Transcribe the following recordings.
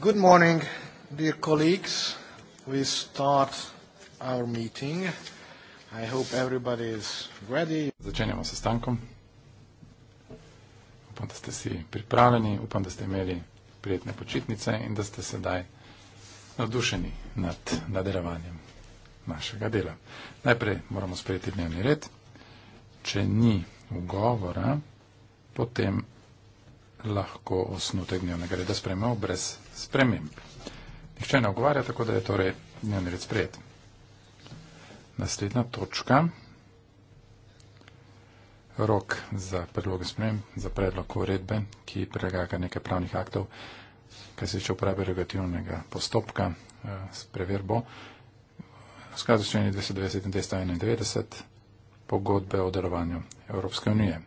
Good morning, dear colleagues. We start our meeting. I hope everybody is ready. Začenjamo s stankom. Upam, da ste si pripravljeni, upam, da ste imeli prijetne počitnice in da ste sedaj navdušeni nad nadaljevanjem našega dela. Najprej moramo sprejeti dnevni red. Če ni ugovora, potem lahko osnutek dnevnega reda sprejmemo brez sprememb. Nihče ne ogovarja, tako da je torej dnevni red sprejet. Naslednja točka. Rok za predlog sprememb, za predlog uredbe, ki prelaga nekaj pravnih aktov, kar se tiče uporabe regulativnega postopka eh, s preverbo. V skladu s členi 290 in 291 pogodbe o delovanju Evropske unije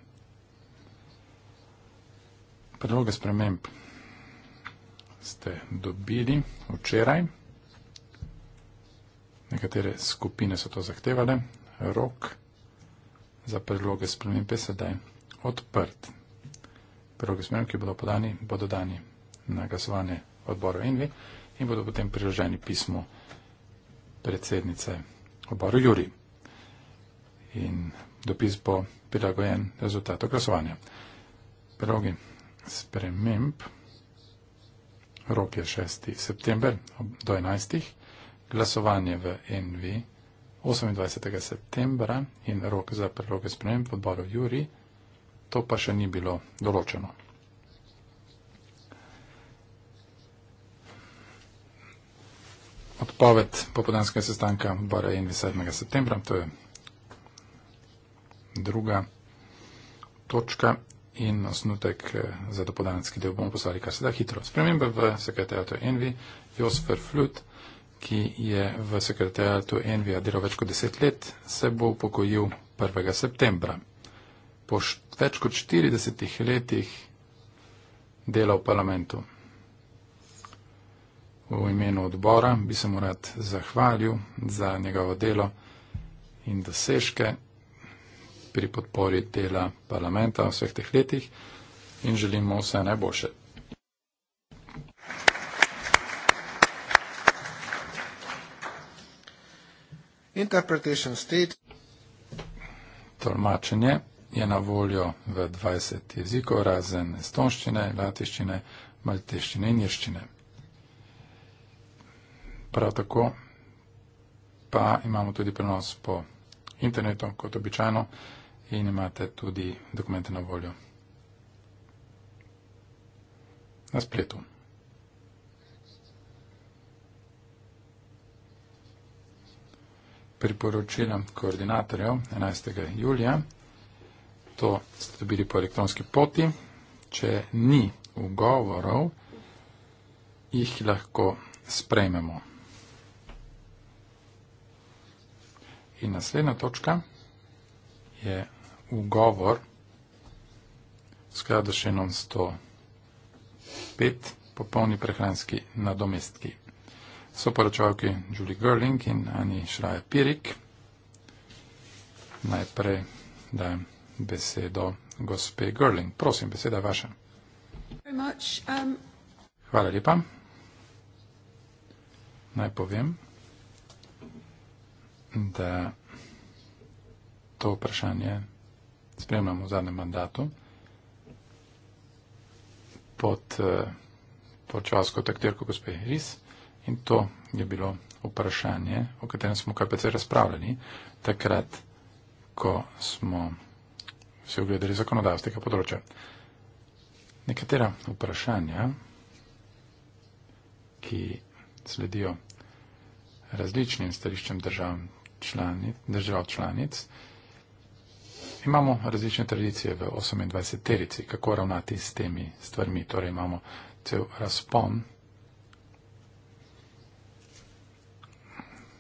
predloge sprememb ste dobili včeraj. Nekatere skupine so to zahtevale. Rok za predloge sprememb je sedaj odprt. Predloge sprememb, ki bodo podani, bodo dani na glasovanje odboru Envi in bodo potem priloženi pismo predsednice odboru Juri. In dopis bo prilagojen rezultatu glasovanja. Predlogi sprememb. Rok je 6. september do 11. Glasovanje v NV 28. septembra in rok za predloge sprememb v odboru Juri. To pa še ni bilo določeno. Odpoved popodanskega sestanka odbora NV 7. septembra, to je druga točka in osnutek eh, za dopodanski del bomo poslali kar se da hitro. Spremembe v sekretariatu Envi, Josper Flut, ki je v sekretariatu Envija delal več kot deset let, se bo upokojil 1. septembra. Po več kot 40 letih dela v parlamentu. V imenu odbora bi se mu rad zahvalil za njegovo delo in dosežke pri podpori dela parlamenta v vseh teh letih in želimo vse najboljše. Interpretation state. Tolmačenje je na voljo v 20 jezikov razen estonščine, latiščine, malteščine in irščine. Prav tako pa imamo tudi prenos po internetu, kot običajno in imate tudi dokumente na voljo na spletu. Priporočila koordinatorjev 11. julija, to ste dobili po elektronski poti, če ni ugovorov, jih lahko sprejmemo. In naslednja točka je v govor skladu še enom 105 popolni prehranski nadomestki. So poročavki Julie Gerling in Ani Šraja Pirik. Najprej dajem besedo gospe Gerling. Prosim, beseda je vaša. Um, Hvala lepa. Naj povem, da to vprašanje spremljamo v zadnjem mandatu, pod eh, počasko taktirko gospe Ris in to je bilo vprašanje, o katerem smo kar precej razpravljali, takrat, ko smo se ogledali zakonodajstva tega področja. Nekatera vprašanja, ki sledijo različnim stališčem držav članic, držav članic Imamo različne tradicije v 28 terici, kako ravnati s temi stvarmi. Torej imamo cel razpon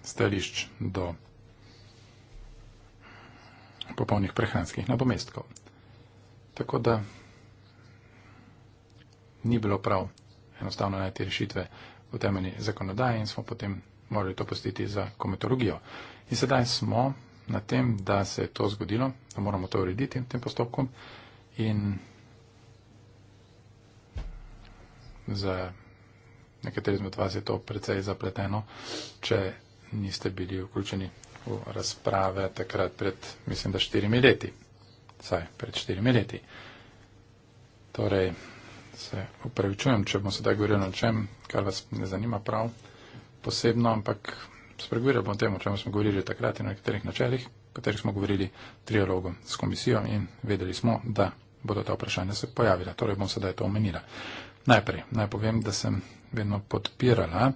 stališč do popolnih prehranskih nadomestkov. Tako da ni bilo prav enostavno najti rešitve v temeljni zakonodaji in smo potem morali to postiti za kometologijo. In sedaj smo na tem, da se je to zgodilo, da moramo to urediti tem, tem postopkom in za nekateri izmed vas je to precej zapleteno, če niste bili vključeni v razprave takrat pred, mislim, da štirimi leti. Saj, pred štirimi leti. Torej, se upravičujem, če bom sedaj govoril o čem, kar vas ne zanima prav posebno, ampak spregovoril bom o tem, o čem smo govorili takrat in o nekaterih načelih, o katerih smo govorili trialogu s komisijo in vedeli smo, da bodo ta vprašanja se pojavila. Torej bom sedaj to omenila. Najprej naj povem, da sem vedno podpirala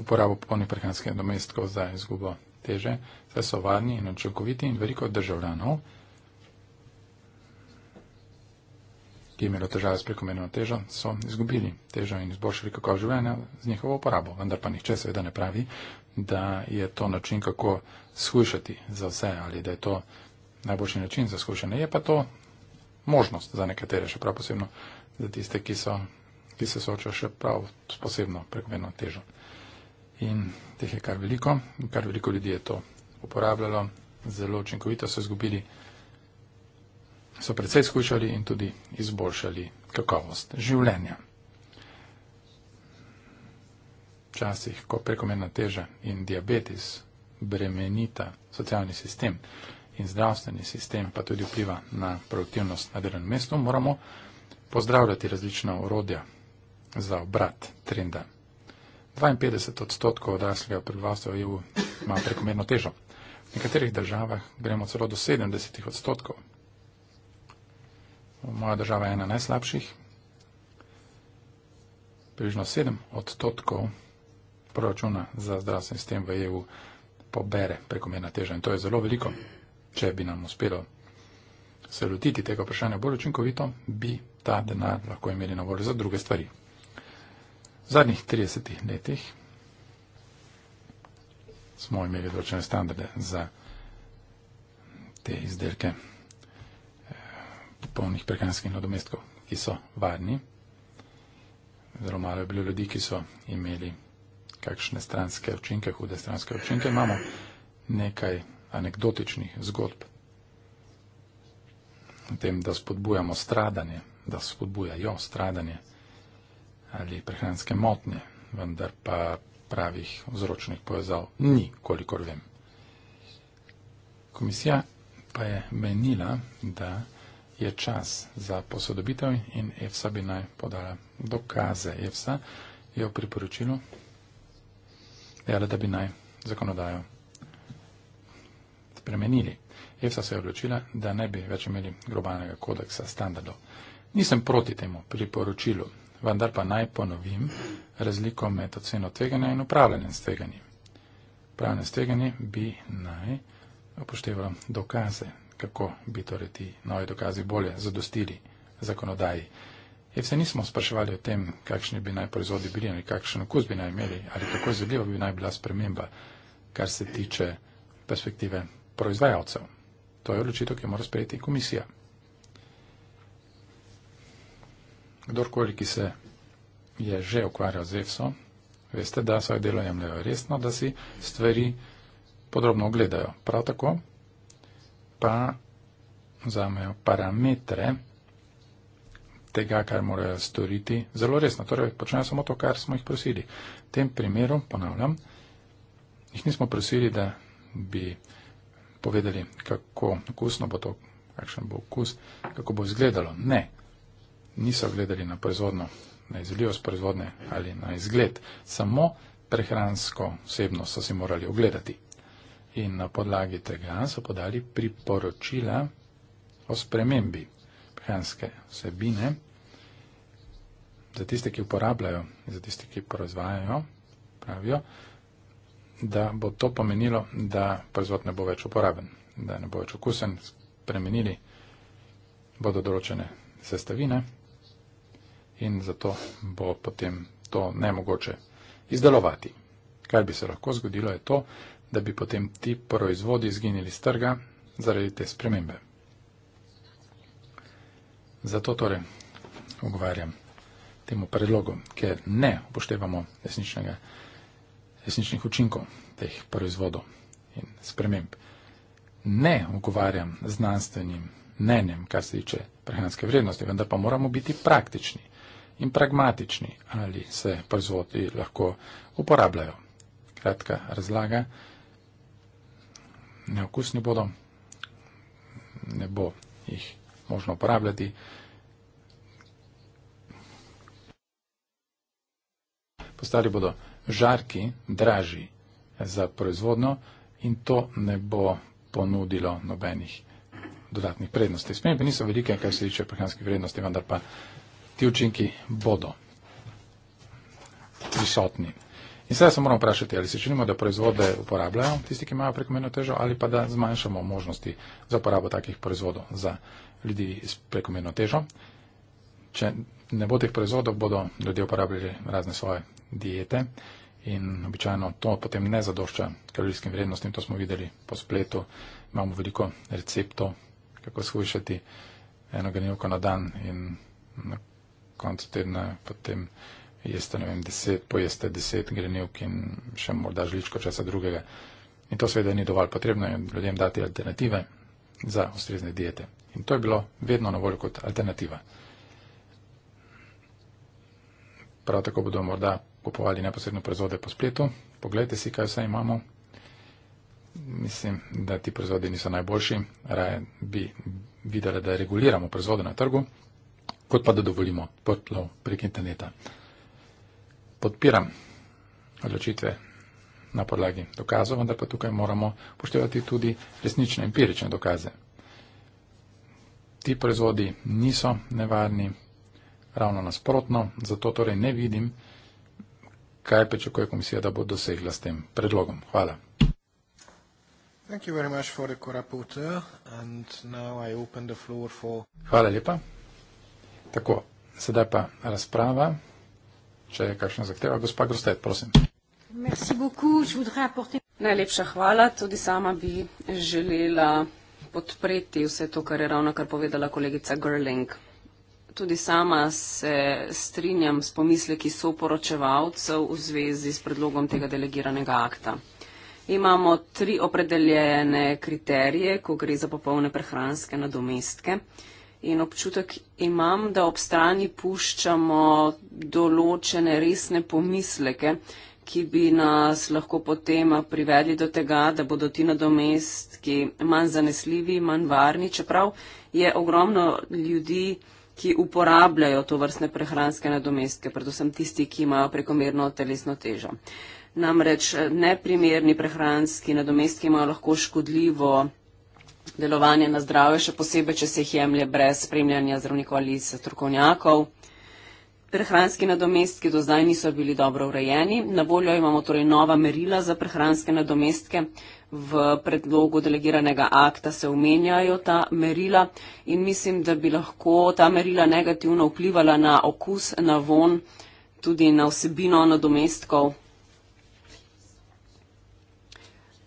uporabo popolnih prehranskih domestkov za izgubo teže, saj so varni in očekoviti in veliko državljanov ki je imelo težave s prekomerno težo, so izgubili težo in izboljšali kakovost življenja z njihovo uporabo. Vendar pa nihče seveda ne pravi, da je to način, kako skušati za vse ali da je to najboljši način za skušanje. Je pa to možnost za nekatere, še prav posebno za tiste, ki, so, ki se soočajo še prav s posebno prekomerno težo. In teh je kar veliko, kar veliko ljudi je to uporabljalo, zelo učinkovito so izgubili so precej skušali in tudi izboljšali kakovost življenja. Včasih, ko prekomerna teža in diabetes bremenita socialni sistem in zdravstveni sistem, pa tudi vpliva na produktivnost na delovnem mestu, moramo pozdravljati različna urodja za obrat trenda. 52 odstotkov odraslega prebivalstva v EU ima prekomerno težo. V nekaterih državah gremo celo do 70 odstotkov moja država je ena najslabših. Približno 7 odstotkov proračuna za zdravstveni sistem v EU pobere prekomerna teža in to je zelo veliko. Če bi nam uspelo se lotiti tega vprašanja bolj učinkovito, bi ta denar lahko imeli na voljo za druge stvari. V zadnjih 30 letih smo imeli določene standarde za te izdelke polnih prehranskih nadomestkov, ki so varni. Zelo malo je bilo ljudi, ki so imeli kakšne stranske učinke, hude stranske učinke. Imamo nekaj anekdotičnih zgodb o tem, da spodbujamo stradanje, da spodbujajo stradanje ali prehranske motnje, vendar pa pravih vzročnih povezav ni, kolikor vem. Komisija pa je menila, da je čas za posodobitev in EFSA bi naj podala dokaze. EFSA je v priporočilu, ali ja, da bi naj zakonodajo spremenili. EFSA se je odločila, da ne bi več imeli globalnega kodeksa standardov. Nisem proti temu priporočilu, vendar pa naj ponovim razliko med oceno tveganja in upravljanjem s tveganjem. Upravljanje s tveganjem bi naj upoštevalo dokaze, kako bi torej ti novi dokazi bolje zadostili zakonodaji. In se nismo spraševali o tem, kakšni bi naj proizvodi bili ali kakšen okus bi naj imeli ali kako izvedljiva bi naj bila sprememba, kar se tiče perspektive proizvajalcev. To je odločitev, ki jo mora sprejeti komisija. Kdorkoli, ki se je že ukvarjal z EFSO, veste, da svoje delo jemljajo resno, da si stvari podrobno ogledajo. Prav tako pa vzamejo parametre tega, kar morajo storiti, zelo resno, torej počnejo samo to, kar smo jih prosili. V tem primeru, ponavljam, jih nismo prosili, da bi povedali, kako okusno bo to, kakšen bo okus, kako bo izgledalo. Ne, niso gledali na proizvodno, na izvljivost proizvodne ali na izgled, samo prehransko vsebnost so si morali ogledati in na podlagi tega so podali priporočila o spremembi prehranske vsebine za tiste, ki uporabljajo in za tiste, ki proizvajajo, pravijo, da bo to pomenilo, da proizvod ne bo več uporaben, da ne bo več okusen, spremenili bodo določene sestavine in zato bo potem to nemogoče izdelovati. Kaj bi se lahko zgodilo je to, da bi potem ti proizvodi izginili z trga zaradi te spremembe. Zato torej ogovarjam temu predlogu, ker ne upoštevamo resničnih učinkov teh proizvodov in sprememb. Ne ogovarjam znanstvenim mnenjem, kar se tiče prehranske vrednosti, vendar pa moramo biti praktični in pragmatični, ali se proizvodi lahko uporabljajo. Kratka razlaga neokusni bodo, ne bo jih možno uporabljati. Postali bodo žarki, dražji za proizvodno in to ne bo ponudilo nobenih dodatnih prednosti. Spremembe niso velike, kar se tiče prehranskih vrednosti, vendar pa ti učinki bodo prisotni. In sedaj se moramo vprašati, ali si želimo, da proizvode uporabljajo tisti, ki imajo prekomerno težo, ali pa da zmanjšamo možnosti za uporabo takih proizvodov za ljudi s prekomerno težo. Če ne bo teh proizvodov, bodo ljudje uporabljali razne svoje diete in običajno to potem ne zadošča kalorijskim vrednostim, to smo videli po spletu, imamo veliko receptov, kako shujšati eno granilko na dan in na koncu tedna potem jeste, ne vem, deset, pojeste deset grenivk in še morda žličko česa drugega. In to seveda ni dovolj potrebno in ljudem dati alternative za ustrezne diete. In to je bilo vedno na voljo kot alternativa. Prav tako bodo morda kupovali neposredno proizvode po spletu. Poglejte si, kaj vse imamo. Mislim, da ti proizvodi niso najboljši. Raje bi videli, da reguliramo proizvode na trgu, kot pa da dovolimo potlo prek interneta podpiram odločitve na podlagi dokazov, vendar pa tukaj moramo poštevati tudi resnične empirične dokaze. Ti proizvodi niso nevarni, ravno nasprotno, zato torej ne vidim, kaj pričakuje komisija, da bo dosegla s tem predlogom. Hvala. Hvala lepa. Tako, sedaj pa razprava. Če je kakšna zahteva, gospa Grostet, prosim. Najlepša hvala. Tudi sama bi želela podpreti vse to, kar je ravno kar povedala kolegica Gerling. Tudi sama se strinjam s pomisleki soporočevalcev v zvezi s predlogom tega delegiranega akta. Imamo tri opredeljene kriterije, ko gre za popolne prehranske nadomestke in občutek imam, da ob strani puščamo določene resne pomisleke, ki bi nas lahko potem privedli do tega, da bodo ti nadomestki manj zanesljivi, manj varni, čeprav je ogromno ljudi, ki uporabljajo to vrstne prehranske nadomestke, predvsem tisti, ki imajo prekomerno telesno težo. Namreč neprimerni prehranski nadomestki imajo lahko škodljivo delovanje na zdravje, še posebej, če se jih jemlje brez spremljanja zdravnikov ali strokovnjakov. Prehranski nadomestki do zdaj niso bili dobro urejeni. Na voljo imamo torej nova merila za prehranske nadomestke. V predlogu delegiranega akta se omenjajo ta merila in mislim, da bi lahko ta merila negativno vplivala na okus, na von, tudi na vsebino nadomestkov.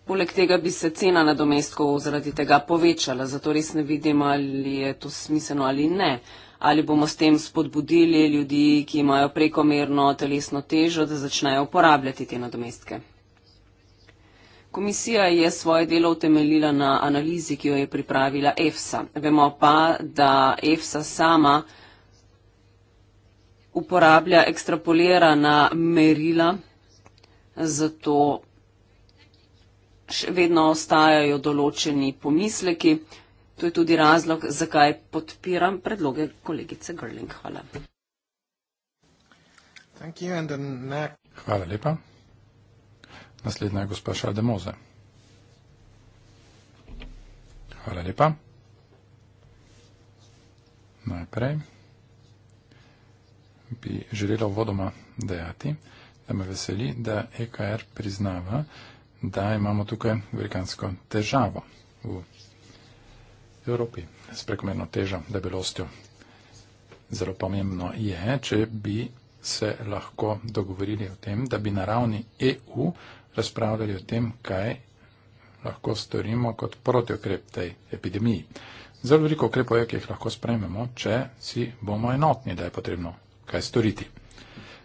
Poleg tega bi se cena nadomestkov zaradi tega povečala, zato res ne vidim, ali je to smiselno ali ne. Ali bomo s tem spodbudili ljudi, ki imajo prekomerno telesno težo, da začnejo uporabljati te nadomestke. Komisija je svoje delo utemeljila na analizi, ki jo je pripravila EFSA. Vemo pa, da EFSA sama uporablja ekstrapolirana merila, zato še vedno ostajajo določeni pomisleki. To je tudi razlog, zakaj podpiram predloge kolegice Grling. Hvala. Hvala lepa. Naslednja je gospa Šademoze. Hvala lepa. Najprej bi želela vodoma dejati, da me veseli, da EKR priznava, da imamo tukaj velikansko težavo v Evropi s prekomerno težo, debelostjo. Zelo pomembno je, če bi se lahko dogovorili o tem, da bi na ravni EU razpravljali o tem, kaj lahko storimo kot protiokrep tej epidemiji. Zelo veliko ukrepov je, ki jih lahko sprememo, če si bomo enotni, da je potrebno kaj storiti.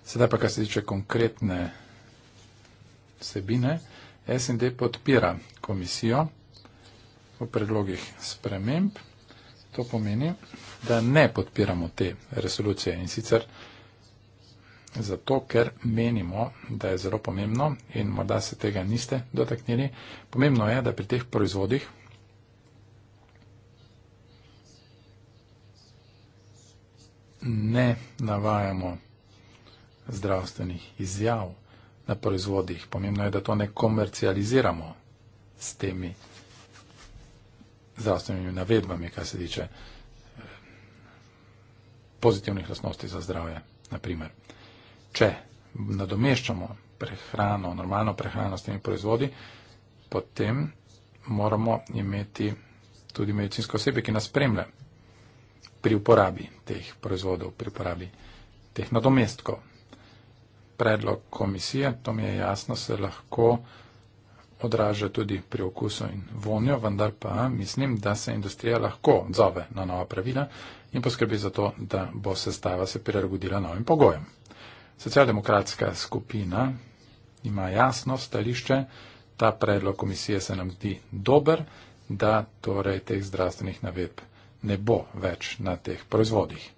Sedaj pa, kar se tiče konkretne sebine, SND podpira komisijo v predlogih sprememb. To pomeni, da ne podpiramo te resolucije in sicer zato, ker menimo, da je zelo pomembno in morda se tega niste dotaknili, pomembno je, da pri teh proizvodih ne navajamo zdravstvenih izjav na proizvodih. Pomembno je, da to ne komercializiramo s temi zdravstvenimi navedbami, kar se tiče eh, pozitivnih lasnosti za zdravje. Naprimer, če nadomeščamo prehrano, normalno prehrano s temi proizvodi, potem moramo imeti tudi medicinsko osebe, ki nas spremlja pri uporabi teh proizvodov, pri uporabi teh nadomestkov predlog komisije, to mi je jasno, se lahko odraža tudi pri okusu in vonju, vendar pa mislim, da se industrija lahko odzove na nova pravila in poskrbi za to, da bo sestava se prilagodila novim pogojem. Socialdemokratska skupina ima jasno stališče, ta predlog komisije se nam zdi dober, da torej teh zdravstvenih navedb ne bo več na teh proizvodih.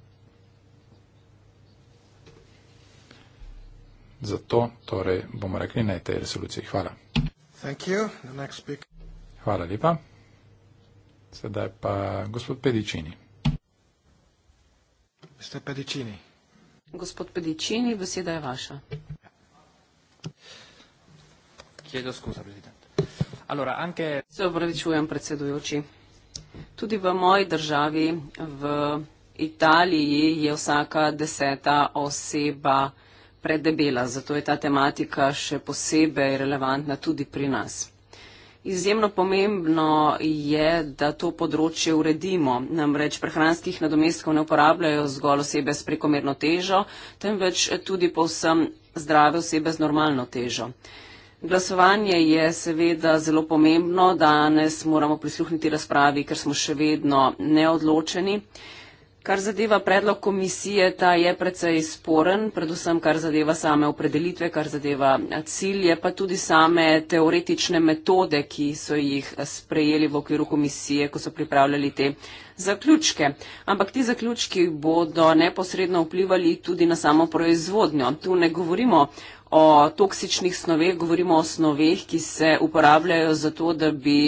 Zato torej bomo rekli naj tej resoluciji. Hvala. Hvala lepa. Sedaj pa gospod Pedičini. Ste Pedičini. Gospod Pedičini, beseda je vaša. Kjedo skuza, prezident. Allora, anche... Se opravičujem, predsedujoči. Tudi v moji državi, v Italiji, je vsaka deseta oseba predebela, zato je ta tematika še posebej relevantna tudi pri nas. Izjemno pomembno je, da to področje uredimo. Namreč prehranskih nadomestkov ne uporabljajo zgolj osebe s prekomerno težo, temveč tudi povsem zdrave osebe z normalno težo. Glasovanje je seveda zelo pomembno. Danes moramo prisluhniti razpravi, ker smo še vedno neodločeni. Kar zadeva predlog komisije, ta je precej sporen, predvsem kar zadeva same opredelitve, kar zadeva eh, cilje, pa tudi same teoretične metode, ki so jih eh, sprejeli v okviru komisije, ko so pripravljali te zaključke. Ampak ti zaključki bodo neposredno vplivali tudi na samo proizvodnjo. Tu ne govorimo o toksičnih snoveh, govorimo o snoveh, ki se uporabljajo za to, da bi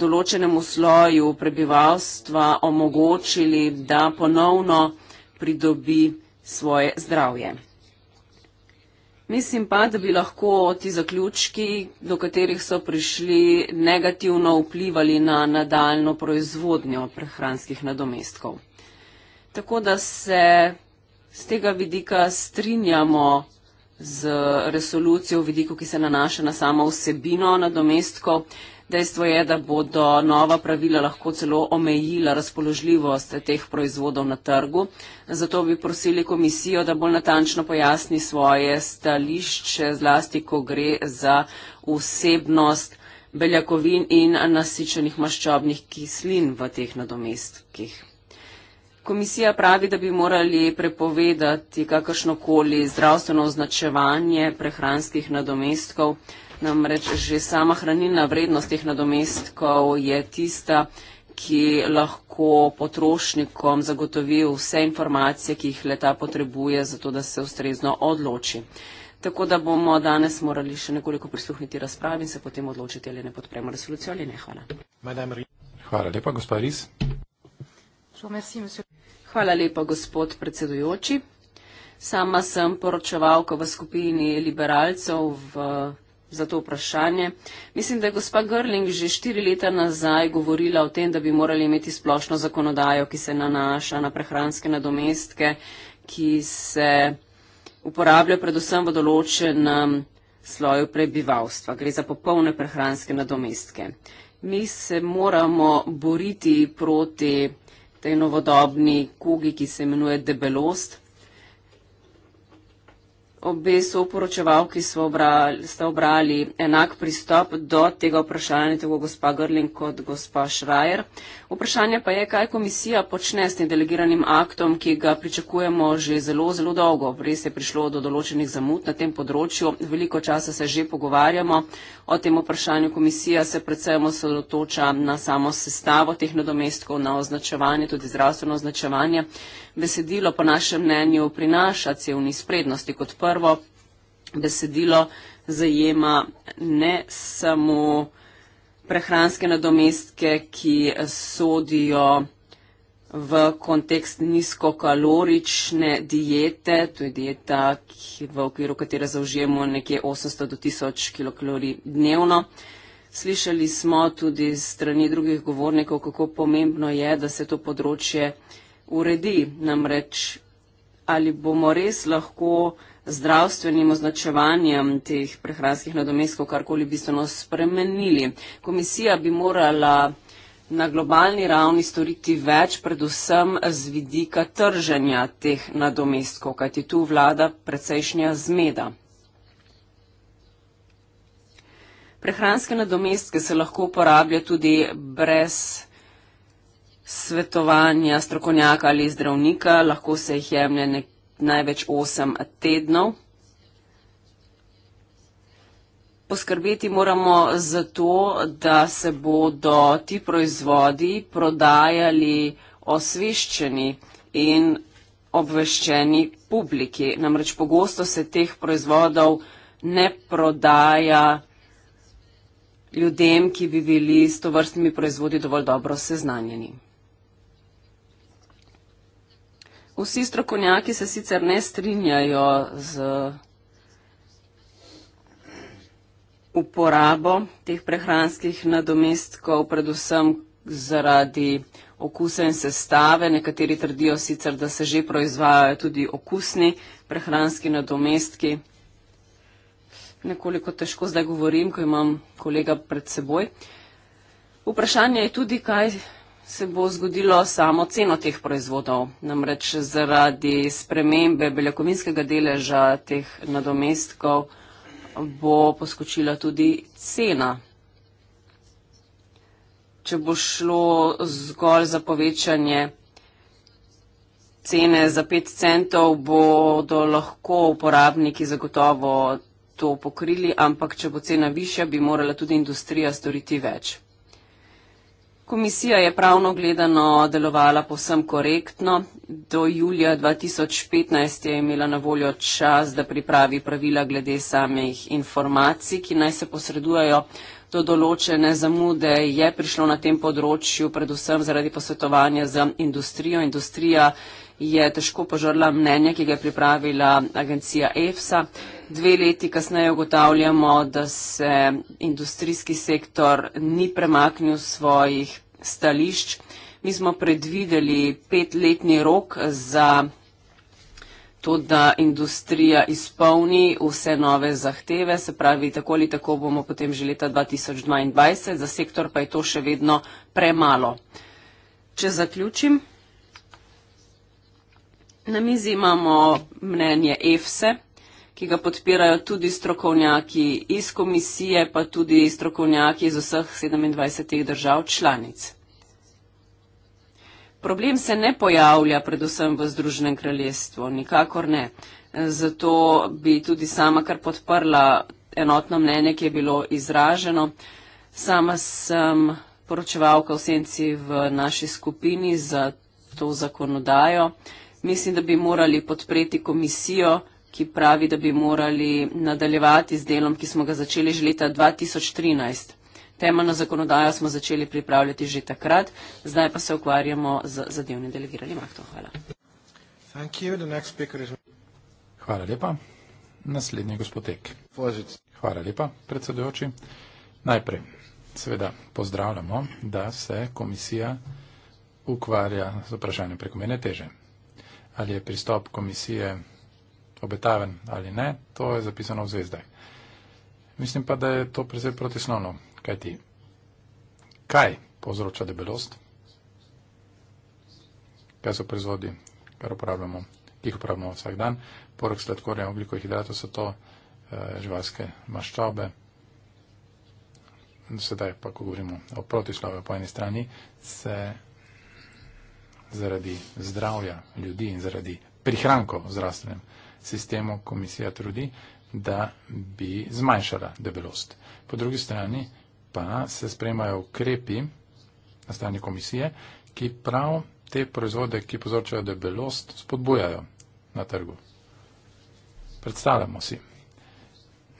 določenemu sloju prebivalstva omogočili, da ponovno pridobi svoje zdravje. Mislim pa, da bi lahko ti zaključki, do katerih so prišli, negativno vplivali na nadaljno proizvodnjo prehranskih nadomestkov. Tako da se z tega vidika strinjamo z resolucijo v vidiku, ki se nanaša na samo vsebino nadomestkov, Dejstvo je, da bodo nova pravila lahko celo omejila razpoložljivost teh proizvodov na trgu. Zato bi prosili komisijo, da bolj natančno pojasni svoje stališče, zlasti ko gre za vsebnost beljakovin in nasičenih maščobnih kislin v teh nadomestkih. Komisija pravi, da bi morali prepovedati kakršnokoli zdravstveno označevanje prehranskih nadomestkov. Namreč že sama hranilna vrednost teh nadomestkov je tista, ki lahko potrošnikom zagotovi vse informacije, ki jih leta potrebuje, zato da se ustrezno odloči. Tako da bomo danes morali še nekoliko prisluhniti razpravi in se potem odločiti, ali ne podpremo resolucijo ali ne. Hvala. Hvala lepa, gospod Riz. Hvala lepa, gospod predsedujoči. Sama sem poročevalka v skupini liberalcev v za to vprašanje. Mislim, da je gospa Grling že štiri leta nazaj govorila o tem, da bi morali imeti splošno zakonodajo, ki se nanaša na prehranske nadomestke, ki se uporabljajo predvsem v določenem sloju prebivalstva. Gre za popolne prehranske nadomestke. Mi se moramo boriti proti tej novodobni kugi, ki se imenuje debelost obe soporočevalki sta obrali enak pristop do tega vprašanja, tako gospa Grling kot gospa Šrajer. Vprašanje pa je, kaj komisija počne s tem delegiranim aktom, ki ga pričakujemo že zelo, zelo dolgo. Res je prišlo do določenih zamud na tem področju, veliko časa se že pogovarjamo o tem vprašanju. Komisija se predvsem osredotoča na samo sestavo teh nadomestkov, na označevanje, tudi zdravstveno označevanje besedilo po našem mnenju prinaša cel niz prednosti. Kot prvo, besedilo zajema ne samo prehranske nadomestke, ki sodijo v kontekst nizkokalorične diete, to je dieta, v okviru katere zaužijemo nekje 800 do 1000 kilokalorij dnevno. Slišali smo tudi strani drugih govornikov, kako pomembno je, da se to področje uh, uredi. Namreč, ali bomo res lahko zdravstvenim označevanjem teh prehranskih nadomestkov karkoli bistveno spremenili. Komisija bi morala na globalni ravni storiti več, predvsem z vidika trženja teh nadomestkov, kajti tu vlada precejšnja zmeda. Prehranske nadomestke se lahko uporablja tudi brez svetovanja strokovnjaka ali zdravnika, lahko se jih jemlje največ 8 tednov. Poskrbeti moramo za to, da se bodo ti proizvodi prodajali osveščeni in obveščeni publiki. Namreč pogosto se teh proizvodov ne prodaja ljudem, ki bi bili s to vrstnimi proizvodi dovolj dobro seznanjeni. Vsi strokovnjaki se sicer ne strinjajo z uporabo teh prehranskih nadomestkov, predvsem zaradi okusa in sestave. Nekateri trdijo sicer, da se že proizvajajo tudi okusni prehranski nadomestki. Nekoliko težko zdaj govorim, ko imam kolega pred seboj. Vprašanje je tudi, kaj se bo zgodilo samo ceno teh proizvodov. Namreč zaradi spremembe beljakovinskega deleža teh nadomestkov bo poskočila tudi cena. Če bo šlo zgolj za povečanje cene za 5 centov, bodo lahko uporabniki zagotovo to pokrili, ampak če bo cena višja, bi morala tudi industrija storiti več. Komisija je pravno gledano delovala povsem korektno. Do julija 2015 je imela na voljo čas, da pripravi pravila glede samih informacij, ki naj se posredujejo. Do določene zamude je prišlo na tem področju, predvsem zaradi posvetovanja z industrijo. Industrija je težko požrla mnenje, ki ga je pripravila agencija EFSA. Dve leti kasneje ugotavljamo, da se industrijski sektor ni premaknil svojih stališč. Mi smo predvideli petletni rok za to, da industrija izpolni vse nove zahteve, se pravi, tako ali tako bomo potem že leta 2022, za sektor pa je to še vedno premalo. Če zaključim. Na mizi imamo mnenje EFSE, ki ga podpirajo tudi strokovnjaki iz komisije, pa tudi strokovnjaki iz vseh 27 držav članic. Problem se ne pojavlja predvsem v Združenem kraljestvu, nikakor ne. Zato bi tudi sama kar podprla enotno mnenje, ki je bilo izraženo. Sama sem poročevalka v senci v naši skupini za to zakonodajo Mislim, da bi morali podpreti komisijo, ki pravi, da bi morali nadaljevati z delom, ki smo ga začeli že leta 2013. Temeljno zakonodajo smo začeli pripravljati že takrat, zdaj pa se ukvarjamo z zadevnim delegiranjem aktov. Hvala. Hvala lepa. Naslednji gospodek. Hvala lepa, predsedujoči. Najprej, seveda, pozdravljamo, da se komisija ukvarja z vprašanjem prekomene teže ali je pristop komisije obetaven ali ne, to je zapisano v zvezdaj. Mislim pa, da je to precej protisnovno, kaj ti. Kaj povzroča debelost? Kaj so proizvodi, kar uporabljamo, ki jih uporabljamo vsak dan? Porok sladkorja, oglikovih hidratov so to e, živalske maščobe. Sedaj pa, ko govorimo o protislavju po eni strani, se zaradi zdravja ljudi in zaradi prihrankov v zdravstvenem sistemu komisija trudi, da bi zmanjšala debelost. Po drugi strani pa se spremajo ukrepi na strani komisije, ki prav te proizvode, ki povzročajo debelost, spodbujajo na trgu. Predstavljamo si.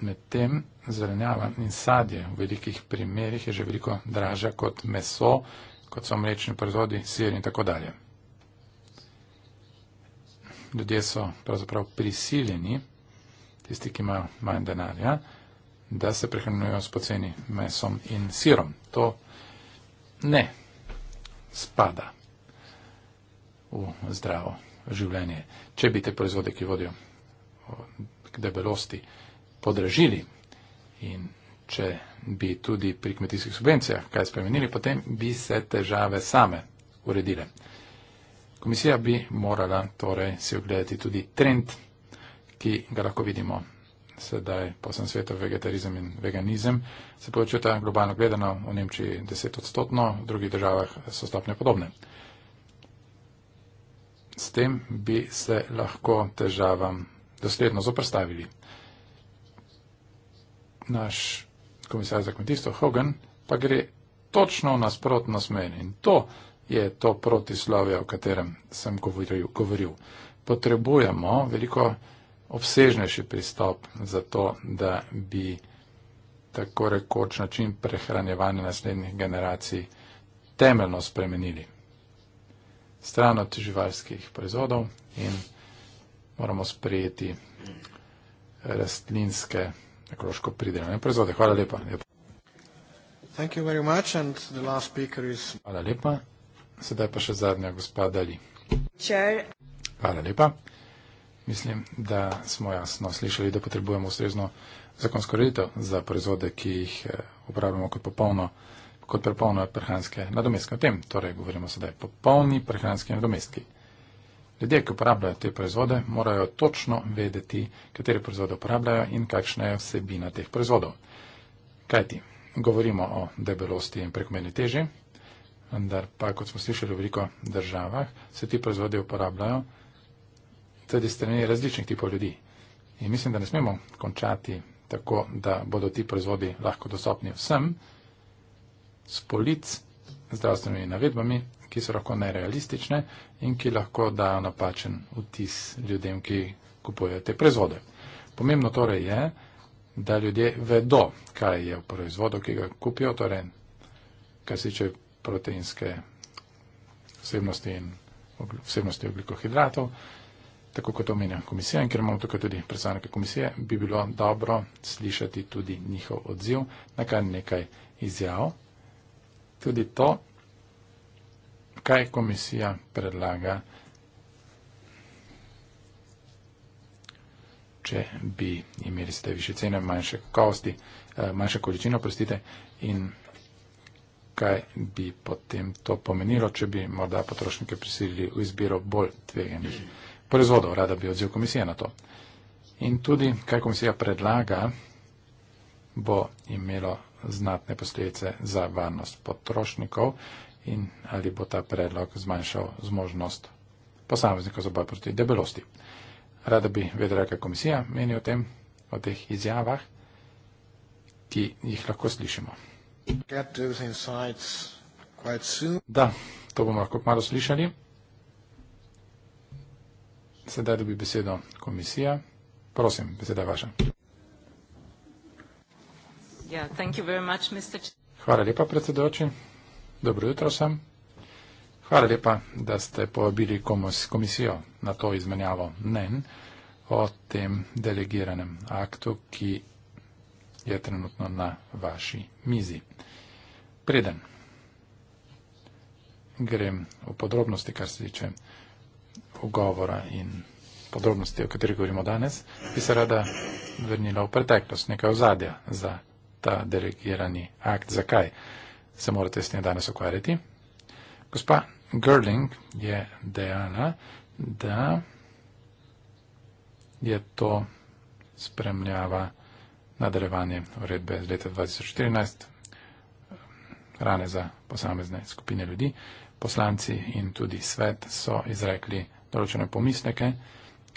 Medtem zelenjava in sadje v velikih primerjih je že veliko dražja kot meso kot so mlečni proizvodi, sir in tako dalje. Ljudje so pravzaprav prisiljeni, tisti, ki imajo manj denarja, da se prehranjujejo s poceni mesom in sirom. To ne spada v zdravo življenje. Če bi te proizvode, ki vodijo k debelosti, podražili in če bi tudi pri kmetijskih subvencijah kaj spremenili, potem bi se težave same uredile. Komisija bi morala torej si ogledati tudi trend, ki ga lahko vidimo sedaj po vsem svetu, vegetarizem in veganizem, se povečuje globalno gledano v Nemčiji 10 odstotno, v drugih državah so stopne podobne. S tem bi se lahko težavam dosledno zoprstavili. Naš komisar za kmetijstvo Hogan, pa gre točno nasprotno smer in to je to protislovje, o katerem sem govoril. govoril. Potrebujemo veliko obsežnejši pristop za to, da bi tako rekoč način prehranjevanja naslednjih generacij temeljno spremenili. Stran od živalskih proizvodov in moramo sprejeti rastlinske ekološko pridelane proizvode. Hvala lepa. Ja. Thank you very much and the last speaker is... Hvala lepa. Sedaj pa še zadnja gospa Dali. Chair. Hvala lepa. Mislim, da smo jasno slišali, da potrebujemo ustrezno zakonsko reditev za proizvode, ki jih eh, uporabljamo kot popolno kot prepolno prehranske nadomestke. O tem torej govorimo sedaj. Popolni prehranski nadomestki. Ljudje, ki uporabljajo te proizvode, morajo točno vedeti, katere proizvode uporabljajo in kakšna je vsebina teh proizvodov. Kaj ti? Govorimo o debelosti in prekomerni teži, vendar pa, kot smo slišali v veliko državah, se ti proizvode uporabljajo tudi strani različnih tipov ljudi. In mislim, da ne smemo končati tako, da bodo ti proizvodi lahko dostopni vsem, s polic, zdravstvenimi navedbami ki so lahko nerealistične in ki lahko dajo napačen vtis ljudem, ki kupujejo te proizvode. Pomembno torej je, da ljudje vedo, kaj je v proizvodu, ki ga kupijo, torej kar se tiče proteinske vsebnosti in vsebnosti oglikohidratov. Tako kot omenja komisija in ker imamo tukaj tudi predstavnike komisije, bi bilo dobro slišati tudi njihov odziv na kar nekaj izjav. Tudi to, kaj komisija predlaga, če bi imeli ste više cene, manjše kakovosti, eh, manjše količino, prostite, in kaj bi potem to pomenilo, če bi morda potrošnike prisilili v izbiro bolj tveganih proizvodov. Rada bi odzil komisije na to. In tudi, kaj komisija predlaga, bo imelo znatne posledice za varnost potrošnikov in ali bo ta predlog zmanjšal zmožnost posameznikov za boj proti debelosti. Rada bi vedela, kaj komisija meni o tem, o teh izjavah, ki jih lahko slišimo. Da, to bomo lahko malo slišali. Sedaj dobi besedo komisija. Prosim, beseda je vaša. Hvala lepa, predsedoči. Dobro jutro vsem. Hvala lepa, da ste povabili komisijo na to izmenjavo mnen o tem delegiranem aktu, ki je trenutno na vaši mizi. Preden grem v podrobnosti, kar se tiče pogovora in podrobnosti, o katerih govorimo danes, bi se rada vrnila v preteklost, nekaj ozadja za ta delegirani akt. Zakaj? se morate s tem danes ukvarjati. Gospa Gerling je dejala, da je to spremljava nadaljevanje uredbe z leta 2014, rane za posamezne skupine ljudi. Poslanci in tudi svet so izrekli določene pomisleke,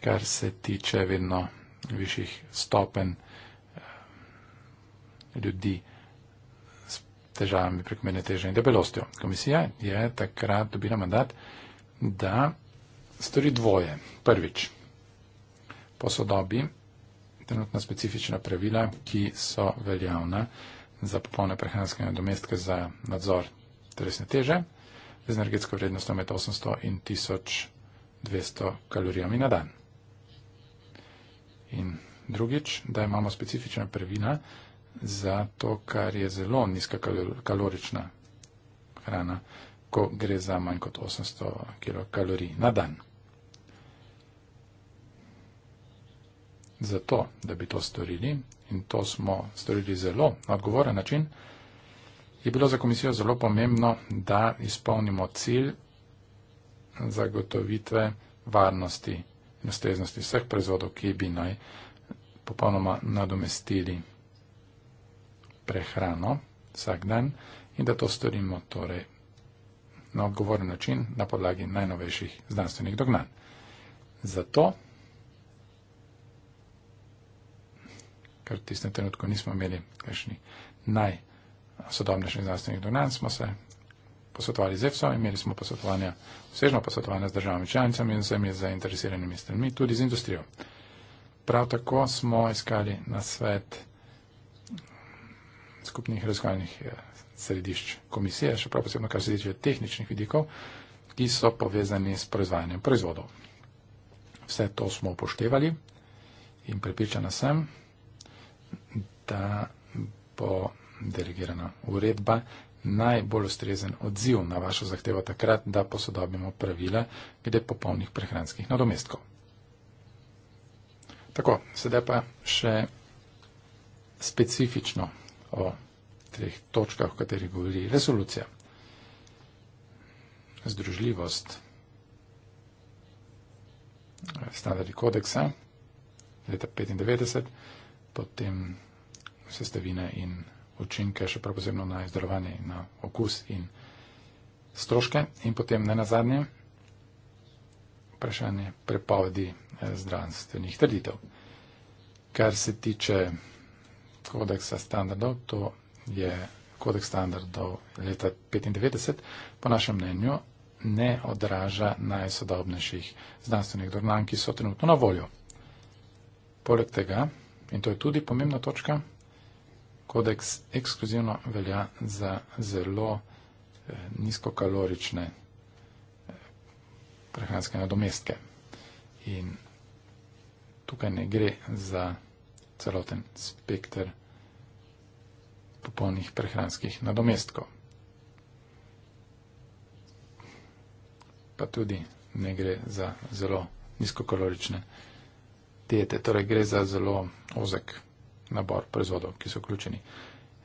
kar se tiče vedno višjih stopen eh, ljudi težavami, prekomerne teže in debelostjo. Komisija je takrat dobila mandat, da stori dvoje. Prvič, posodobi trenutna specifična pravila, ki so veljavna za popolne prehranske nadomestke za nadzor telesne teže z energetsko vrednostjo med 800 in 1200 kalorijami na dan. In drugič, da imamo specifična pravila, zato ker je zelo nizka kalorična hrana, ko gre za manj kot 800 kilokalorij na dan. Zato, da bi to storili, in to smo storili zelo na odgovoren način, je bilo za komisijo zelo pomembno, da izpolnimo cilj zagotovitve varnosti in ustreznosti vseh proizvodov, ki bi naj popolnoma nadomestili prehrano vsak dan in da to storimo torej na odgovoren način na podlagi najnovejših znanstvenih dognanj. Zato, ker v tistem trenutku nismo imeli kakšni najsodobnejših znanstvenih dognanj, smo se posvetovali z EFSO, imeli smo posvetovanja, vsežno posvetovanja z državami članicami in vsemi zainteresiranimi stranmi, tudi z industrijo. Prav tako smo iskali na svet skupnih raziskovalnih eh, središč komisije, še prav posebno, kar se tiče tehničnih vidikov, ki so povezani s proizvajanjem proizvodov. Vse to smo upoštevali in pripričana sem, da bo delegirana uredba najbolj ustrezen odziv na vašo zahtevo takrat, da posodobimo pravila glede popolnih prehranskih nadomestkov. Tako, sedaj pa še specifično o treh točkah, o katerih govori resolucija. Združljivost standardi kodeksa leta 95, potem sestavine in učinke, še prav posebno na izdelovanje, na okus in stroške in potem ne na zadnje vprašanje prepovedi eh, zdravstvenih trditev. Kar se tiče kodeksa standardov, to je kodeks standardov leta 1995, po našem mnenju ne odraža najsodobnejših znanstvenih dognanj, ki so trenutno na voljo. Poleg tega, in to je tudi pomembna točka, kodeks ekskluzivno velja za zelo eh, nizkokalorične eh, prehranske nadomestke. In tukaj ne gre za celoten spekter popolnih prehranskih nadomestkov. Pa tudi ne gre za zelo nizkokalorične diete, torej gre za zelo ozek nabor proizvodov, ki so vključeni.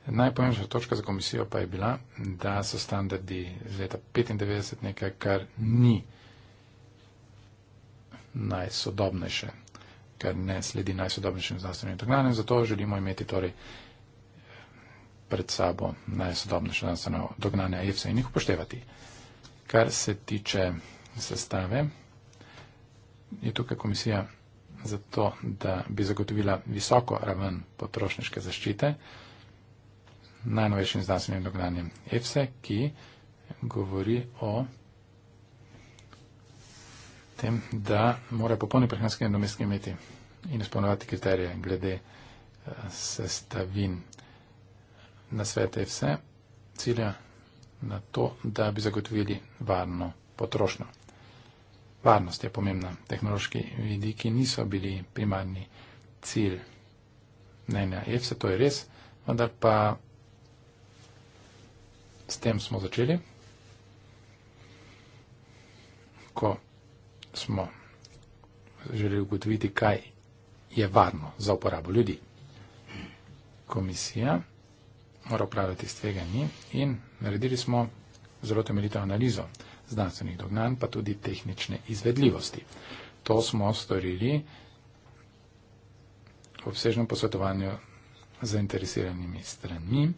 Najpomembnejša točka za komisijo pa je bila, da so standardi iz leta 1995 nekaj, kar ni najsodobnejše ker ne sledi najsodobnejšim znanstvenim tehnologijam, zato želimo imeti torej eh, pred sabo najsodobnejše znanstveno dognanje EFSA in jih upoštevati. Kar se tiče sestave, je tukaj komisija zato, da bi zagotovila visoko raven potrošniške zaščite najnovejšim znanstvenim dognanjem EFSA, ki govori o tem, da mora popolni prehranski nadomestki imeti in izpolnjevati kriterije glede eh, sestavin. Na svete je vse cilja na to, da bi zagotovili varno potrošnjo. Varnost je pomembna. Tehnološki vidiki niso bili primarni cilj mnenja EFSA, to je res, vendar pa s tem smo začeli. Ko smo želeli ugotoviti, kaj je varno za uporabo ljudi. Komisija mora upravljati s tveganji in naredili smo zelo temeljito analizo znanstvenih dognanj, pa tudi tehnične izvedljivosti. To smo storili v obsežnem posvetovanju z zainteresiranimi stranmi.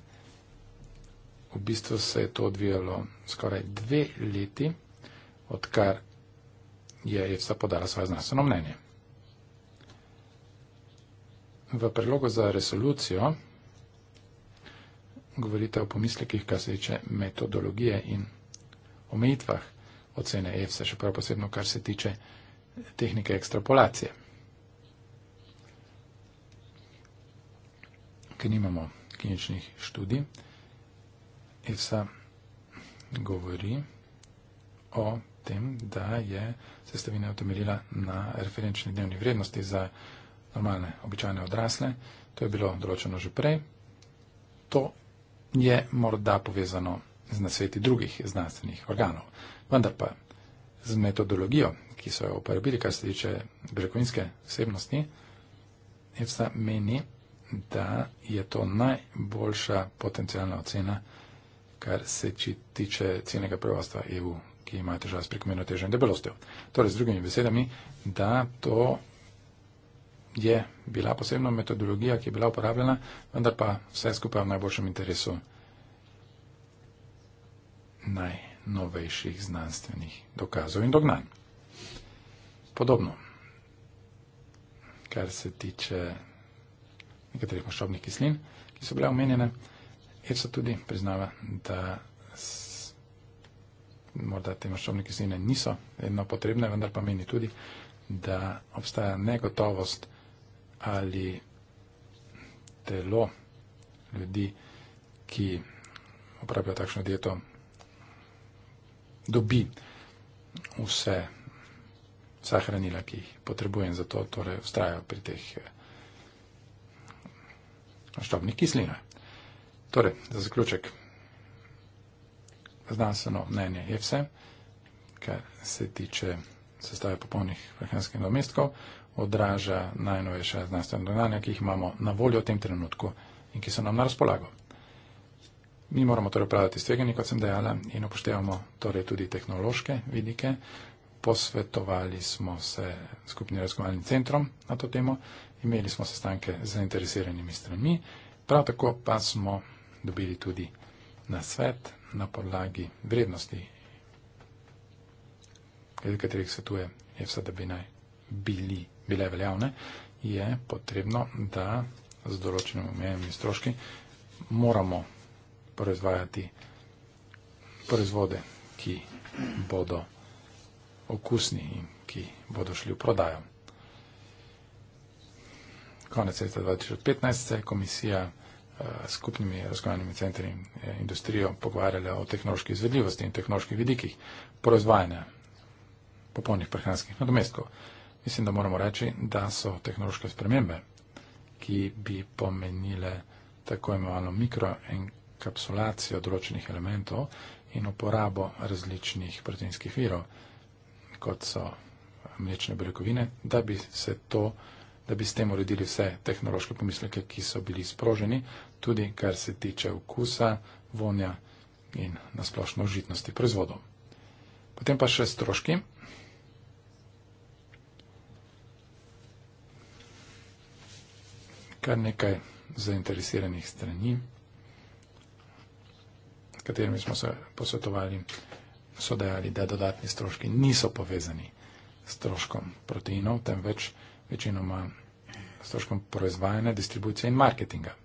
V bistvu se je to odvijalo skoraj dve leti, odkar je EFSA podala svoje znanstveno mnenje. V predlogu za resolucijo govorite o pomislekih, kar se tiče metodologije in omejitvah ocene EFSA, še prav posebno, kar se tiče tehnike ekstrapolacije. Ker nimamo kliničnih študij, EFSA govori o tem, da je sestavina utemeljila na referenčni dnevni vrednosti za normalne, običajne odrasle. To je bilo določeno že prej. To je morda povezano z nasveti drugih znanstvenih organov. Vendar pa z metodologijo, ki so jo uporabili, kar se tiče beljakovinske vsebnosti, ECA meni, da je to najboljša potencijalna ocena, kar se tiče cenega prevozstva EU ki imajo težave s prekomerno težo in debelostjo. Torej, z drugimi besedami, da to je bila posebna metodologija, ki je bila uporabljena, vendar pa vse skupaj v najboljšem interesu najnovejših znanstvenih dokazov in dognanj. Podobno, kar se tiče nekaterih maščobnih kislin, ki so bile omenjene, ECO tudi priznava, da morda te maščobne kisline niso vedno potrebne, vendar pa meni tudi, da obstaja negotovost ali telo ljudi, ki opravijo takšno dieto, dobi vse vsa hranila, ki jih potrebujem za to, torej vztrajajo pri teh eh, maščobnih kislinah. Torej, za zaključek znanstveno mnenje EFSE, kar se tiče sestave popolnih prehranskih domestkov, odraža najnovejša znanstvena dognanja, ki jih imamo na voljo v tem trenutku in ki so nam na razpolago. Mi moramo torej upravljati stveganje, kot sem dejala, in upoštevamo torej tudi tehnološke vidike. Posvetovali smo se skupnim razgovalnim centrom na to temo, imeli smo sestanke z zainteresiranimi stranmi, prav tako pa smo dobili tudi na svet, na podlagi vrednosti, glede katerih svetuje EFSA, da bi naj bili, bile veljavne, je potrebno, da z določenimi omejenimi stroški moramo proizvajati proizvode, ki bodo okusni in ki bodo šli v prodajo. Konec leta 2015 se je komisija skupnimi razgojnimi centri in eh, industrijo pogovarjali o tehnološki izvedljivosti in tehnoloških vidikih proizvajanja popolnih prehranskih nadomestkov. Mislim, da moramo reči, da so tehnološke spremembe, ki bi pomenile tako imenovano mikroenkapsulacijo določenih elementov in uporabo različnih proteinskih virov, kot so mlečne beljakovine, da bi se to da bi s tem uredili vse tehnološke pomisleke, ki so bili sproženi tudi kar se tiče okusa, vonja in nasplošno užitnosti proizvodov. Potem pa še stroški. Kar nekaj zainteresiranih strani, s katerimi smo se posvetovali, so dejali, da dodatni stroški niso povezani s stroškom proteinov, temveč večinoma s stroškom proizvajanja, distribucije in marketinga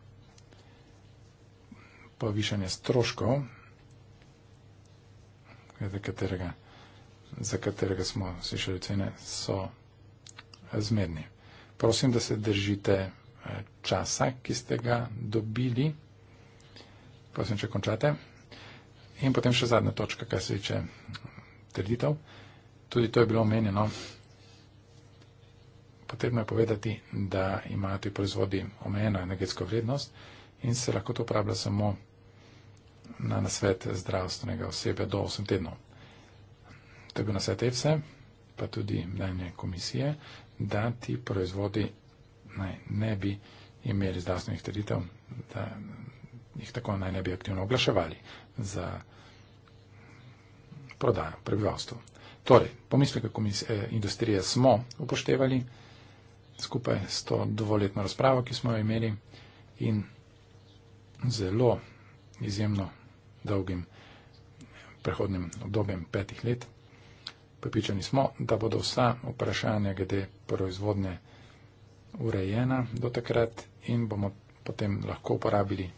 povišanje stroškov, za katerega, za katerega smo slišali cene, so zmedni. Prosim, da se držite eh, časa, ki ste ga dobili. Prosim, če končate. In potem še zadnja točka, kar se tiče trditev. Tudi to je bilo omenjeno. Potrebno je povedati, da imajo ti proizvodi omejeno energetsko vrednost in se lahko to uporablja samo na nasvet zdravstvenega osebe do 8 tednov. To je bil nasvet EFSE, pa tudi mnenje komisije, da ti proizvodi naj ne bi imeli zdravstvenih trditev, da jih tako naj ne bi aktivno oglaševali za prodajo prebivalstvu. Torej, pomisleke komisije, eh, industrije smo upoštevali skupaj s to dovoljetno razpravo, ki smo jo imeli in zelo izjemno dolgim prehodnim obdobjem petih let. Pripričani smo, da bodo vsa vprašanja glede proizvodnje urejena do takrat in bomo potem lahko uporabili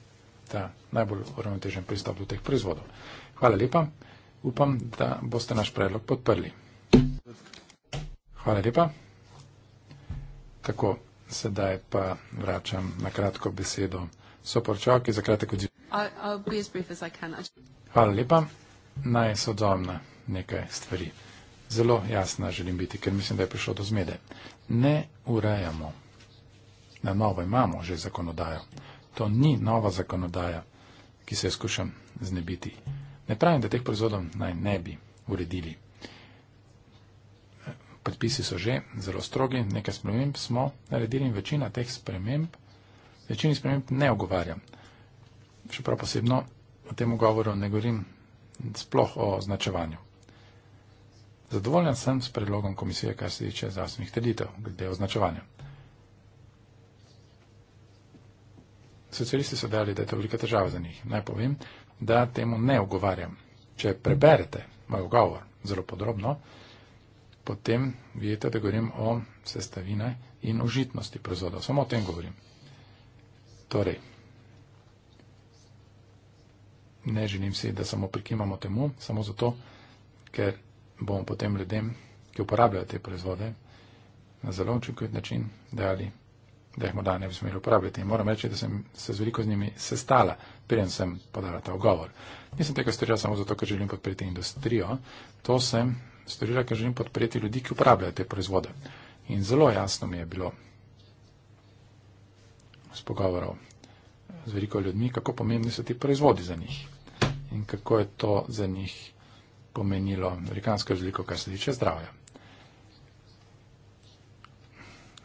ta najbolj uravnotežen pristop do teh proizvodov. Hvala lepa. Upam, da boste naš predlog podprli. Hvala lepa. Tako, sedaj pa vračam na kratko besedo. Soporčaki, za kratek odziv. Hvala lepa. Naj se odzovem na nekaj stvari. Zelo jasna želim biti, ker mislim, da je prišlo do zmede. Ne urejamo. Na novo imamo že zakonodajo. To ni nova zakonodaja, ki se je skušam znebiti. Ne pravim, da teh proizvodov naj ne bi uredili. Predpisi so že zelo strogi, nekaj sprememb smo naredili in večina teh sprememb Večini sprememb ne ogovarjam. Še prav posebno o tem govoru ne govorim sploh o označevanju. Zadovoljen sem s predlogom komisije, kar se tiče zasnih kreditev glede označevanja. Socialisti so dali, da je to velika težava za njih. Naj povem, da temu ne ogovarjam. Če preberete moj govor zelo podrobno, potem vidite, da govorim o sestavine in užitnosti proizvodov. Samo o tem govorim. Torej, ne želim si, da samo prikimamo temu, samo zato, ker bomo potem ljudem, ki uporabljajo te proizvode, na zelo učinkovit način dali, da jih morda ne bi smeli uporabljati. In moram reči, da sem se z veliko z njimi sestala, preden sem podala ta ogovor. Nisem tega storila samo zato, ker želim podpreti industrijo, to sem storila, ker želim podpreti ljudi, ki uporabljajo te proizvode. In zelo jasno mi je bilo, s pogovorov z veliko ljudmi, kako pomembni so ti proizvodi za njih in kako je to za njih pomenilo amerikansko razliko, kar se tiče zdravja.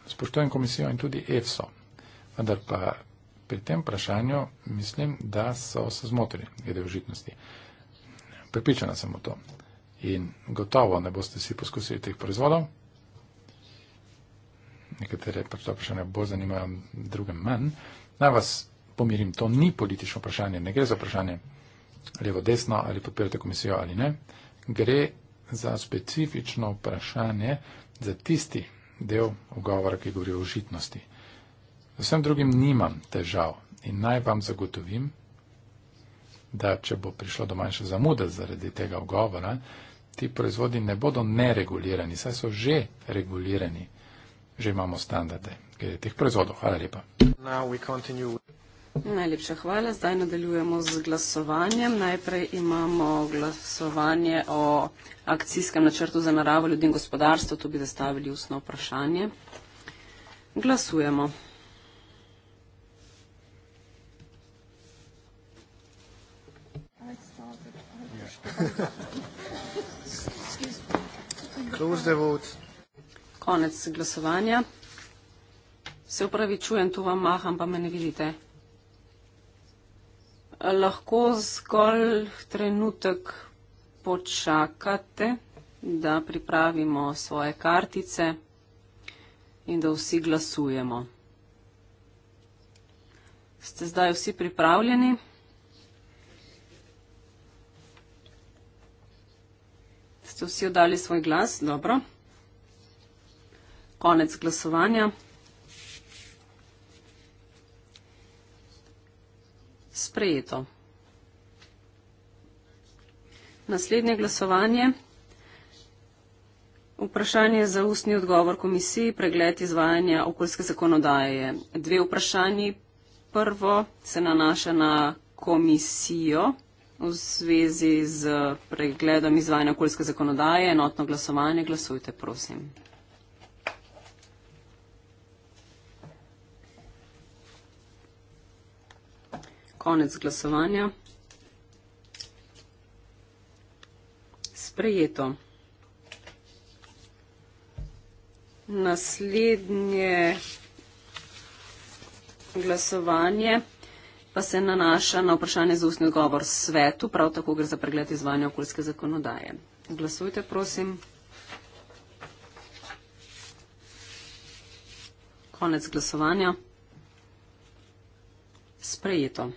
Spoštujem komisijo in tudi EFSO, vendar pa pri tem vprašanju mislim, da so se zmotili glede užitnosti. Pripričana sem o to. In gotovo ne boste si poskusili teh proizvodov nekatere pač ta vprašanja bolj zanimajo, druge manj. Naj vas pomirim, to ni politično vprašanje, ne gre za vprašanje levo-desno ali podpirate komisijo ali ne. Gre za specifično vprašanje za tisti del ogovora, ki govori o užitnosti. Vsem drugim nimam težav in naj vam zagotovim, da če bo prišlo do manjše zamude zaradi tega ogovora, ti proizvodi ne bodo neregulirani, saj so že regulirani že imamo standarde glede teh proizvodov. Hvala lepa. Najlepša hvala. Zdaj nadaljujemo z glasovanjem. Najprej imamo glasovanje o akcijskem načrtu za naravo ljudi in gospodarstvo. Tu bi zastavili ustno vprašanje. Glasujemo. Close the vote. Konec glasovanja. Se upravičujem, tu vam maham, pa me ne vidite. Lahko zgolj trenutek počakate, da pripravimo svoje kartice in da vsi glasujemo. Ste zdaj vsi pripravljeni? Ste vsi oddali svoj glas? Dobro konec glasovanja. Sprejeto. Naslednje glasovanje. Vprašanje za ustni odgovor komisiji, pregled izvajanja okoljske zakonodaje. Dve vprašanji. Prvo se nanaša na komisijo v zvezi z pregledom izvajanja okoljske zakonodaje. Enotno glasovanje. Glasujte, prosim. konec glasovanja. Sprejeto. Naslednje glasovanje pa se nanaša na vprašanje za ustni odgovor svetu, prav tako gre za pregled izvajanja okoljske zakonodaje. Glasujte, prosim. Konec glasovanja. Sprejeto.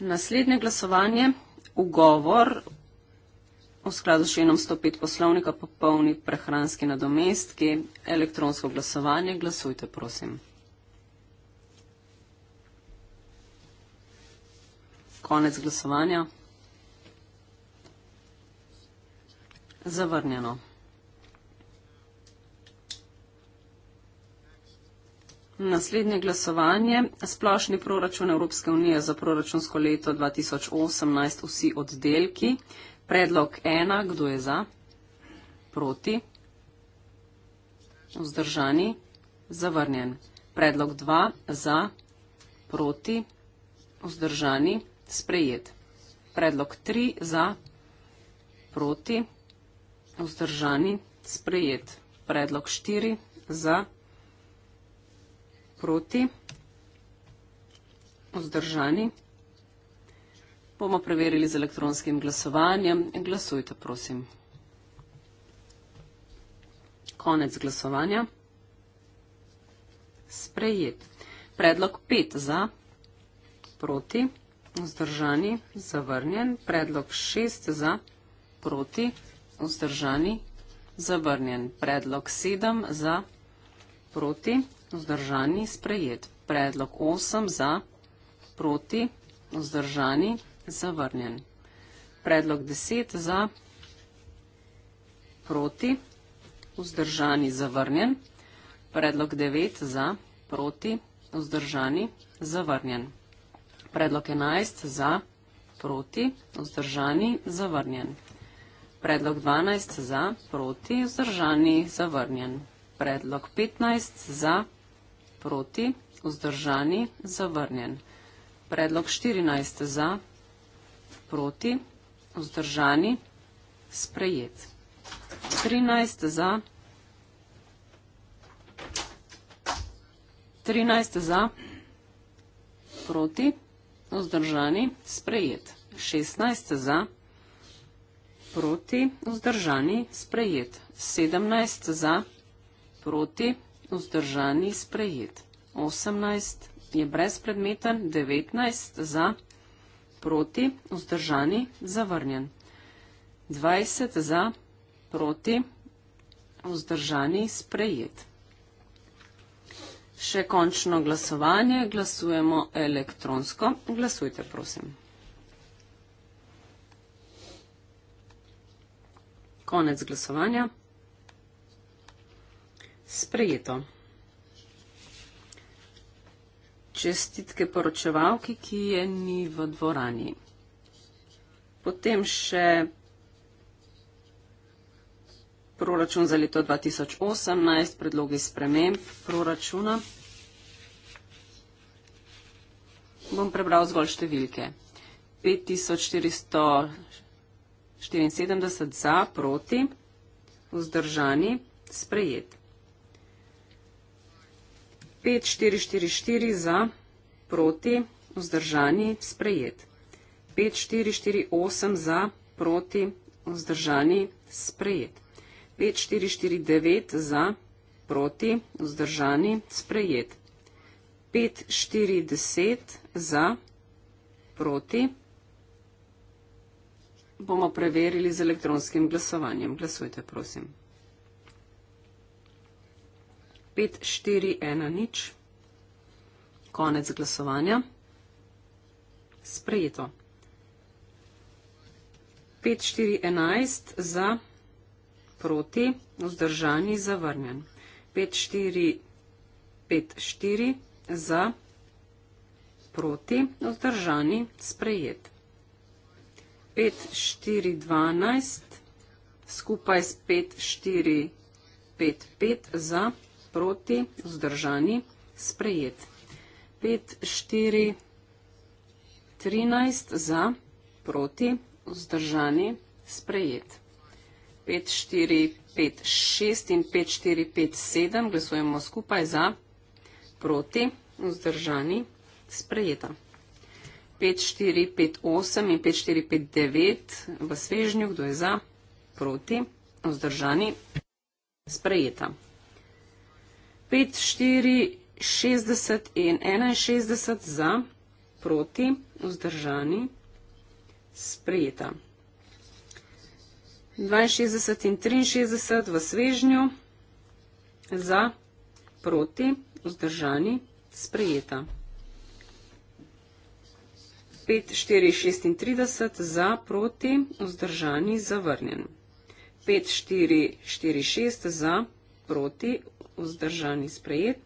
Naslednje glasovanje, ugovor v skladu s členom 105 poslovnika popolni prehranski nadomestki, elektronsko glasovanje, glasujte prosim. Konec glasovanja. Zavrnjeno. Naslednje glasovanje. Splošni proračun Evropske unije za proračunsko leto 2018. Vsi oddelki. Predlog ena. Kdo je za? Proti. Vzdržani. Zavrnjen. Predlog dva. Za. Proti. Vzdržani. Sprejet. Predlog tri. Za. Proti. Vzdržani. Sprejet. Predlog štiri. Za. Proti proti, vzdržani. Bomo preverili z elektronskim glasovanjem. Glasujte, prosim. Konec glasovanja. Sprejet. Predlog 5 za, proti, vzdržani, zavrnjen. Predlog 6 za, proti, vzdržani, zavrnjen. Predlog 7 za, proti, vzdržani vzdržani, sprejet. Predlog 8 za, proti, vzdržani, zavrnjen. Predlog 10 za, proti, vzdržani, zavrnjen. Predlog 9 za, proti, vzdržani, zavrnjen. Predlog 11 za, proti, vzdržani, zavrnjen. Predlog 12 za, proti, vzdržani, zavrnjen. Predlog 15 za, proti, vzdržani, zavrnjen proti, vzdržani, zavrnjen. Predlog 14 za, proti, vzdržani, sprejet. 13 za, 13 za, proti, vzdržani, sprejet. 16 za, proti, vzdržani, sprejet. 17 za, proti, vzdržani, sprejet vzdržani sprejet. 18 je brezpredmeten, 19 za, proti, vzdržani, zavrnjen. 20 za, proti, vzdržani, sprejet. Še končno glasovanje, glasujemo elektronsko. Glasujte, prosim. Konec glasovanja sprejeto. Čestitke poročevalki, ki je ni v dvorani. Potem še proračun za leto 2018, predlogi sprememb proračuna. Bom prebral zgolj številke. 5474 za, proti, vzdržani, sprejet. 5, 4, 4, 4 za, proti, vzdržani, sprejet. 5, 4, 4, 8 za, proti, vzdržani, sprejet. 5, 4, 4, 9 za, proti, vzdržani, sprejet. 5, 4, 10 za, proti. Bomo preverili z elektronskim glasovanjem. Glasujte, prosim. 5, 4, 1, nič. Konec glasovanja. Sprejeto. 5, 4, 11 za, proti, vzdržani, zavrnjen. 5, 4, 5, 4 za, proti, vzdržani, sprejet. 5, 4, 12 skupaj s 5, 4, 5, 5 za, proti proti, vzdržani, sprejet. 5, 4, 13 za, proti, vzdržani, sprejet. 5, 4, 5, 6 in 5, 4, 5, 7 glasujemo skupaj za, proti, vzdržani, sprejeta. 5, 4, 5, 8 in 5, 4, 5, 9 v svežnju, kdo je za, proti, vzdržani, sprejeta. 5, 4, 60 in 61 za, proti, vzdržani, sprejeta. 62 in 63 v svežnju, za, proti, vzdržani, sprejeta. 5, 4, 36 za, proti, vzdržani, zavrnjen. 5, 4, 4, 6 za, proti, vzdržani vzdržani sprejet.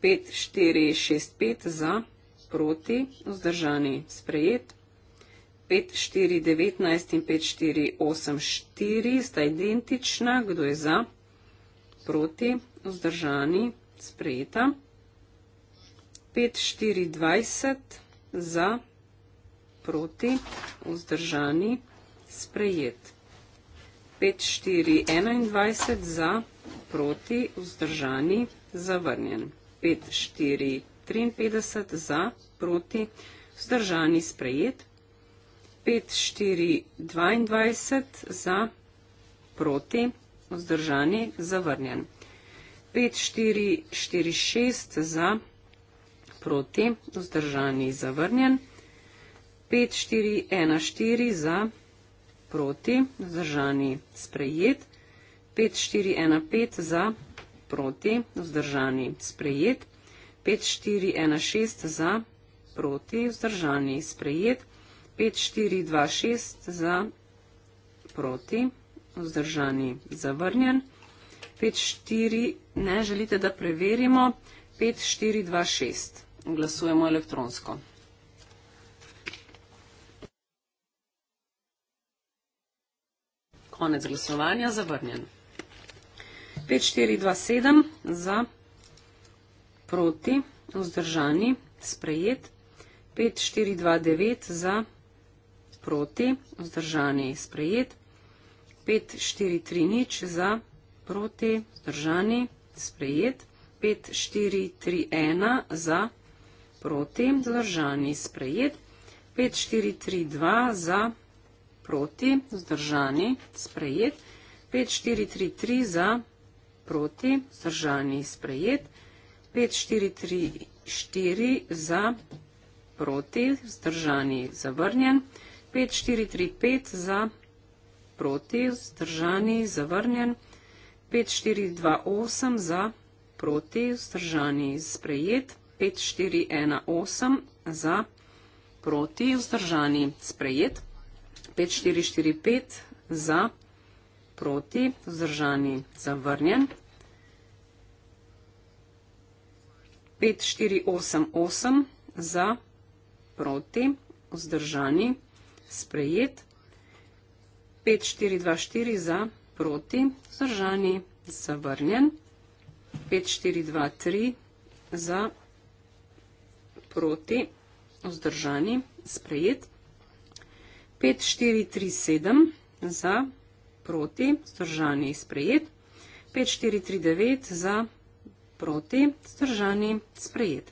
5, 4, 6, 5 za, proti, vzdržani sprejet. 5, 4, 19 in 5, 4, 8, 4 sta identična, kdo je za, proti, vzdržani sprejeta. 5, 4, 20 za, proti, vzdržani sprejet. 5421 za, proti, vzdržani, zavrnjen. 5453 za, proti, vzdržani, sprejet. 5422 za, proti, vzdržani, zavrnjen. 5446 za, proti, vzdržani, zavrnjen. 5414 za, proti proti, vzdržani sprejet, 5415 za, proti, vzdržani sprejet, 5416 za, proti, vzdržani sprejet, 5426 za, proti, vzdržani zavrnjen, 54 ne želite, da preverimo, 5426. Glasujemo elektronsko. konec glasovanja, zavrnjen. 5427 za, proti, vzdržani, sprejet. 5429 za, proti, vzdržani, sprejet. 5430 za, proti, vzdržani, sprejet. 5431 za, proti, vzdržani, sprejet. 5432 za, proti, vzdržani, sprejet. 5432 za, proti, vzdržani, sprejet. 5-4-3-3 za proti, vzdržani, sprejet. 5-4-3-4 za proti, vzdržani, zavrnjen. 5-4-3-5 za proti, vzdržani, zavrnjen. 5-4-2-8 za proti, vzdržani, sprejet. 5-4-1-8 za proti, vzdržani, sprejet. 5, 4, 3, 5, 5, 4, 4, 5 za, proti, vzdržani, zavrnjen. 5, 4, 8, 8 za, proti, vzdržani, sprejet. 5, 4, 2, 4 za, proti, vzdržani, zavrnjen. 5, 4, 2, 3 za, proti, vzdržani, sprejet. 5, 4, 2, 3 za, proti, vzdržani, sprejet. 5, 4, 3, 7 za proti, stržani sprejet. 5, 4, 3, 9 za proti, stržani sprejet.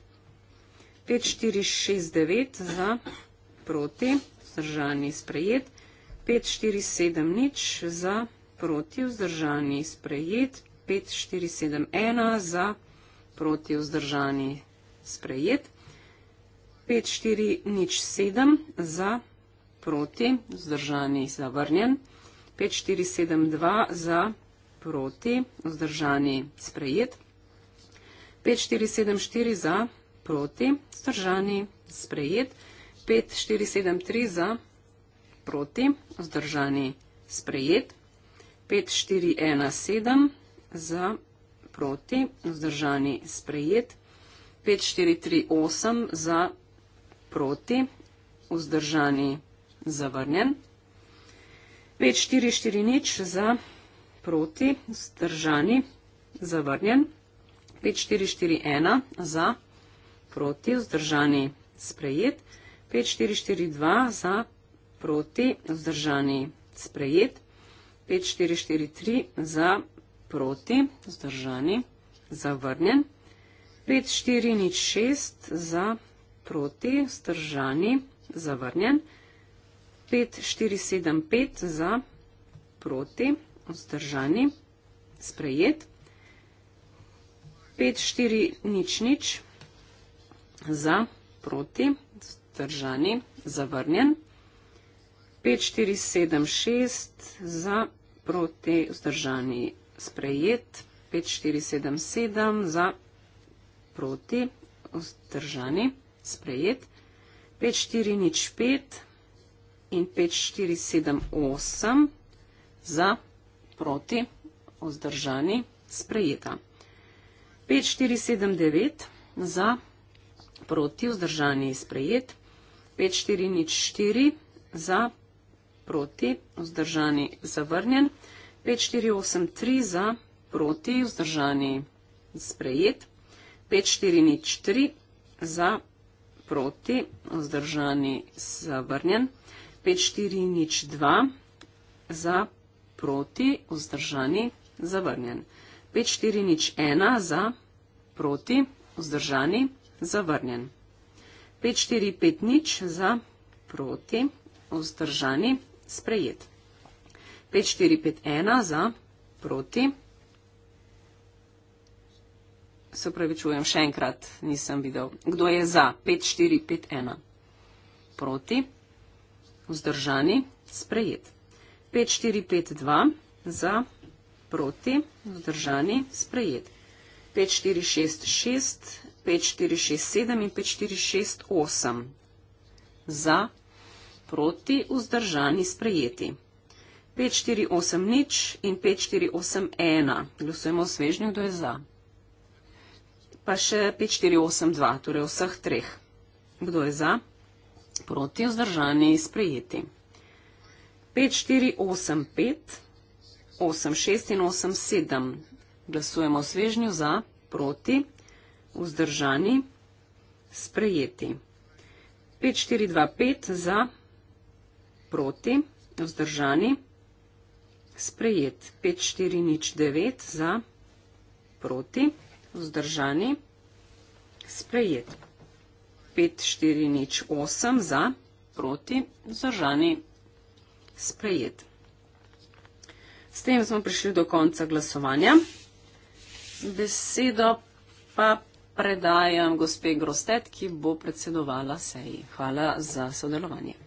5, 4, 6, 9 za proti, stržani sprejet. 5, 4, 7, nič za proti, vzdržani sprejet. 5, 4, 7, 1 za proti, vzdržani sprejet. 5, 4, nič 7 za proti proti, vzdržani zavrnjen. 5472 za, proti, vzdržani sprejet. 5474 za, proti, vzdržani sprejet. 5473 za, proti, vzdržani sprejet. 5417 za, proti, vzdržani sprejet. 5438 za, proti, vzdržani sprejet zavrnjen. Več 4-4 nič za proti, zdržani, zavrnjen. Več 4-4-1 za proti, zdržani, sprejet. Več 4-4-2 za proti, zdržani, sprejet. Več 4-4-3 za proti, zdržani, zavrnjen. Več 4-6 za proti, zdržani, zavrnjen. 4, 4, 5, 4, 7, 5 za, proti, vzdržani, sprejet. 5, 4, nič, nič za, proti, vzdržani, zavrnjen. 5, 4, 7, 6 za, proti, vzdržani, sprejet. 5, 4, 7, 7 za, proti, vzdržani, sprejet. 5, 4, nič, 5 za, proti, vzdržani, sprejet in 5, 4, 7, 8 za proti vzdržani sprejeta. 5, 4, 7, 9 za proti vzdržani sprejet. 5, 4, nič 4 za proti vzdržani zavrnjen. 5, 4, 8, 3 za proti vzdržani sprejet. 5, 4, nič 3 za proti vzdržani zavrnjen. 5, 4, 8, 3 za proti vzdržani sprejet. 5402 za proti, vzdržani, zavrnjen. 5401 za proti, vzdržani, zavrnjen. 5450 za proti, vzdržani, sprejet. 5451 za proti. Se pravi, čujem še enkrat, nisem videl, kdo je za. 5451 proti vzdržani, sprejet. 5-4-5-2 za proti, vzdržani, sprejet. 5-4-6-6, 5-4-6-7 in 5-4-6-8 za proti, vzdržani, sprejeti. 5-4-8 nič in 5-4-8-1. Glasujemo v svežnju, kdo je za. Pa še 5-4-8-2, torej vseh treh. Kdo je za? 5-4-8-2 proti vzdržani sprejeti. 5, 4, 8, 5, 8, 6 in 8, 7. Glasujemo svežnju za, proti, vzdržani, sprejeti. 5, 4, 2, 5 za, proti, vzdržani, sprejeti. 5, 4, nič 9 za, proti, vzdržani, sprejeti. 5408 za, proti, vzdržani, sprejet. S tem smo prišli do konca glasovanja. Besedo pa predajam gospe Grostet, ki bo predsedovala seji. Hvala za sodelovanje.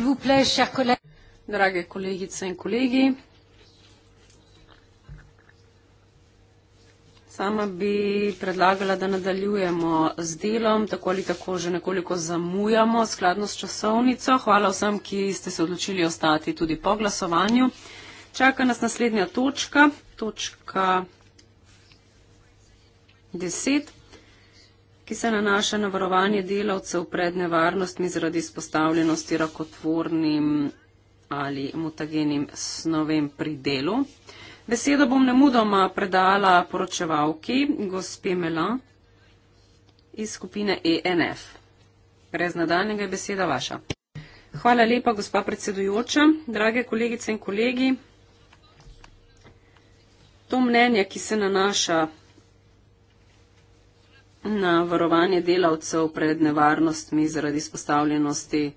Drage kolegice in kolegi, sama bi predlagala, da nadaljujemo z delom, tako ali tako že nekoliko zamujamo skladno s časovnico. Hvala vsem, ki ste se odločili ostati tudi po glasovanju. Čaka nas naslednja točka, točka 10 ki se nanaša na varovanje delavcev pred nevarnostmi zaradi izpostavljenosti rakotvornim ali mutagenim snovem pri delu. Besedo bom nemudoma predala poročevalki gospe Mela iz skupine ENF. Brez nadaljnega je beseda vaša. Hvala lepa, gospa predsedujoča, drage kolegice in kolegi. To mnenje, ki se nanaša na varovanje delavcev pred nevarnostmi zaradi izpostavljenosti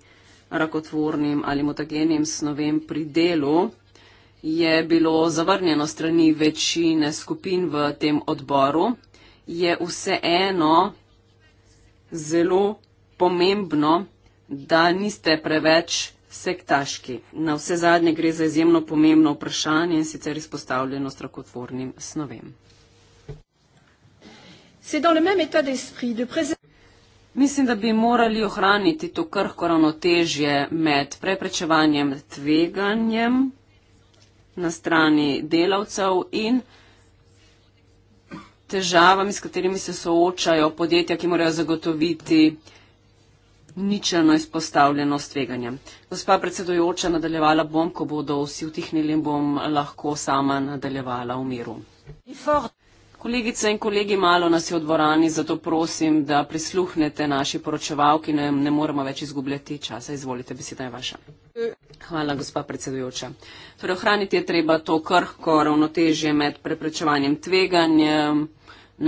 rakotvornim ali mutagenim snovem pri delu, je bilo zavrnjeno strani večine skupin v tem odboru, je vseeno zelo pomembno, da niste preveč sektaški. Na vse zadnje gre za izjemno pomembno vprašanje in sicer izpostavljeno strakotvornim snovem. C'est dans le même état d'esprit de présenter. Mislim, da bi morali ohraniti to krhko ravnotežje med preprečevanjem tveganjem na strani delavcev in težavami, s katerimi se soočajo podjetja, ki morajo zagotoviti ničelno izpostavljenost tveganjem. Gospa predsedujoča, nadaljevala bom, ko bodo vsi vtihnili in bom lahko sama nadaljevala v miru. Ford. Kolegice in kolegi, malo nas je v dvorani, zato prosim, da prisluhnete naši poročevalki, ne, ne moremo več izgubljati časa. Izvolite, beseda je vaša. Hvala, gospa predsedujoča. Torej, ohraniti je treba to krhko ravnotežje med preprečevanjem tveganj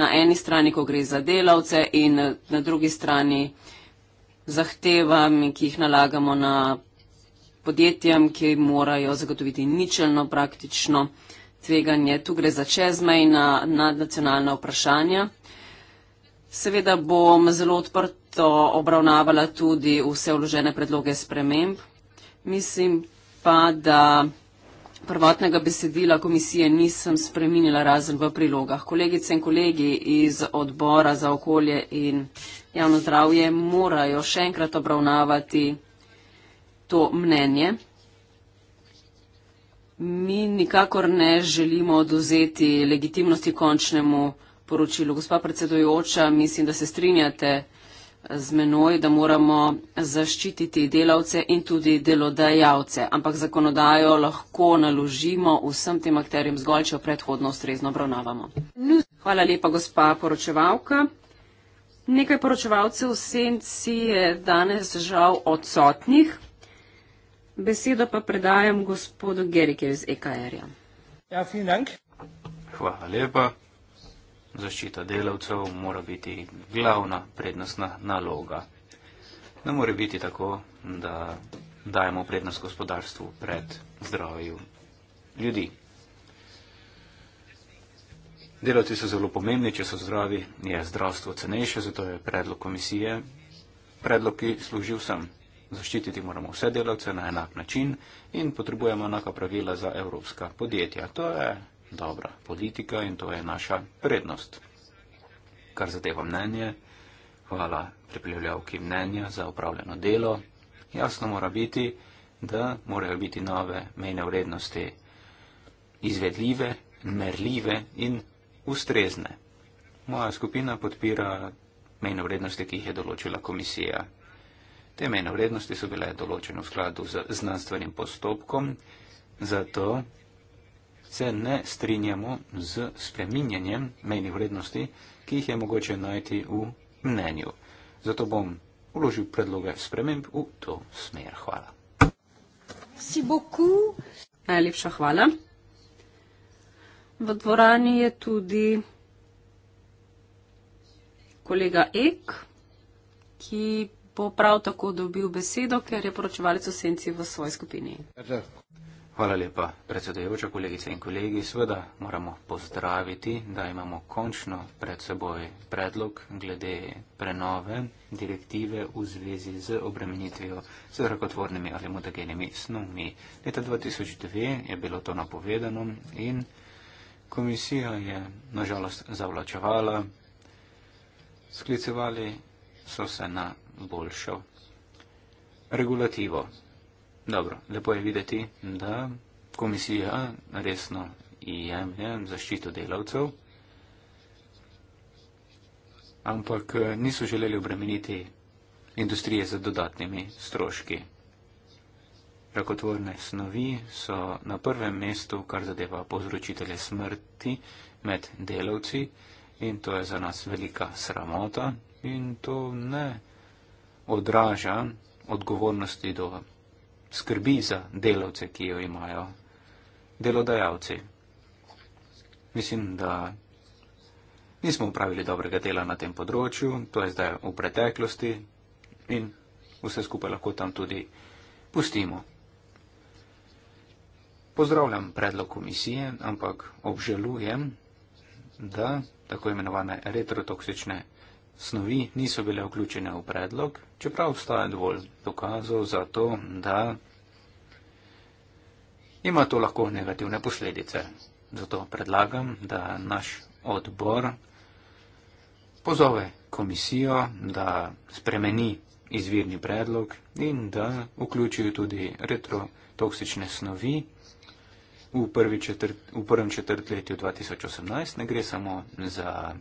na eni strani, ko gre za delavce in na drugi strani zahtevami, ki jih nalagamo na podjetjem, ki morajo zagotoviti ničelno praktično tveganje. Tu gre za čezmejna nadnacionalna vprašanja. Seveda bom zelo odprto obravnavala tudi vse vložene predloge sprememb. Mislim pa, da prvotnega besedila komisije nisem spreminjala razen v prilogah. Kolegice in kolegi iz odbora za okolje in javno zdravje morajo še enkrat obravnavati to mnenje. Mi nikakor ne želimo oduzeti legitimnosti končnemu poročilu. Gospa predsedojoča, mislim, da se strinjate z menoj, da moramo zaščititi delavce in tudi delodajalce, ampak zakonodajo lahko naložimo vsem tem akterjem zgolj, če jo predhodno ustrezno obravnavamo. Hvala lepa, gospa poročevalka. Nekaj poročevalcev v senci je danes žal odsotnih. Besedo pa predajam gospodu Gerikev iz EKR-ja. Ja, fin dank. Hvala lepa. Zaščita delavcev mora biti glavna prednostna naloga. Ne more biti tako, da dajemo prednost gospodarstvu pred zdravju ljudi. Delavci so zelo pomembni, če so zdravi, je zdravstvo cenejše, zato je predlog komisije, predlog, ki služi vsem. Zaščititi moramo vse delavce na enak način in potrebujemo enaka pravila za evropska podjetja. To je dobra politika in to je naša prednost. Kar zadeva mnenje, hvala pripravljavki mnenja za upravljeno delo. Jasno mora biti, da morajo biti nove mejne vrednosti izvedljive, merljive in ustrezne. Moja skupina podpira mejne vrednosti, ki jih je določila komisija Te mejne vrednosti so bile določene v skladu z znanstvenim postopkom, zato se ne strinjamo z spreminjanjem mejnih vrednosti, ki jih je mogoče najti v mnenju. Zato bom vložil predloge sprememb v to smer. Hvala. Si boku. Najlepša hvala. V dvorani je tudi kolega Ek, ki bo prav tako dobil besedo, ker je poročevalec v senci v svoji skupini. Hvala lepa, predsedojoča, kolegice in kolegi. Sveda moramo pozdraviti, da imamo končno pred seboj predlog glede prenove direktive v zvezi z obremenitvijo z rakotvornimi ali mutagenimi snumi. Leta 2002 je bilo to napovedano in komisija je nažalost zavlačevala. Sklicevali so se na boljšo regulativo. Dobro, lepo je videti, da komisija resno jemlje zaščito delavcev, ampak eh, niso želeli obremeniti industrije z dodatnimi stroški. Rakotvorne snovi so na prvem mestu, kar zadeva povzročitelje smrti med delavci in to je za nas velika sramota in to ne odraža odgovornosti do skrbi za delavce, ki jo imajo delodajalci. Mislim, da nismo upravili dobrega dela na tem področju, to je zdaj v preteklosti in vse skupaj lahko tam tudi pustimo. Pozdravljam predlog komisije, ampak obžalujem, da tako imenovane retrotoksične snovi niso bile vključene v predlog čeprav obstaja dovolj dokazov za to, da ima to lahko negativne posledice. Zato predlagam, da naš odbor pozove komisijo, da spremeni izvirni predlog in da vključijo tudi retrotoksične snovi v, četrt, v prvem četrtletju 2018. Ne gre samo za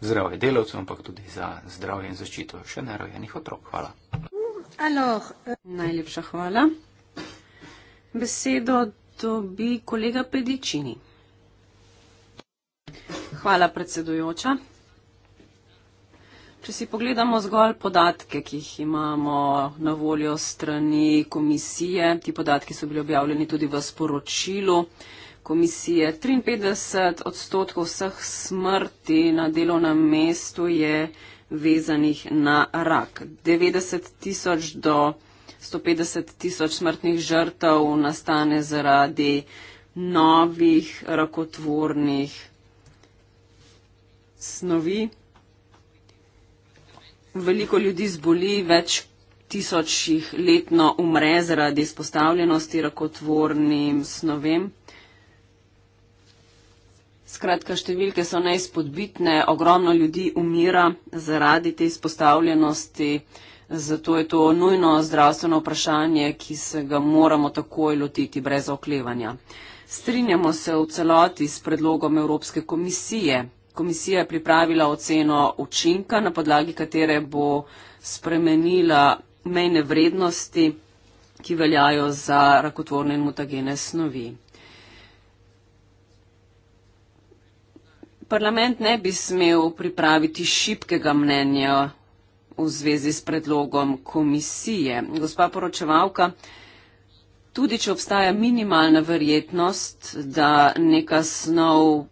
zdravje delavcev, ampak tudi za zdravje in zaščito še nerojenih otrok. Hvala. Aloh. Euh, Najlepša hvala. Besedo dobi kolega Pedičini. Hvala, predsedujoča. Če si pogledamo zgolj podatke, ki jih imamo na voljo strani komisije, ti podatki so bili objavljeni tudi v sporočilu, komisije. 53 odstotkov vseh smrti na delovnem mestu je vezanih na rak. 90 tisoč do 150 tisoč smrtnih žrtev nastane zaradi novih rakotvornih snovi. Veliko ljudi zboli, več tisočih letno umre zaradi izpostavljenosti rakotvornim snovem. Skratka, številke so neizpodbitne, ogromno ljudi umira zaradi te izpostavljenosti, zato je to nujno zdravstveno vprašanje, ki se ga moramo takoj lotiti brez oklevanja. Strinjamo se v celoti s predlogom Evropske komisije. Komisija je pripravila oceno učinka, na podlagi katere bo spremenila mejne vrednosti, ki veljajo za rakotvorne in mutagene snovi. Parlament ne bi smel pripraviti šibkega mnenja v zvezi s predlogom komisije. Gospa poročevalka, tudi če obstaja minimalna verjetnost, da neka snov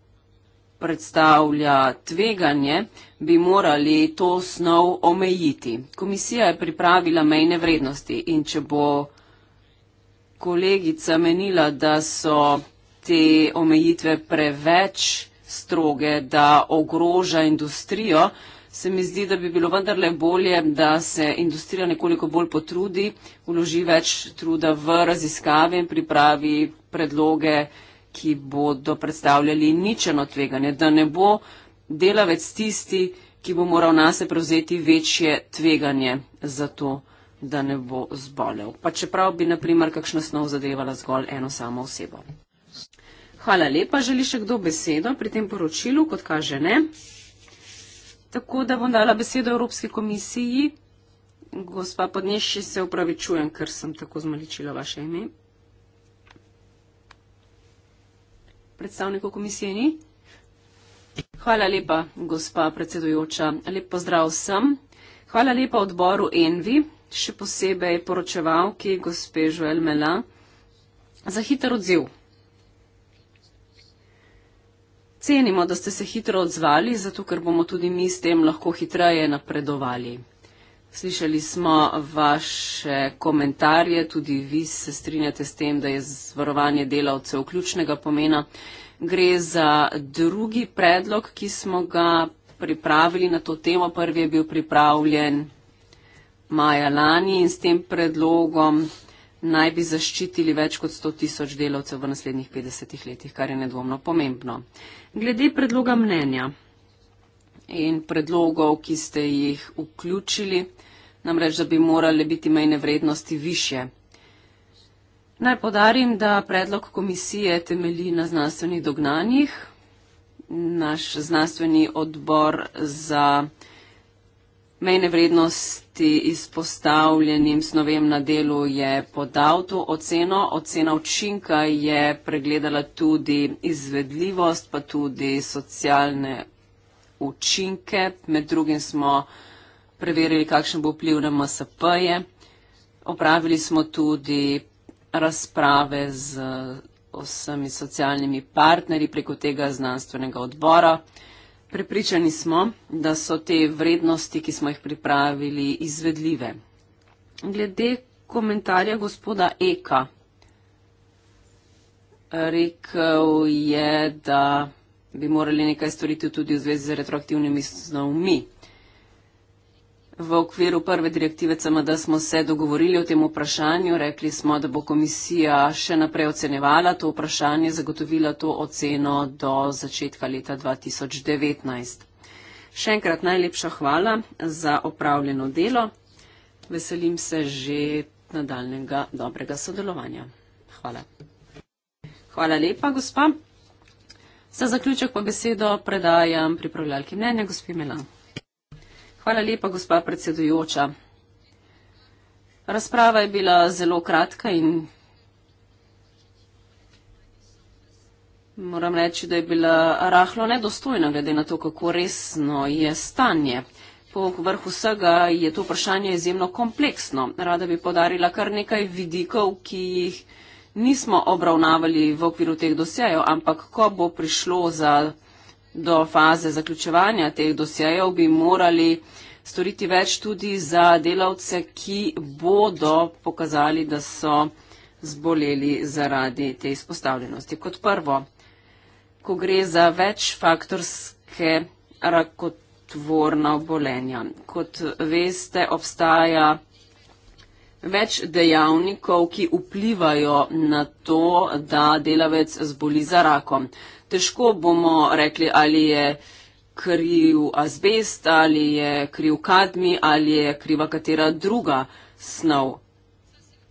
predstavlja tveganje, bi morali to snov omejiti. Komisija je pripravila mejne vrednosti in če bo kolegica menila, da so te omejitve preveč, stroge, da ogroža industrijo, se mi zdi, da bi bilo vendarle bolje, da se industrija nekoliko bolj potrudi, uloži več truda v raziskave in pripravi predloge, ki bodo predstavljali ničeno tveganje, da ne bo delavec tisti, ki bo moral nase prevzeti večje tveganje za to, da ne bo zbolel. Pa čeprav bi, naprimer, kakšna snov zadevala zgolj eno samo osebo. Hvala lepa. Želi še kdo besedo pri tem poročilu? Kot kaže ne. Tako da bom dala besedo Evropski komisiji. Gospa Podneši, se upravičujem, ker sem tako zmaličila vaše ime. Predstavnikov komisije ni? Hvala lepa, gospa predsedujoča. Lep pozdrav vsem. Hvala lepa odboru Envi, še posebej poročevalki, gospe Joel Mela, za hiter odziv. Cenimo, da ste se hitro odzvali, zato ker bomo tudi mi s tem lahko hitreje napredovali. Slišali smo vaše komentarje, tudi vi se strinjate s tem, da je zvarovanje delavcev ključnega pomena. Gre za drugi predlog, ki smo ga pripravili na to temo. Prvi je bil pripravljen maja lani in s tem predlogom naj bi zaščitili več kot 100 tisoč delavcev v naslednjih 50 letih, kar je nedvomno pomembno. Glede predloga mnenja in predlogov, ki ste jih vključili, namreč, da bi morale biti mejne vrednosti više. Naj podarim, da predlog komisije temelji na znanstvenih dognanjih. Naš znanstveni odbor za mejne vrednosti izpostavljenim snovem na delu je podal to oceno. Ocena učinka je pregledala tudi izvedljivost, pa tudi socialne učinke. Med drugim smo preverili, kakšen bo vpliv na MSP-je. Opravili smo tudi razprave z vsemi socialnimi partnerji preko tega znanstvenega odbora. Prepričani smo, da so te vrednosti, ki smo jih pripravili, izvedljive. Glede komentarja gospoda Eka, rekel je, da bi morali nekaj storiti tudi v zvezi z retroaktivnimi snovmi. V okviru prve direktive CMD smo se dogovorili o tem vprašanju, rekli smo, da bo komisija še naprej ocenevala to vprašanje, zagotovila to oceno do začetka leta 2019. Še enkrat najlepša hvala za opravljeno delo. Veselim se že nadaljnega dobrega sodelovanja. Hvala. Hvala lepa, gospa. Za zaključek pa besedo predajam pripravljalki mnenja, gospi Melan. Hvala lepa, gospa predsedujoča. Razprava je bila zelo kratka in moram reči, da je bila rahlo nedostojna, glede na to, kako resno je stanje. Po vrhu vsega je to vprašanje izjemno kompleksno. Rada bi podarila kar nekaj vidikov, ki jih nismo obravnavali v okviru teh dosjejo, ampak ko bo prišlo za do faze zaključevanja teh dosjejev bi morali storiti več tudi za delavce, ki bodo pokazali, da so zboleli zaradi te izpostavljenosti. Kot prvo, ko gre za večfaktorske rakotvorna obolenja. Kot veste, obstaja več dejavnikov, ki vplivajo na to, da delavec zboli za rakom težko bomo rekli, ali je kriv azbest, ali je kriv kadmi, ali je kriva katera druga snov.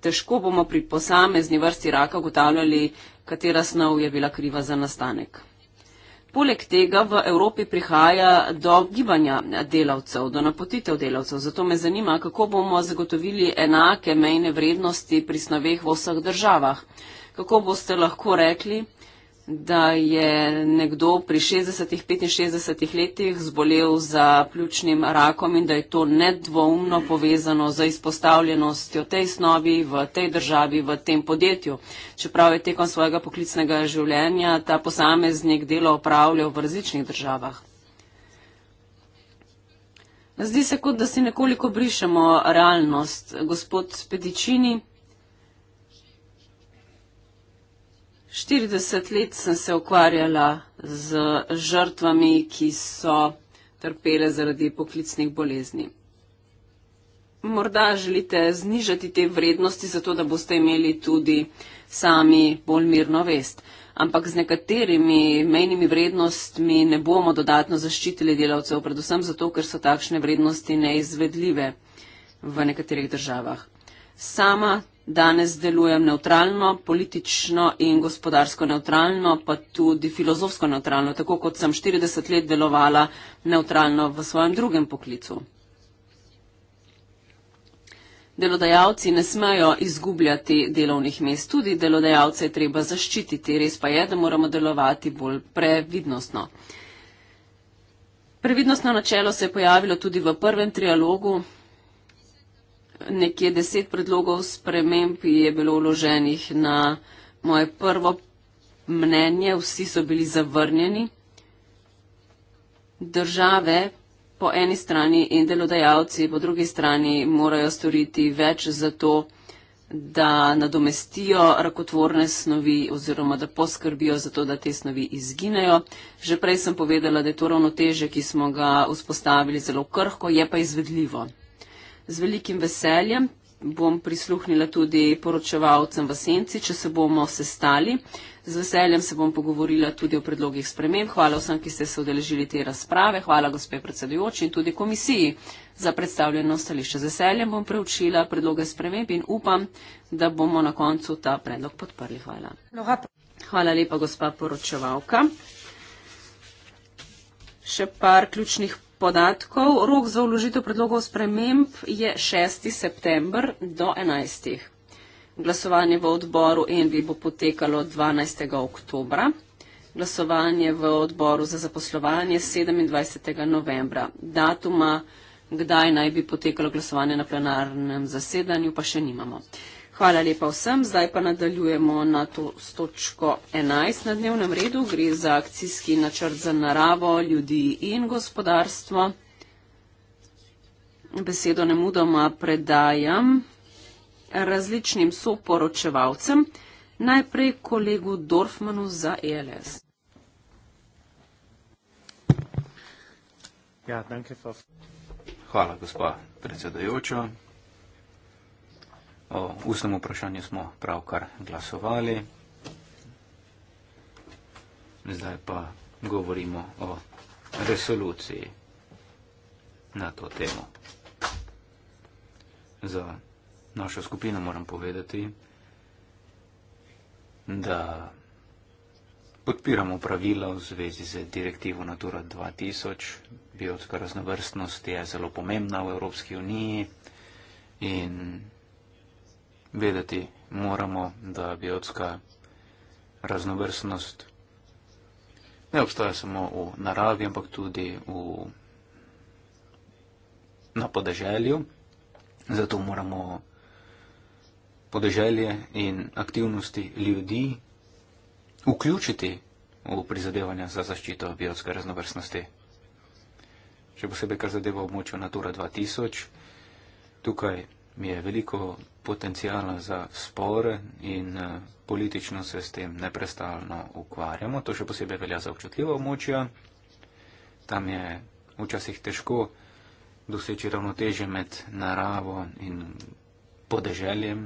Težko bomo pri posamezni vrsti raka ugotavljali, katera snov je bila kriva za nastanek. Poleg tega v Evropi prihaja do gibanja delavcev, do napotitev delavcev. Zato me zanima, kako bomo zagotovili enake mejne vrednosti pri snoveh v vseh državah. Kako boste lahko rekli, da je nekdo pri 60-65 letih zbolel za pljučnim rakom in da je to nedvoumno povezano z izpostavljenostjo tej snovi v tej državi, v tem podjetju. Čeprav je tekom svojega poklicnega življenja ta posameznik delo opravljal v različnih državah. Zdi se, kot da si nekoliko brišemo realnost. Gospod Pedičini. 40 let sem se ukvarjala z žrtvami, ki so trpele zaradi poklicnih bolezni. Morda želite znižati te vrednosti, zato da boste imeli tudi sami bolj mirno vest. Ampak z nekaterimi mejnimi vrednostmi ne bomo dodatno zaščitili delavcev, predvsem zato, ker so takšne vrednosti neizvedljive v nekaterih državah. Sama danes delujem neutralno, politično in gospodarsko neutralno, pa tudi filozofsko neutralno, tako kot sem 40 let delovala neutralno v svojem drugem poklicu. Delodajalci ne smejo izgubljati delovnih mest, tudi delodajalce je treba zaščititi, res pa je, da moramo delovati bolj previdnostno. Previdnostno načelo se je pojavilo tudi v prvem trialogu, nekje deset predlogov sprememb je bilo vloženih na moje prvo mnenje, vsi so bili zavrnjeni. Države po eni strani in delodajalci po drugi strani morajo storiti več za to, da nadomestijo rakotvorne snovi oziroma da poskrbijo za to, da te snovi izginejo. Že prej sem povedala, da je to ravnoteže, ki smo ga vzpostavili zelo krhko, je pa izvedljivo z velikim veseljem bom prisluhnila tudi poročevalcem v Senci, če se bomo sestali. Z veseljem se bom pogovorila tudi o predlogih sprememb. Hvala vsem, ki ste se odeležili te razprave. Hvala, gospe predsedujoči in tudi komisiji za predstavljeno stališče. Z veseljem bom preučila predloge sprememb in upam, da bomo na koncu ta predlog podprli. Hvala. Hvala lepa, gospa poročevalka. Še par ključnih podatkov. Rok za vložitev predlogov sprememb je 6. september do 11. Glasovanje v odboru Envi bo potekalo 12. oktobra. Glasovanje v odboru za zaposlovanje 27. novembra. Datuma, kdaj naj bi potekalo glasovanje na plenarnem zasedanju, pa še nimamo. Hvala lepa vsem. Zdaj pa nadaljujemo na to s točko 11 na dnevnem redu. Gre za akcijski načrt za naravo, ljudi in gospodarstvo. Besedo ne mudoma predajam različnim soporočevalcem. Najprej kolegu Dorfmanu za ELS. Ja, Hvala, gospa predsedajoča. O ustnem vprašanju smo pravkar glasovali. Zdaj pa govorimo o resoluciji na to temo. Za našo skupino moram povedati, da podpiramo pravila v zvezi z direktivo Natura 2000. Biotska raznovrstnost je zelo pomembna v Evropski uniji in vedeti moramo, da biotska raznovrstnost ne obstaja samo v naravi, ampak tudi v, na podeželju. Zato moramo podeželje in aktivnosti ljudi vključiti v prizadevanja za zaščito biotske raznovrstnosti. Še posebej, kar zadeva območjo Natura 2000, tukaj mi je veliko potencijala za spore in eh, politično se s tem neprestalno ukvarjamo. To še posebej velja za občutljiva območja. Tam je včasih težko doseči ravnoteže med naravo in podeželjem.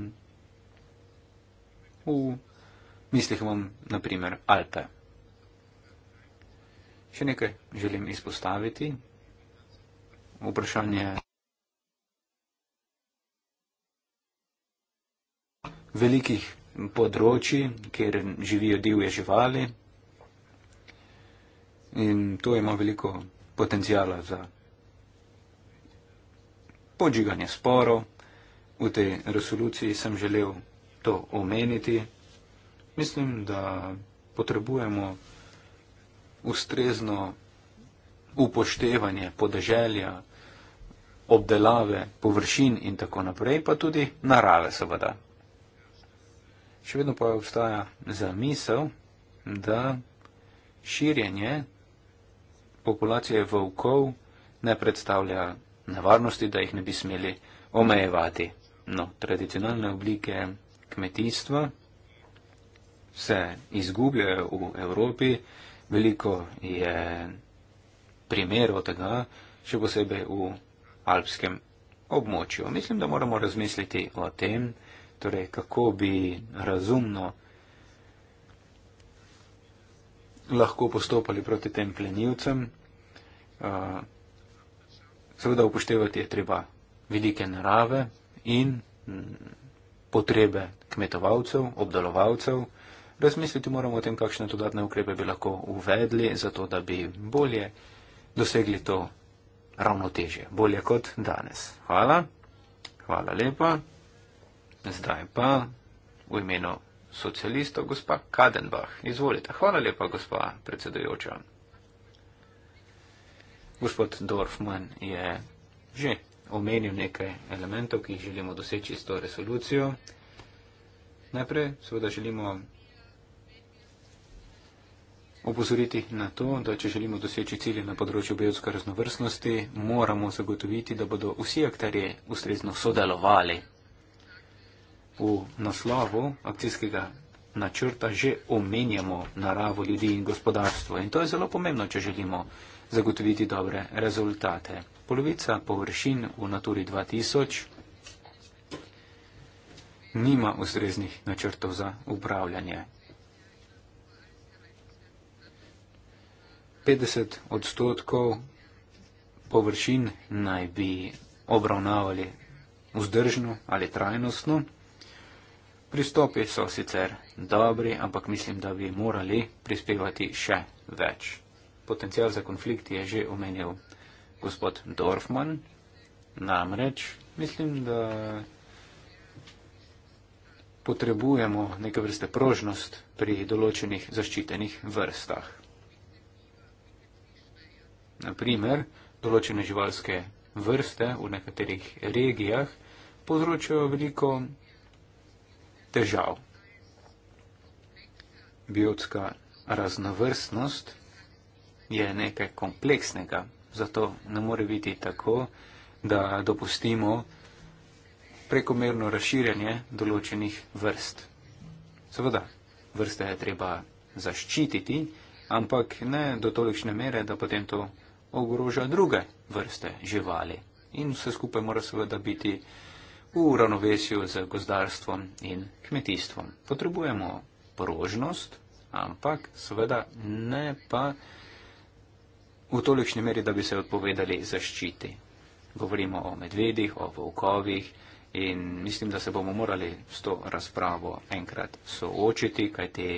V mislih vam naprimer Alpe. Še nekaj želim izpostaviti. Vprašanje. velikih področji, kjer živijo divje živali. In tu ima veliko potencijala za podžiganje sporov. V tej resoluciji sem želel to omeniti. Mislim, da potrebujemo ustrezno upoštevanje podeželja, obdelave površin in tako naprej, pa tudi narave seveda še vedno pa obstaja zamisel, da širjenje populacije volkov ne predstavlja nevarnosti, da jih ne bi smeli omejevati. No, tradicionalne oblike kmetijstva se izgubljajo v Evropi, veliko je primerov tega, še posebej v alpskem območju. Mislim, da moramo razmisliti o tem, torej kako bi razumno lahko postopali proti tem plenilcem. Seveda upoštevati je treba vidike narave in potrebe kmetovalcev, obdelovalcev. Razmisliti moramo o tem, kakšne dodatne ukrepe bi lahko uvedli, zato da bi bolje dosegli to ravnotežje, bolje kot danes. Hvala. Hvala lepa. Zdaj pa v imenu socialistov gospa Kadenbach. Izvolite. Hvala lepa, gospa predsedujoča. Gospod Dorfman je že omenil nekaj elementov, ki jih želimo doseči s to resolucijo. Najprej seveda želimo opozoriti na to, da če želimo doseči cilje na področju biotske raznovrstnosti, moramo zagotoviti, da bodo vsi akteri ustrezno sodelovali v naslovu akcijskega načrta že omenjamo naravo ljudi in gospodarstvo. In to je zelo pomembno, če želimo zagotoviti dobre rezultate. Polovica površin v Naturi 2000 nima ustreznih načrtov za upravljanje. 50 odstotkov površin naj bi obravnavali vzdržno ali trajnostno. Pristopi so sicer dobri, ampak mislim, da bi morali prispevati še več. Potencijal za konflikt je že omenil gospod Dorfman. Namreč mislim, da potrebujemo neke vrste prožnost pri določenih zaščitenih vrstah. Naprimer, določene živalske vrste v nekaterih regijah povzročajo veliko težav. Biotska raznovrstnost je nekaj kompleksnega, zato ne more biti tako, da dopustimo prekomerno razširjanje določenih vrst. Seveda, vrste je treba zaščititi, ampak ne do tolikšne mere, da potem to ogroža druge vrste živali. In vse skupaj mora seveda biti v ravnovesju z gozdarstvom in kmetijstvom. Potrebujemo prožnost, ampak seveda ne pa v tolikšni meri, da bi se odpovedali zaščiti. Govorimo o medvedih, o volkovih in mislim, da se bomo morali s to razpravo enkrat soočiti, kaj te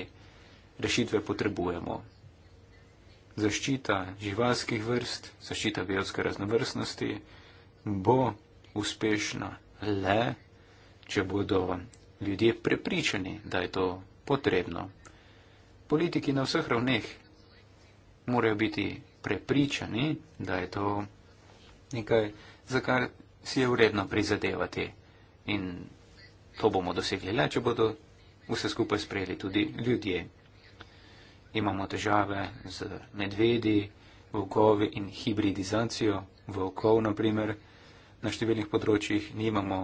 rešitve potrebujemo. Zaščita živalskih vrst, zaščita biotske raznovrstnosti bo uspešna le, če bodo ljudje prepričani, da je to potrebno. Politiki na vseh ravneh morajo biti prepričani, da je to nekaj, za kar si je vredno prizadevati. In to bomo dosegli le, če bodo vse skupaj sprejeli tudi ljudje. Imamo težave z medvedi, volkovi in hibridizacijo, volkov na primer na številnih področjih nimamo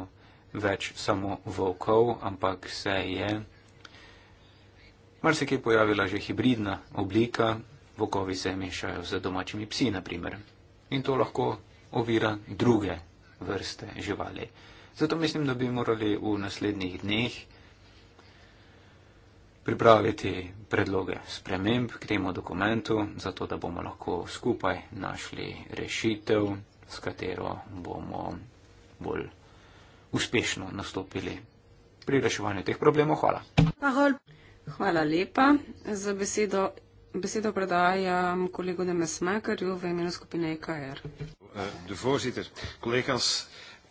več samo volkov, ampak se je marsikaj pojavila že hibridna oblika, volkovi se mešajo z domačimi psi, na primer. In to lahko ovira druge vrste živali. Zato mislim, da bi morali v naslednjih dneh pripraviti predloge sprememb k temu dokumentu, zato da bomo lahko skupaj našli rešitev s katero bomo bolj uspešno nastopili pri reševanju teh problemov. Hvala. Hvala lepa za besedo. Besedo predajam kolegu Nemes Makarju v imenu skupine EKR. Eh,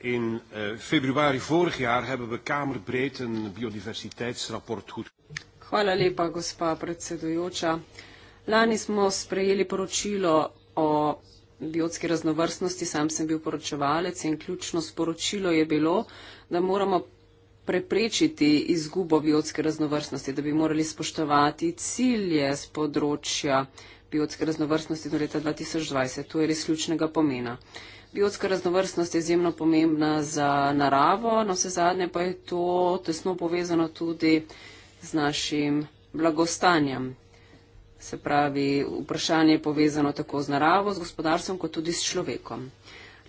in eh, februari vorig jaar hebben we kamerbreed een biodiversiteitsrapport goed. Hvala lepa, gospa predsedujoča. Lani smo sprejeli poročilo o biotski raznovrstnosti, sam sem bil poročevalec in ključno sporočilo je bilo, da moramo preprečiti izgubo biotske raznovrstnosti, da bi morali spoštovati cilje z področja biotske raznovrstnosti do leta 2020. To je res ključnega pomena. Biotska raznovrstnost je izjemno pomembna za naravo, na no, vse zadnje pa je to tesno povezano tudi z našim blagostanjem. Se pravi, vprašanje je povezano tako z naravo, z gospodarstvom, kot tudi s človekom.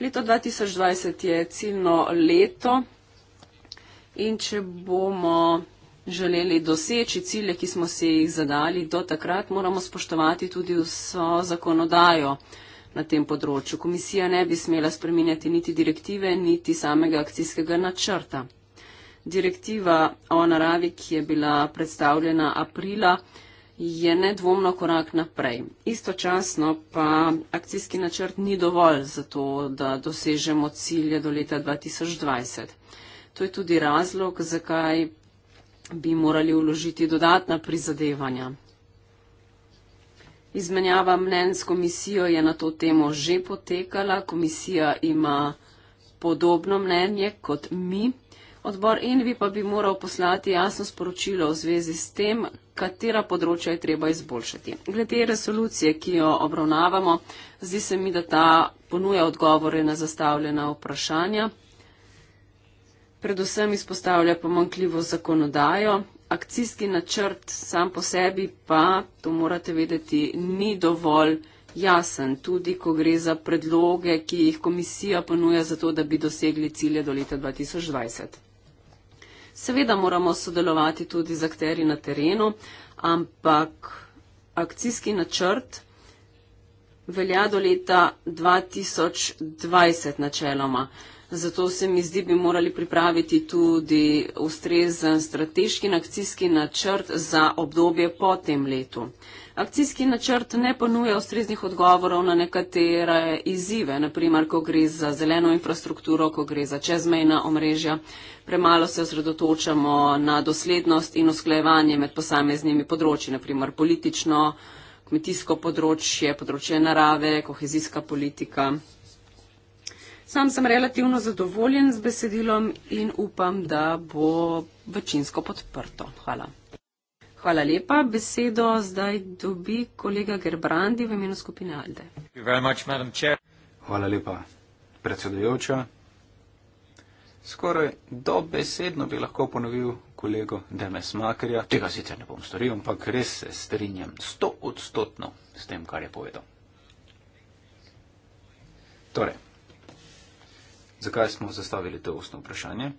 Leto 2020 je ciljno leto in če bomo želeli doseči cilje, ki smo si jih zadali do takrat, moramo spoštovati tudi vso zakonodajo na tem področju. Komisija ne bi smela spreminjati niti direktive, niti samega akcijskega načrta. Direktiva o naravi, ki je bila predstavljena aprila je nedvomno korak naprej. Istočasno pa akcijski načrt ni dovolj za to, da dosežemo cilje do leta 2020. To je tudi razlog, zakaj bi morali vložiti dodatna prizadevanja. Izmenjava mnen s komisijo je na to temo že potekala. Komisija ima podobno mnenje kot mi. Odbor Envi pa bi moral poslati jasno sporočilo v zvezi s tem, katera področja je treba izboljšati. Glede resolucije, ki jo obravnavamo, zdi se mi, da ta ponuja odgovore na zastavljena vprašanja. Predvsem izpostavlja pomankljivo zakonodajo. Akcijski načrt sam po sebi pa, to morate vedeti, ni dovolj jasen, tudi ko gre za predloge, ki jih komisija ponuja za to, da bi dosegli cilje do leta 2020. Seveda moramo sodelovati tudi z akteri na terenu, ampak akcijski načrt velja do leta 2020 načeloma. Zato se mi zdi, bi morali pripraviti tudi ustrezen strateški in akcijski načrt za obdobje po tem letu akcijski načrt ne ponuja ustreznih odgovorov na nekatere izzive, naprimer, ko gre za zeleno infrastrukturo, ko gre za čezmejna omrežja. Premalo se osredotočamo na doslednost in usklajevanje med posameznimi področji, naprimer politično, kmetijsko področje, področje narave, kohezijska politika. Sam sem relativno zadovoljen z besedilom in upam, da bo večinsko podprto. Hvala. Hvala lepa. Besedo zdaj dobi kolega Gerbrandi v imenu skupine Alde. Much, Hvala lepa, predsedujoča. Skoraj dobesedno bi lahko ponovil kolego Demes Makarja. Tega sicer ne bom storil, ampak res se strinjam sto odstotno s tem, kar je povedal. Torej, zakaj smo zastavili to ustno vprašanje?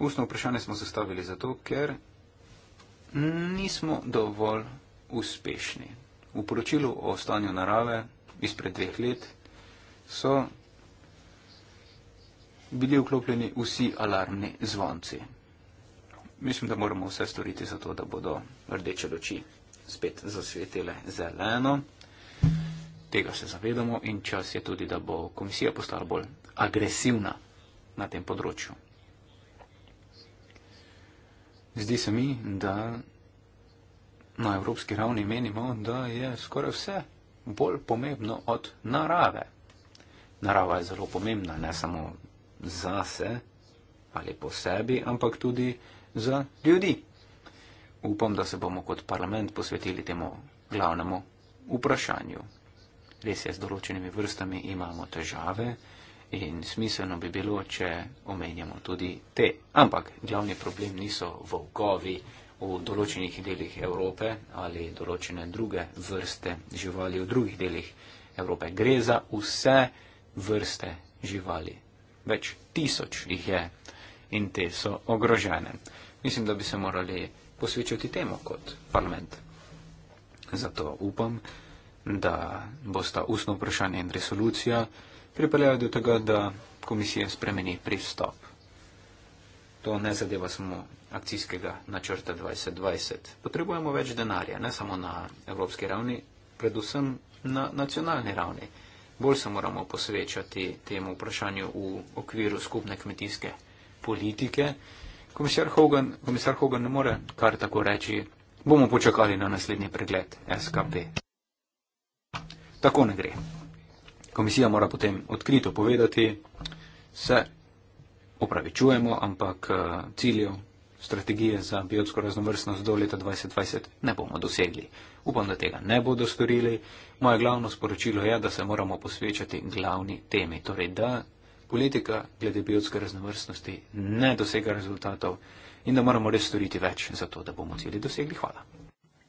Ustno vprašanje smo zastavili zato, ker nismo dovolj uspešni. V poročilu o stanju narave izpred dveh let so bili vklopljeni vsi alarmni zvonci. Mislim, da moramo vse storiti za to, da bodo rdeče loči spet zasvetile zeleno. Tega se zavedamo in čas je tudi, da bo komisija postala bolj agresivna na tem področju. Zdi se mi, da na evropski ravni menimo, da je skoraj vse bolj pomembno od narave. Narava je zelo pomembna, ne samo za se ali po sebi, ampak tudi za ljudi. Upam, da se bomo kot parlament posvetili temu glavnemu vprašanju. Res je, z določenimi vrstami imamo težave in smiselno bi bilo, če omenjamo tudi te. Ampak glavni problem niso volkovi v določenih delih Evrope ali določene druge vrste živali v drugih delih Evrope. Gre za vse vrste živali. Več tisoč jih je in te so ogrožene. Mislim, da bi se morali posvečati temu kot parlament. Zato upam, da bosta ustno vprašanje in resolucija pripeljajo do tega, da komisija spremeni pristop. To ne zadeva samo akcijskega načrta 2020. Potrebujemo več denarja, ne samo na evropski ravni, predvsem na nacionalni ravni. Bolj se moramo posvečati temu vprašanju v okviru skupne kmetijske politike. Komisar Hogan, komisar Hogan ne more kar tako reči, bomo počakali na naslednji pregled SKP. Tako ne gre komisija mora potem odkrito povedati, se opravičujemo, ampak eh, ciljev strategije za biotsko raznovrstnost do leta 2020 ne bomo dosegli. Upam, da tega ne bodo storili. Moje glavno sporočilo je, da se moramo posvečati glavni temi, torej da politika glede biotske raznovrstnosti ne dosega rezultatov in da moramo res storiti več za to, da bomo cilji dosegli. Hvala.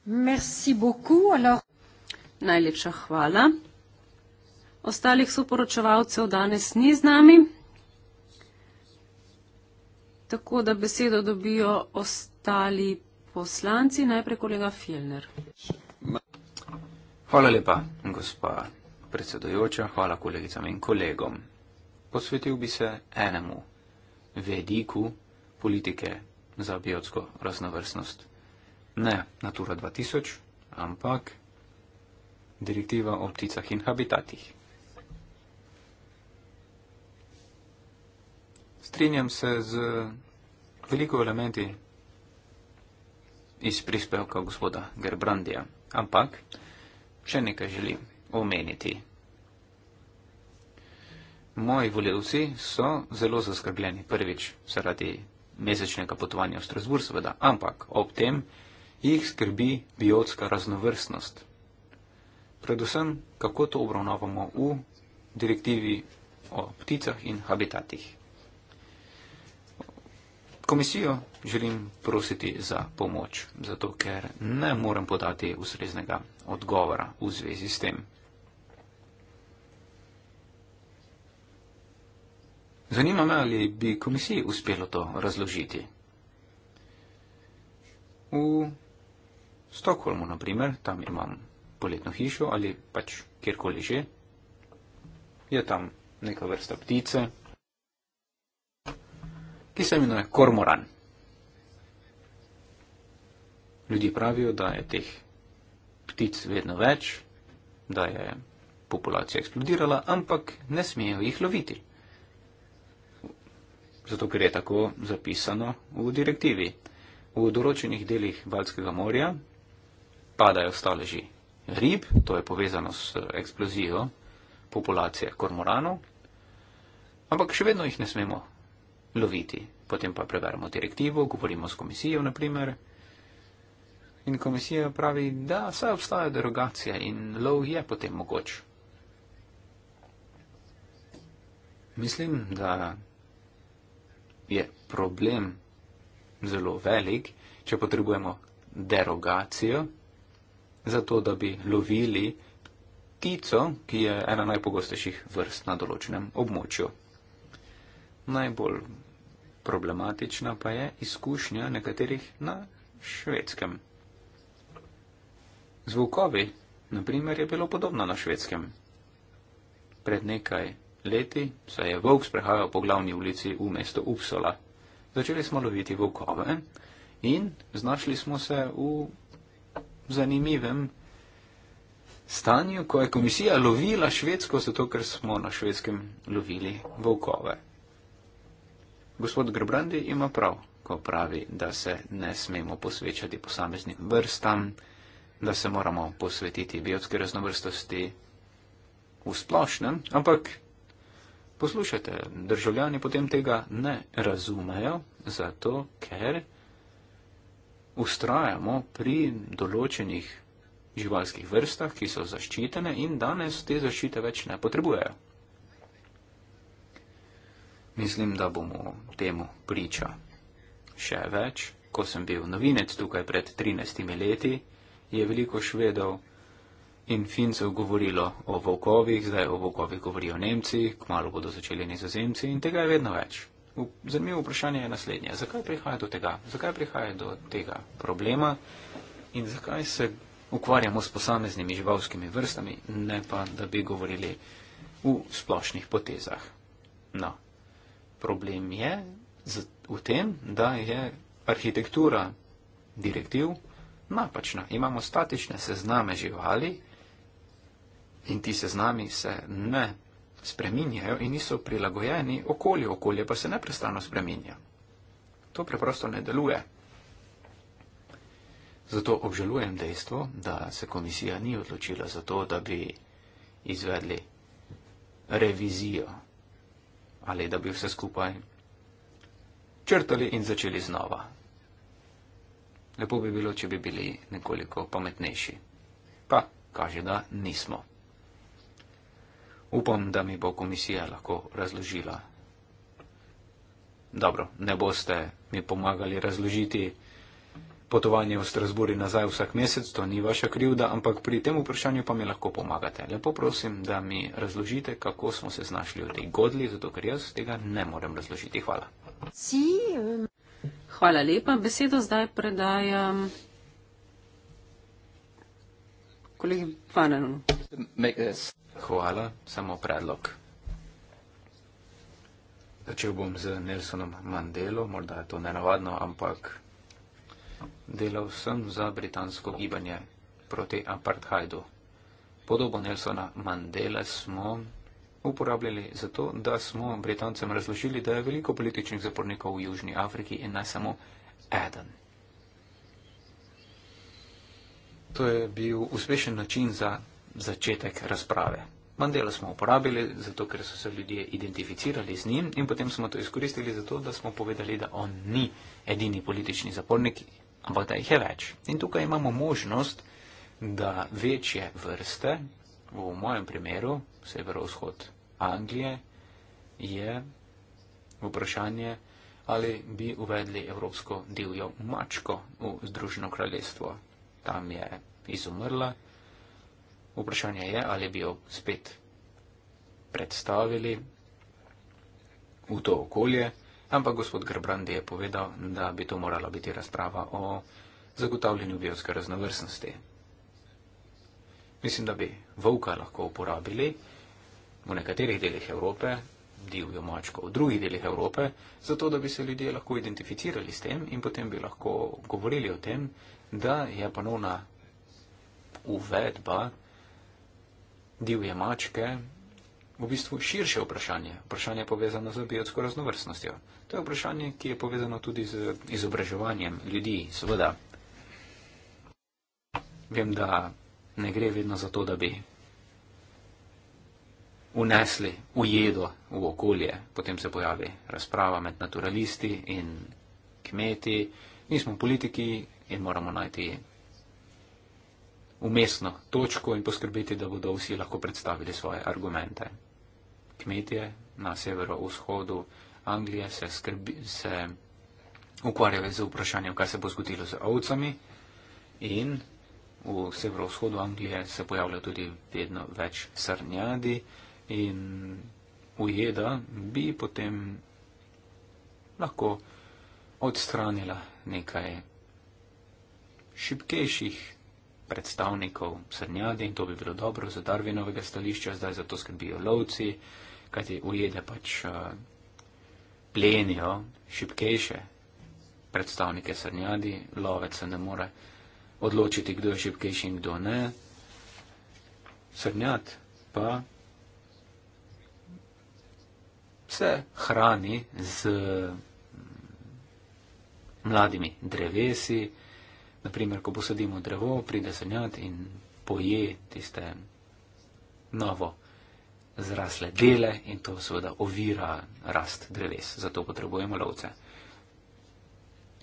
Merci beaucoup. Alors... Najlepša hvala. Ostalih soporočevalcev danes ni z nami, tako da besedo dobijo ostali poslanci, najprej kolega Filner. Hvala lepa, gospa predsedojoča, hvala kolegicam in kolegom. Posvetil bi se enemu vediku politike za biotsko raznovrstnost. Ne Natura 2000, ampak direktiva o pticah in habitatih. Strinjam se z veliko elementi iz prispevka gospoda Gerbrandija, ampak še nekaj želim omeniti. Moji voljevci so zelo zaskrbljeni prvič zaradi mesečnega potovanja v Strasburg, seveda, ampak ob tem jih skrbi biotska raznovrstnost. Predvsem, kako to obravnavamo v direktivi o pticah in habitatih komisijo želim prositi za pomoč, zato ker ne morem podati ustreznega odgovora v zvezi s tem. Zanima me, ali bi komisiji uspelo to razložiti. V Stokholmu, na primer, tam imam poletno hišo ali pač kjerkoli že, je tam neka vrsta ptice ki se imenuje kormoran. Ljudje pravijo, da je teh ptic vedno več, da je populacija eksplodirala, ampak ne smejo jih loviti. Zato, ker je tako zapisano v direktivi. V določenih delih Balskega morja padajo staleži rib, to je povezano s eksplozijo populacije kormoranov, ampak še vedno jih ne smemo loviti. Potem pa preberemo direktivo, govorimo s komisijo, naprimer. In komisija pravi, da vse obstaja derogacija in lov je potem mogoč. Mislim, da je problem zelo velik, če potrebujemo derogacijo, zato da bi lovili ptico, ki je ena najpogostejših vrst na določenem območju. Najbolj Problematična pa je izkušnja nekaterih na švedskem. Zvukovi, naprimer, je bilo podobno na švedskem. Pred nekaj leti se je volk sprehajal po glavni ulici v mestu Upsola. Začeli smo loviti volkove in znašli smo se v zanimivem stanju, ko je komisija lovila švedsko, zato ker smo na švedskem lovili volkove. Gospod Grbrandi ima prav, ko pravi, da se ne smemo posvečati posameznim vrstam, da se moramo posvetiti biotski raznovrstosti v splošnem, ampak poslušajte, državljani potem tega ne razumejo, zato ker ustrajamo pri določenih živalskih vrstah, ki so zaščitene in danes te zaščite več ne potrebujejo. Mislim, da bomo temu priča. Še več, ko sem bil novinec tukaj pred 13 leti, je veliko švedov in fincev govorilo o volkovih, zdaj o volkovih govorijo Nemci, kmalo bodo začeli nizozemci in tega je vedno več. Zanimivo vprašanje je naslednje. Zakaj prihaja do tega? Zakaj prihaja do tega problema in zakaj se ukvarjamo s posameznimi živalskimi vrstami, ne pa da bi govorili v splošnih potezah? No problem je v tem, da je arhitektura direktiv napačna. Imamo statične sezname živali in ti seznami se ne spreminjajo in niso prilagojeni okolju. Okolje pa se neprestano spreminja. To preprosto ne deluje. Zato obžalujem dejstvo, da se komisija ni odločila za to, da bi izvedli revizijo ali da bi vse skupaj črtali in začeli znova. Lepo bi bilo, če bi bili nekoliko pametnejši. Pa kaže, da nismo. Upam, da mi bo komisija lahko razložila. Dobro, ne boste mi pomagali razložiti potovanje v Strasbur in nazaj vsak mesec, to ni vaša krivda, ampak pri tem vprašanju pa mi lahko pomagate. Lepo prosim, da mi razložite, kako smo se znašli v tej godli, zato ker jaz tega ne morem razložiti. Hvala. Eh, Hvala lepa. Besedo zdaj predajam. Kolegi, Hvala, samo predlog. Začel bom z Nelsonom Mandelo, morda je to nenavadno, ampak delal vsem za britansko gibanje proti apartheidu. Podobo Nelsona Mandela smo uporabljali zato, da smo Britancem razložili, da je veliko političnih zapornikov v Južni Afriki in naj samo eden. To je bil uspešen način za začetek razprave. Mandela smo uporabili zato, ker so se ljudje identificirali z njim in potem smo to izkoristili zato, da smo povedali, da on ni edini politični zapornik ampak da jih je več. In tukaj imamo možnost, da večje vrste, v mojem primeru, severovzhod Anglije, je vprašanje, ali bi uvedli evropsko divjo mačko v Združeno kraljestvo. Tam je izumrla. Vprašanje je, ali bi jo spet predstavili v to okolje ampak gospod Grbrandi je povedal, da bi to morala biti razprava o zagotavljanju biotske raznovrstnosti. Mislim, da bi volka lahko uporabili v nekaterih delih Evrope, divjo mačko v drugih delih Evrope, zato da bi se ljudje lahko identificirali s tem in potem bi lahko govorili o tem, da je ponovna uvedba divje mačke v bistvu širše vprašanje, vprašanje povezano z biotsko raznovrstnostjo. To je vprašanje, ki je povezano tudi z izobraževanjem ljudi, seveda. Vem, da ne gre vedno za to, da bi unesli ujedo v okolje. Potem se pojavi razprava med naturalisti in kmeti. Mi smo politiki in moramo najti umestno točko in poskrbeti, da bodo vsi lahko predstavili svoje argumente kmetje na severovzhodu Anglije se, skrbi, se ukvarjali z vprašanjem, kaj se bo zgodilo z ovcami. In v severovzhodu Anglije se pojavlja tudi vedno več srnjadi in ujeda bi potem lahko odstranila nekaj šibkejših predstavnikov srnjadi in to bi bilo dobro za Darwinovega stališča, zdaj za to skrbijo lovci kajti ujede pač eh, plenijo šipkejše predstavnike srnjadi, lovec se ne more odločiti, kdo je šipkejši in kdo ne. Srnjad pa se hrani z mm, mladimi drevesi. Naprimer, ko posadimo drevo, pride srnjad in poje tiste novo zrasle dele in to seveda ovira rast dreves. Zato potrebujemo lovce.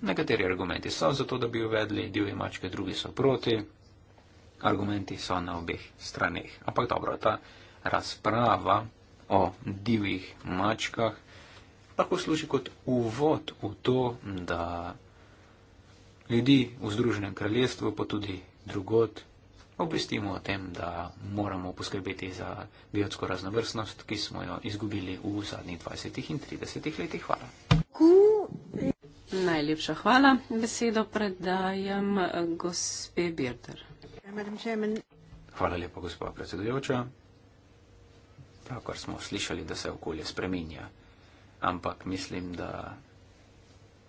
Nekateri argumenti so za to, da bi uvedli divje mačke, drugi so proti. Argumenti so na obeh straneh. Ampak dobro, ta razprava o divjih mačkah lahko služi kot uvod v to, da ljudi v Združenem kraljestvu, pa tudi drugot, obvestimo o tem, da moramo poskrbeti za biotsko raznovrstnost, ki smo jo izgubili v zadnjih 20 in 30 letih. Hvala. Najlepša hvala. Besedo predajam gospe Birder. Hvala lepa, gospa predsedujoča. Pravkar smo slišali, da se okolje spreminja. Ampak mislim, da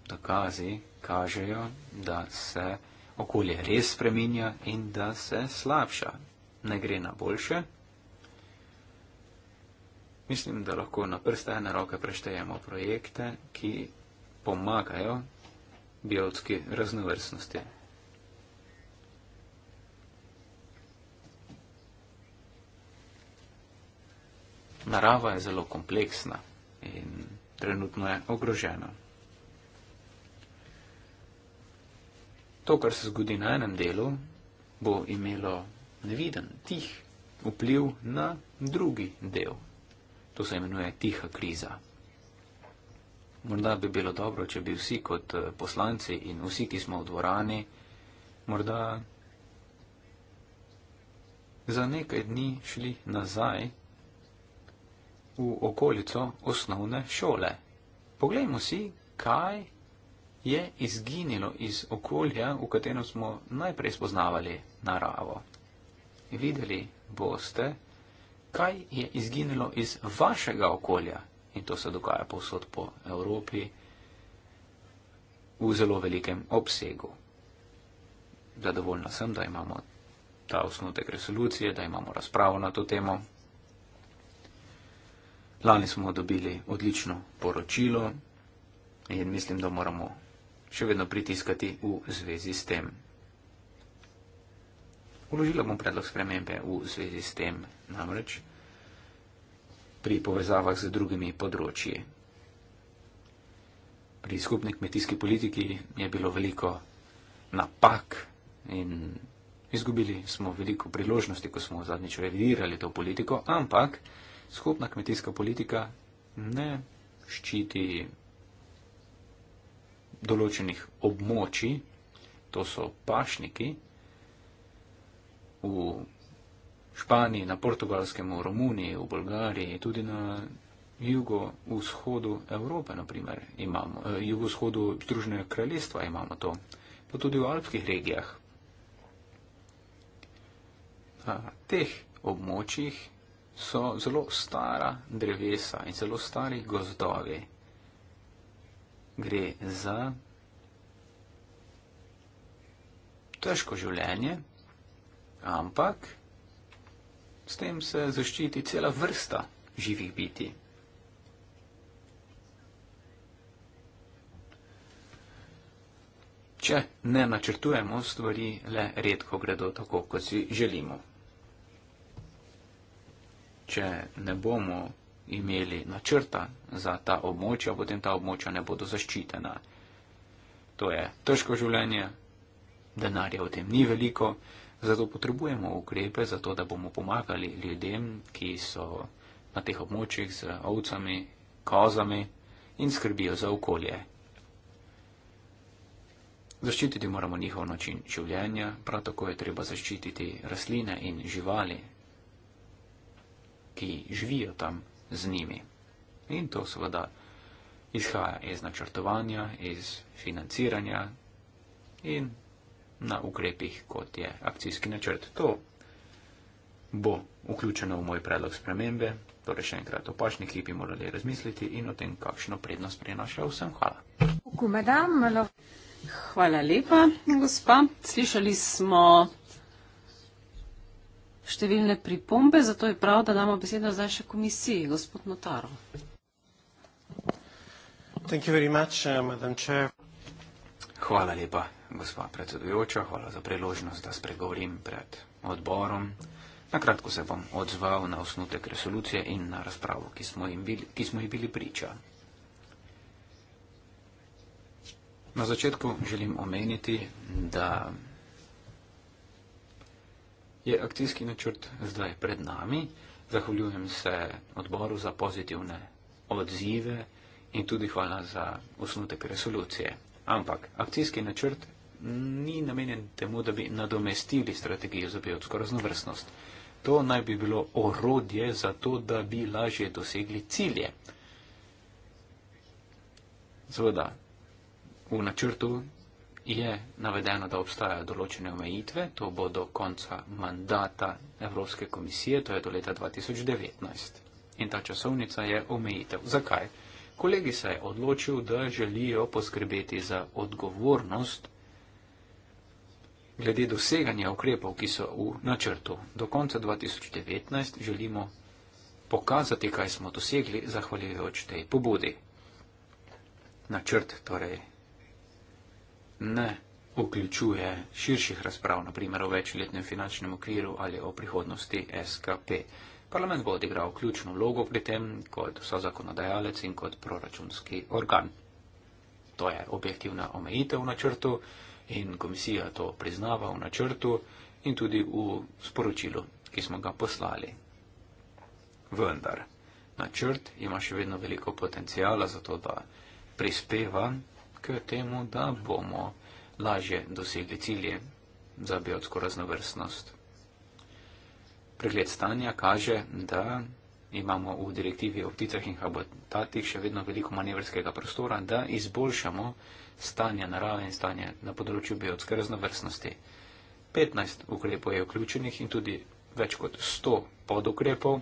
dokazi kažejo, da se okolje res spreminja in da se slabša, ne gre na boljše. Mislim, da lahko na prste ene roke preštejemo projekte, ki pomagajo biotski raznovrstnosti. Narava je zelo kompleksna in trenutno je ogrožena. to, kar se zgodi na enem delu, bo imelo neviden, tih vpliv na drugi del. To se imenuje tiha kriza. Morda bi bilo dobro, če bi vsi kot eh, poslanci in vsi, ki smo v dvorani, morda za nekaj dni šli nazaj v okolico osnovne šole. Poglejmo si, kaj je izginilo iz okolja, v katerem smo najprej spoznavali naravo. Videli boste, kaj je izginilo iz vašega okolja in to se dogaja povsod po Evropi v zelo velikem obsegu. Zadovoljna sem, da imamo ta osnutek resolucije, da imamo razpravo na to temo. Lani smo dobili odlično poročilo in mislim, da moramo še vedno pritiskati v zvezi s tem. Uložila bom predlog spremembe v zvezi s tem, namreč pri povezavah z drugimi področji. Pri skupni kmetijski politiki je bilo veliko napak in izgubili smo veliko priložnosti, ko smo zadnjič revidirali to politiko, ampak skupna kmetijska politika ne ščiti določenih območij, to so pašniki, v Španiji, na Portugalskem, v Romuniji, v Bolgariji, tudi na jugovzhodu Evrope, naprimer, imamo, eh, jugovzhodu Združenega kraljestva imamo to, pa tudi v alpskih regijah. Na teh območjih so zelo stara drevesa in zelo stari gozdovi gre za težko življenje, ampak s tem se zaščiti cela vrsta živih biti. Če ne načrtujemo, stvari le redko gredo tako, kot si želimo. Če ne bomo imeli načrta za ta območja, potem ta območja ne bodo zaščitena. To je težko življenje, denarja v tem ni veliko, zato potrebujemo ukrepe, zato da bomo pomagali ljudem, ki so na teh območjih z ovcami, kozami in skrbijo za okolje. Zaščititi moramo njihov način življenja, prav tako je treba zaščititi rastline in živali, ki živijo tam z njimi. In to seveda izhaja iz načrtovanja, iz financiranja in na ukrepih, kot je akcijski načrt. To bo vključeno v moj predlog spremembe, torej še enkrat opačni ekipi morali razmisliti in o tem, kakšno prednost prinaša vsem. Hvala. Hvala lepa, gospa. Slišali smo številne pripombe, zato je prav, da damo besedo zdaj še komisiji, gospod Notaro. Thank you very much, uh, madam chair. Hvala lepa, gospa predsedujoča, hvala za priložnost, da spregovorim pred odborom. Na kratko se bom odzval na osnutek resolucije in na razpravo, ki smo, bili, ki smo ji bili priča. Na začetku želim omeniti, da je akcijski načrt zdaj pred nami. Zahvaljujem se odboru za pozitivne odzive in tudi hvala za osnutek resolucije. Ampak akcijski načrt ni namenjen temu, da bi nadomestili strategijo za biotsko raznovrstnost. To naj bi bilo orodje za to, da bi lažje dosegli cilje. Seveda, v načrtu je navedeno, da obstajajo določene omejitve, to bo do konca mandata Evropske komisije, to je do leta 2019. In ta časovnica je omejitev. Zakaj? Kolegi se je odločil, da želijo poskrbeti za odgovornost glede doseganja ukrepov, ki so v načrtu. Do konca 2019 želimo pokazati, kaj smo dosegli, zahvaljujoč tej pobudi. Načrt torej ne vključuje širših razprav, naprimer o večletnem finančnem okviru ali o prihodnosti SKP. Parlament bo odigral ključno vlogo pri tem kot so zakonodajalec in kot proračunski organ. To je objektivna omejitev v načrtu in komisija to priznava v načrtu in tudi v sporočilu, ki smo ga poslali. Vendar, načrt ima še vedno veliko potencijala za to, da prispeva k temu, da bomo lažje dosegli cilje za biotsko raznovrstnost. Pregled stanja kaže, da imamo v direktivi o pticah in habitatih še vedno veliko manevrskega prostora, da izboljšamo stanje narave in stanje na področju biotske raznovrstnosti. 15 ukrepov je vključenih in tudi več kot 100 podukrepov.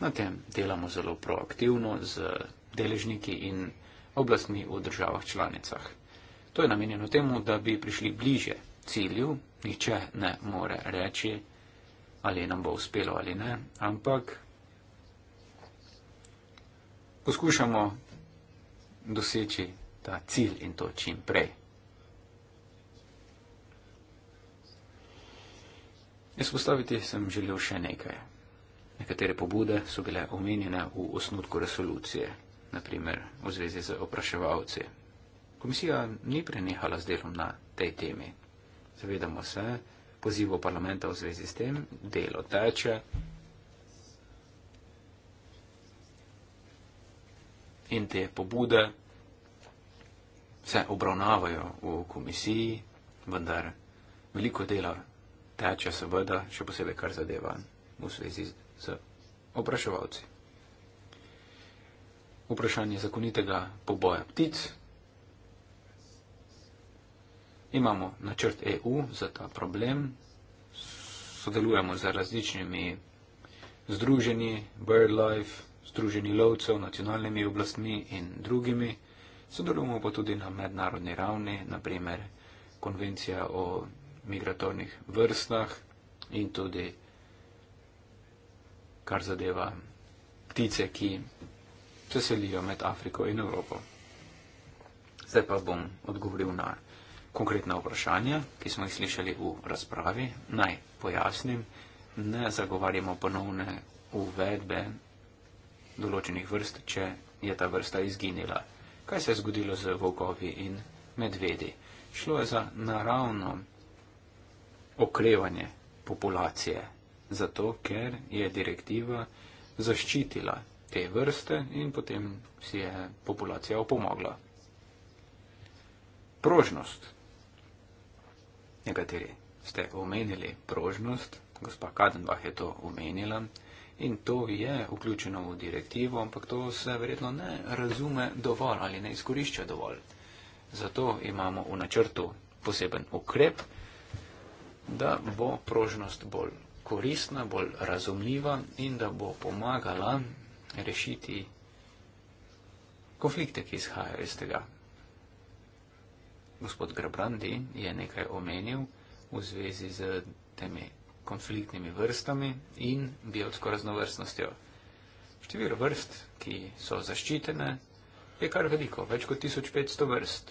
Na tem delamo zelo proaktivno z deležniki in oblastmi v državah članicah. To je namenjeno temu, da bi prišli bliže cilju, niče ne more reči, ali nam bo uspelo ali ne, ampak poskušamo doseči ta cilj in to čim prej. Izpostaviti sem želel še nekaj. Nekatere pobude so bile omenjene v osnutku resolucije naprimer v zvezi z opraševalci. Komisija ni prenehala z delom na tej temi. Zavedamo se, pozivo parlamenta v zvezi s tem, delo teče. In te pobude se obravnavajo v komisiji, vendar veliko dela teče seveda, še posebej kar zadeva v zvezi z opraševalci vprašanje zakonitega poboja ptic. Imamo načrt EU za ta problem, sodelujemo z različnimi združenji, BirdLife, združenji lovcev, nacionalnimi oblastmi in drugimi. Sodelujemo pa tudi na mednarodni ravni, naprimer konvencija o migratornih vrstah in tudi kar zadeva ptice, ki preselijo med Afriko in Evropo. Zdaj pa bom odgovoril na konkretna vprašanja, ki smo jih slišali v razpravi. Naj pojasnim, ne zagovarjamo ponovne uvedbe določenih vrst, če je ta vrsta izginila. Kaj se je zgodilo z volkovi in medvedi? Šlo je za naravno okrevanje populacije, zato ker je direktiva zaščitila te vrste in potem si je populacija opomogla. Prožnost. Nekateri ste omenili prožnost, gospa Kadenbach je to omenila in to je vključeno v direktivo, ampak to se verjetno ne razume dovolj ali ne izkorišča dovolj. Zato imamo v načrtu poseben ukrep, da bo prožnost bolj koristna, bolj razumljiva in da bo pomagala rešiti konflikte, ki izhajajo iz tega. Gospod Grabrandi je nekaj omenil v zvezi z temi konfliktnimi vrstami in biotsko raznovrstnostjo. Število vrst, ki so zaščitene, je kar veliko, več kot 1500 vrst.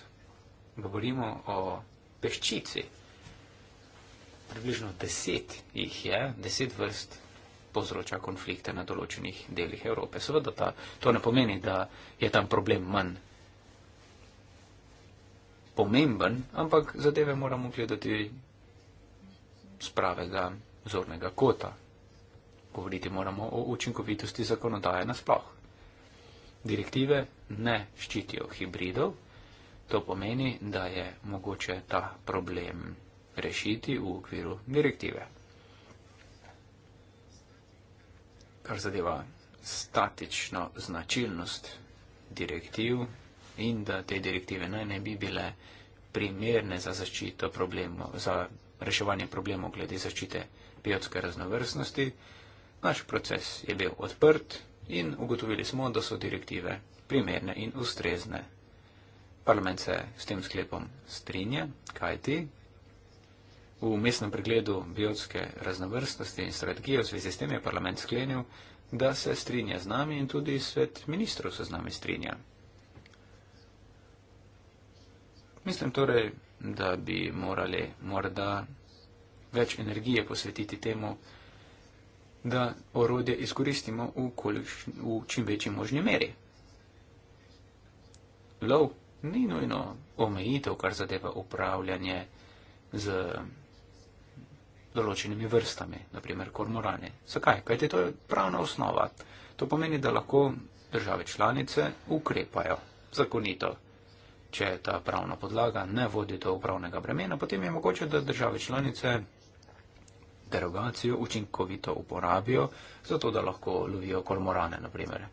Govorimo o peščici. Približno deset jih je, deset vrst povzroča konflikte na določenih delih Evrope. Seveda ta, to ne pomeni, da je tam problem manj pomemben, ampak zadeve moramo gledati z pravega zornega kota. Govoriti moramo o učinkovitosti zakonodaje nasploh. Direktive ne ščitijo hibridov, to pomeni, da je mogoče ta problem rešiti v okviru direktive. kar zadeva statično značilnost direktiv in da te direktive naj ne bi bile primerne za zaščito problemov, za reševanje problemov glede zaščite biotske raznovrstnosti. Naš proces je bil odprt in ugotovili smo, da so direktive primerne in ustrezne. Parlament se s tem sklepom strinja, kajti V mestnem pregledu biotske raznovrstnosti in strategije v zvezi s tem je parlament sklenil, da se strinja z nami in tudi svet ministrov se z nami strinja. Mislim torej, da bi morali morda več energije posvetiti temu, da orodje izkoristimo v, količni, v čim večji možni meri. Lov ni nujno omejitev, kar zadeva upravljanje z določenimi vrstami, naprimer kormorani. Zakaj? Kajte to je pravna osnova. To pomeni, da lahko države članice ukrepajo zakonito. Če ta pravna podlaga ne vodi do upravnega bremena, potem je mogoče, da države članice derogacijo učinkovito uporabijo, zato da lahko lovijo kormorane, naprimer.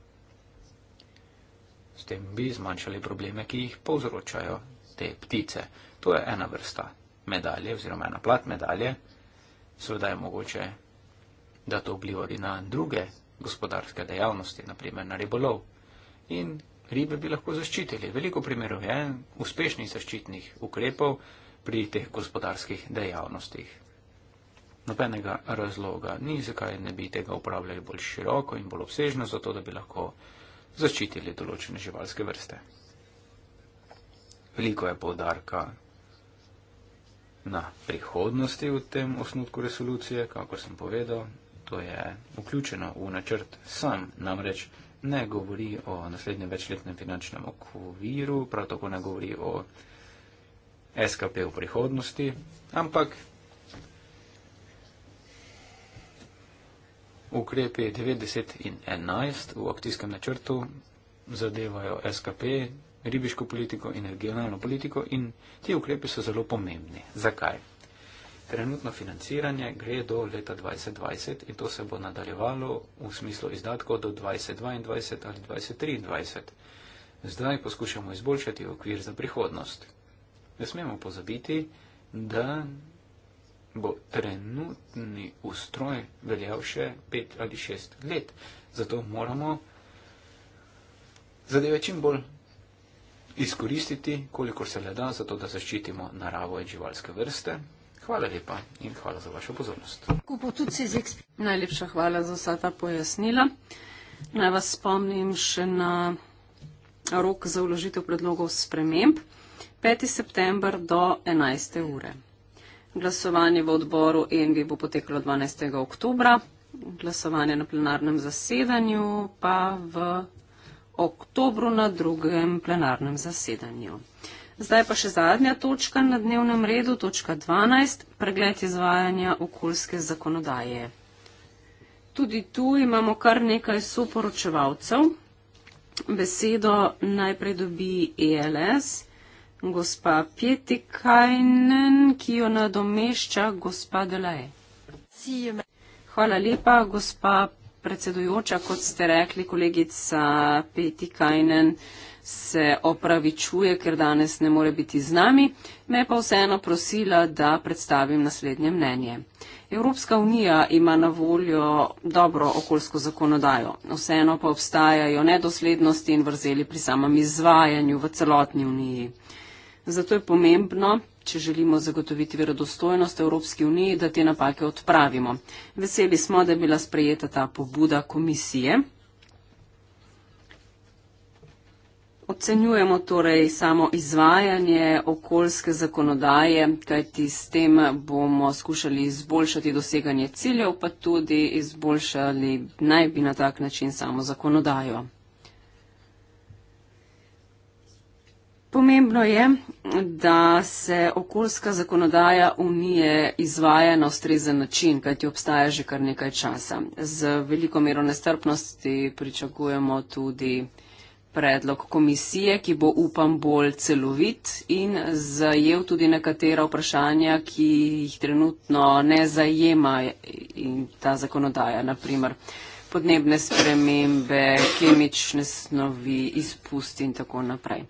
S tem bi zmanjšali probleme, ki jih povzročajo te ptice. To je ena vrsta medalje oziroma ena plat medalje, seveda je mogoče, da to vpliva tudi na druge gospodarske dejavnosti, naprimer na ribolov. In ribe bi lahko zaščitili. Veliko primerov je uspešnih zaščitnih ukrepov pri teh gospodarskih dejavnostih. Nobenega razloga ni, zakaj ne bi tega upravljali bolj široko in bolj obsežno, zato da bi lahko zaščitili določene živalske vrste. Veliko je poudarka na prihodnosti v tem osnutku resolucije, kako sem povedal, to je vključeno v načrt sam, namreč ne govori o naslednjem večletnem finančnem okviru, prav tako ne govori o SKP v prihodnosti, ampak ukrepi 90 in 11 v akcijskem načrtu zadevajo SKP, ribiško politiko in regionalno politiko in ti ukrepi so zelo pomembni. Zakaj? Trenutno financiranje gre do leta 2020 in to se bo nadaljevalo v smislu izdatkov do 2022 ali 2023. Zdaj poskušamo izboljšati okvir za prihodnost. Ne smemo pozabiti, da bo trenutni ustroj veljal še pet ali šest let. Zato moramo zadeve čim bolj izkoristiti, koliko se le da, zato da zaščitimo naravo in živalske vrste. Hvala lepa in hvala za vašo pozornost. Najlepša hvala za vsa ta pojasnila. Naj vas spomnim še na rok za uložitev predlogov sprememb. 5. september do 11. ure. Glasovanje v odboru ENVI bo poteklo 12. oktobra, glasovanje na plenarnem zasedanju pa v oktobru na drugem plenarnem zasedanju. Zdaj pa še zadnja točka na dnevnem redu, točka 12, pregled izvajanja okoljske zakonodaje. Tudi tu imamo kar nekaj soporočevalcev. Besedo najprej dobi ELS, gospa Pietikajnen, ki jo nadomešča gospa Delaje. Hvala lepa, gospa predsedujoča, kot ste rekli, kolegica Peti Kajnen se opravičuje, ker danes ne more biti z nami, me pa vseeno prosila, da predstavim naslednje mnenje. Evropska unija ima na voljo dobro okoljsko zakonodajo, vseeno pa obstajajo nedoslednosti in vrzeli pri samem izvajanju v celotni uniji. Zato je pomembno, če želimo zagotoviti verodostojnost Evropski uniji, da te napake odpravimo. Veseli smo, da je bila sprejeta ta pobuda komisije. Ocenjujemo torej samo izvajanje okoljske zakonodaje, kajti s tem bomo skušali izboljšati doseganje ciljev, pa tudi izboljšali naj bi na tak način samo zakonodajo. Pomembno je, da se okoljska zakonodaja unije izvaja na ustrezen način, kajti obstaja že kar nekaj časa. Z veliko mero nestrpnosti pričakujemo tudi predlog komisije, ki bo, upam, bolj celovit in zajel tudi nekatera vprašanja, ki jih trenutno ne zajema ta zakonodaja. Naprimer, podnebne spremembe, kemične snovi, izpusti in tako naprej.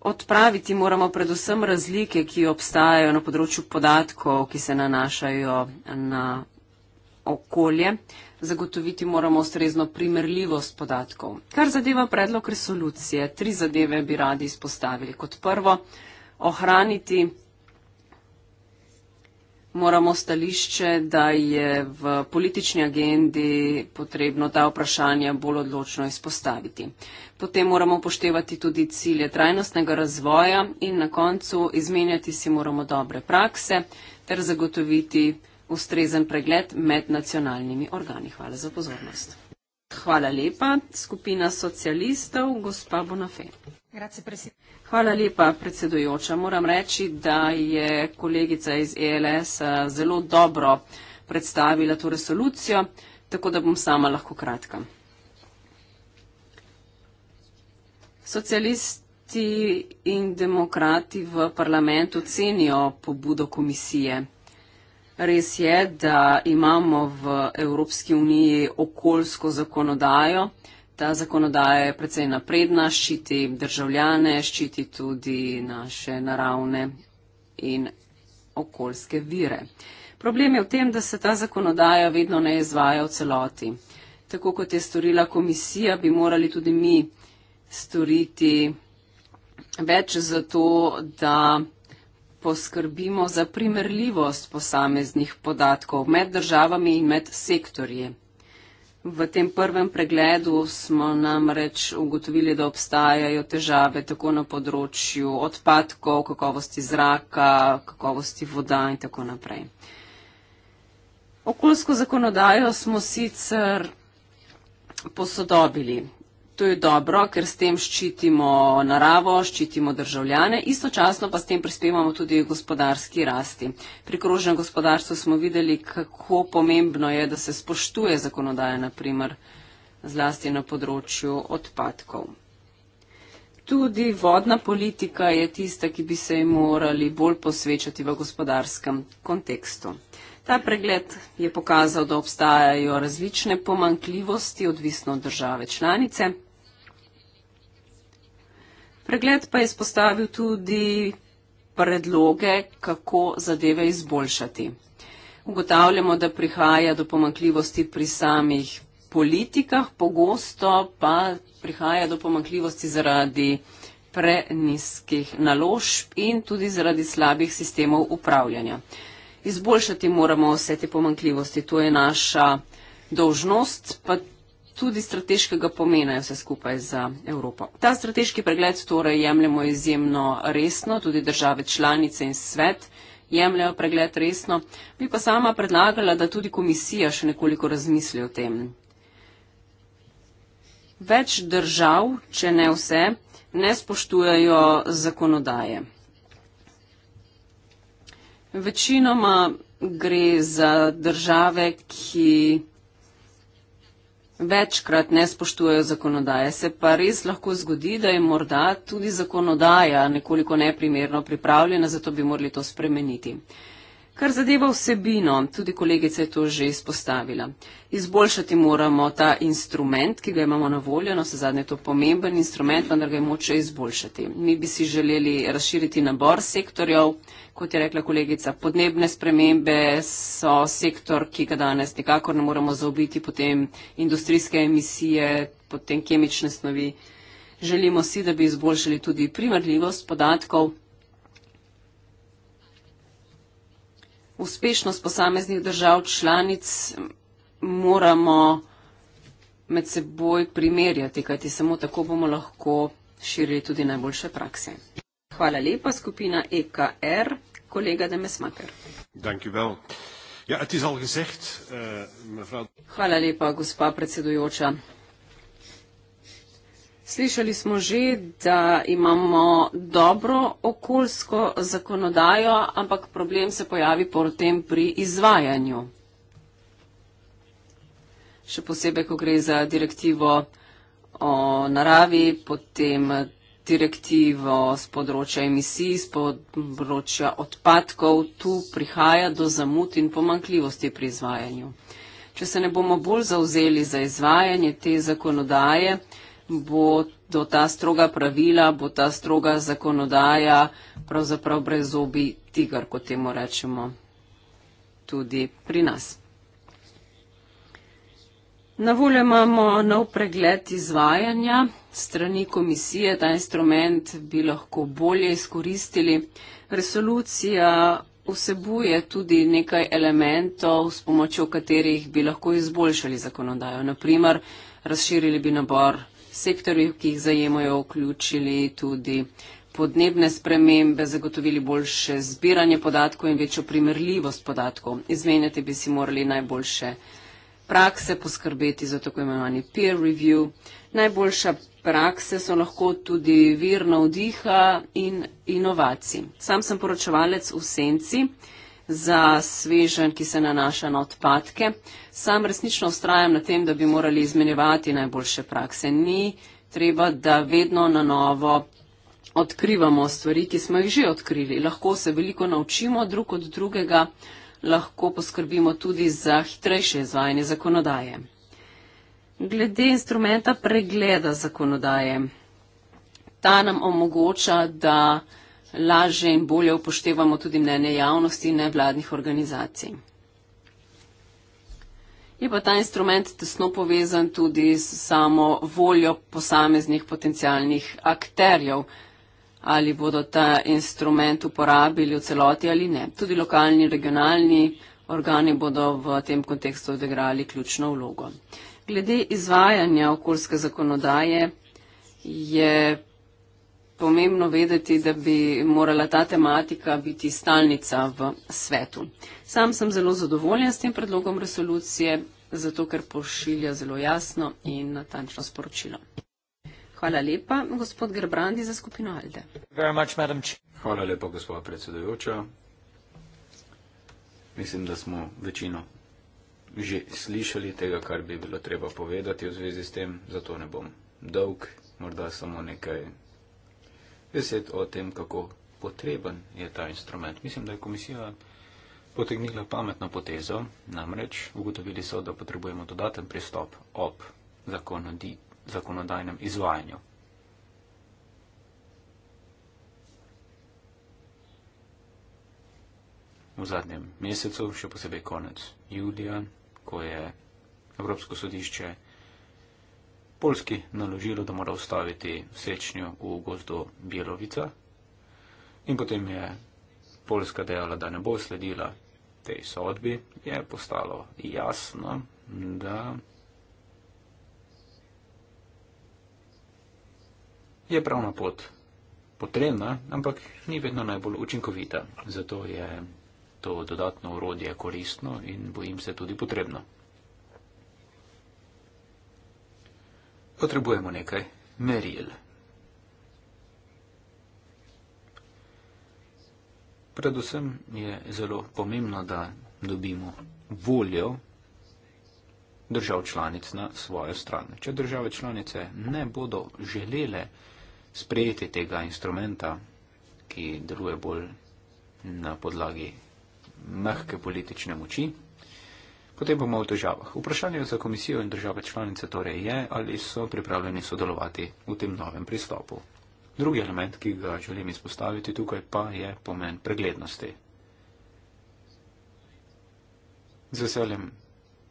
Odpraviti moramo predvsem razlike, ki obstajajo na področju podatkov, ki se nanašajo na okolje. Zagotoviti moramo ustrezno primerljivost podatkov. Kar zadeva predlog resolucije, tri zadeve bi radi izpostavili. Kot prvo, ohraniti moramo stališče, da je v politični agendi potrebno ta vprašanja bolj odločno izpostaviti. Potem moramo poštevati tudi cilje trajnostnega razvoja in na koncu izmenjati si moramo dobre prakse ter zagotoviti ustrezen pregled med nacionalnimi organi. Hvala za pozornost. Hvala lepa. Skupina socialistov, gospa Bonafe. Hvala lepa, predsedujoča. Moram reči, da je kolegica iz ELS zelo dobro predstavila to resolucijo, tako da bom sama lahko kratka. Socialisti in demokrati v parlamentu cenijo pobudo komisije. Res je, da imamo v Evropski uniji okoljsko zakonodajo, ta zakonodaja je precej napredna, ščiti državljane, ščiti tudi naše naravne in okoljske vire. Problem je v tem, da se ta zakonodaja vedno ne izvaja v celoti. Tako kot je storila komisija, bi morali tudi mi storiti več za to, da poskrbimo za primerljivost posameznih podatkov med državami in med sektorji. V tem prvem pregledu smo namreč ugotovili, da obstajajo težave tako na področju odpadkov, kakovosti zraka, kakovosti voda in tako naprej. Okoljsko zakonodajo smo sicer posodobili. To je dobro, ker s tem ščitimo naravo, ščitimo državljane, istočasno pa s tem prispevamo tudi gospodarski rasti. Pri krožnem gospodarstvu smo videli, kako pomembno je, da se spoštuje zakonodaja, naprimer zlasti na področju odpadkov. Tudi vodna politika je tista, ki bi se ji morali bolj posvečati v gospodarskem kontekstu. Ta pregled je pokazal, da obstajajo različne pomankljivosti, odvisno od države članice. Pregled pa je spostavil tudi predloge, kako zadeve izboljšati. Ugotavljamo, da prihaja do pomankljivosti pri samih politikah, pogosto pa prihaja do pomankljivosti zaradi preniskih naložb in tudi zaradi slabih sistemov upravljanja. Izboljšati moramo vse te pomankljivosti, to je naša dolžnost, pa tudi strateškega pomena je vse skupaj za Evropo. Ta strateški pregled torej jemljemo izjemno resno, tudi države članice in svet jemljajo pregled resno. Bi pa sama predlagala, da tudi komisija še nekoliko razmisli o tem. Več držav, če ne vse, ne spoštujajo zakonodaje. Večinoma gre za države, ki večkrat ne spoštujejo zakonodaje. Se pa res lahko zgodi, da je morda tudi zakonodaja nekoliko neprimerno pripravljena, zato bi morali to spremeniti. Kar zadeva vsebino, tudi kolegica je to že izpostavila. Izboljšati moramo ta instrument, ki ga imamo na voljo, no se zadnje je to pomemben instrument, vendar ga je moče izboljšati. Mi bi si želeli razširiti nabor sektorjev, kot je rekla kolegica, podnebne spremembe so sektor, ki ga danes nikakor ne moremo zaobiti, potem industrijske emisije, potem kemične snovi. Želimo si, da bi izboljšali tudi primerljivost podatkov. Uspešnost posameznih držav članic moramo med seboj primerjati, kajti samo tako bomo lahko širili tudi najboljše prakse. Hvala lepa, skupina EKR, kolega Demesmaker. Dankjewel. Ja, het is al gezegd, uh, mevrouw. Hvala lepa, gospa predsedujoča. Slišali smo že, da imamo dobro okoljsko zakonodajo, ampak problem se pojavi potem pri izvajanju. Še posebej, ko gre za direktivo o naravi, potem direktivo z področja emisij, z področja odpadkov, tu prihaja do zamud in pomankljivosti pri izvajanju. Če se ne bomo bolj zauzeli za izvajanje te zakonodaje, bo do ta stroga pravila, bo ta stroga zakonodaja pravzaprav brez zobi tigar, kot temu rečemo tudi pri nas. Na voljo imamo nov pregled izvajanja strani komisije ta instrument bi lahko bolje izkoristili. Resolucija vsebuje tudi nekaj elementov, s pomočjo katerih bi lahko izboljšali zakonodajo. Naprimer, razširili bi nabor sektorjev, ki jih zajemajo, vključili tudi podnebne spremembe, zagotovili boljše zbiranje podatkov in večjo primerljivost podatkov. Izmenjati bi si morali najboljše prakse, poskrbeti za tako imenovani peer review. Najboljša prakse so lahko tudi vir navdiha in inovacij. Sam sem poročevalec v Senci za svežen, ki se nanaša na odpadke. Sam resnično ustrajam na tem, da bi morali izmenjevati najboljše prakse. Ni treba, da vedno na novo odkrivamo stvari, ki smo jih že odkrili. Lahko se veliko naučimo drug od drugega, lahko poskrbimo tudi za hitrejše izvajanje zakonodaje glede instrumenta pregleda zakonodaje. Ta nam omogoča, da lažje in bolje upoštevamo tudi mnenje javnosti in nevladnih organizacij. Je pa ta instrument tesno povezan tudi s samo voljo posameznih potencialnih akterjev, ali bodo ta instrument uporabili v celoti ali ne. Tudi lokalni, regionalni organi bodo v tem kontekstu odigrali ključno vlogo. Glede izvajanja okoljske zakonodaje je pomembno vedeti, da bi morala ta tematika biti stalnica v svetu. Sam sem zelo zadovoljen s tem predlogom resolucije, zato ker pošilja zelo jasno in natančno sporočilo. Hvala lepa, gospod Gerbrandi, za skupino Alde. Hvala lepa, gospod predsedujoča. Mislim, da smo večino že slišali tega, kar bi bilo treba povedati v zvezi s tem, zato ne bom dolg, morda samo nekaj besed o tem, kako potreben je ta instrument. Mislim, da je komisija potegnila pametno potezo, namreč ugotovili so, da potrebujemo dodaten pristop ob zakonodajnem izvajanju. V zadnjem mesecu, še posebej konec julija, ko je Evropsko sodišče Polski naložilo, da mora ustaviti sečnjo v gozdu Bjelovica. In potem je Polska dejala, da ne bo sledila tej sodbi, je postalo jasno, da je pravna pot potrebna, ampak ni vedno najbolj učinkovita. Zato je to dodatno urodje koristno in bojim se tudi potrebno. Potrebujemo nekaj meril. Predvsem je zelo pomembno, da dobimo voljo držav članic na svojo stran. Če države članice ne bodo želele sprejeti tega instrumenta, ki deluje bolj na podlagi mehke politične moči. Potem bomo v težavah. Vprašanje za komisijo in države članice torej je, ali so pripravljeni sodelovati v tem novem pristopu. Drugi element, ki ga želim izpostaviti tukaj, pa je pomen preglednosti. Z veseljem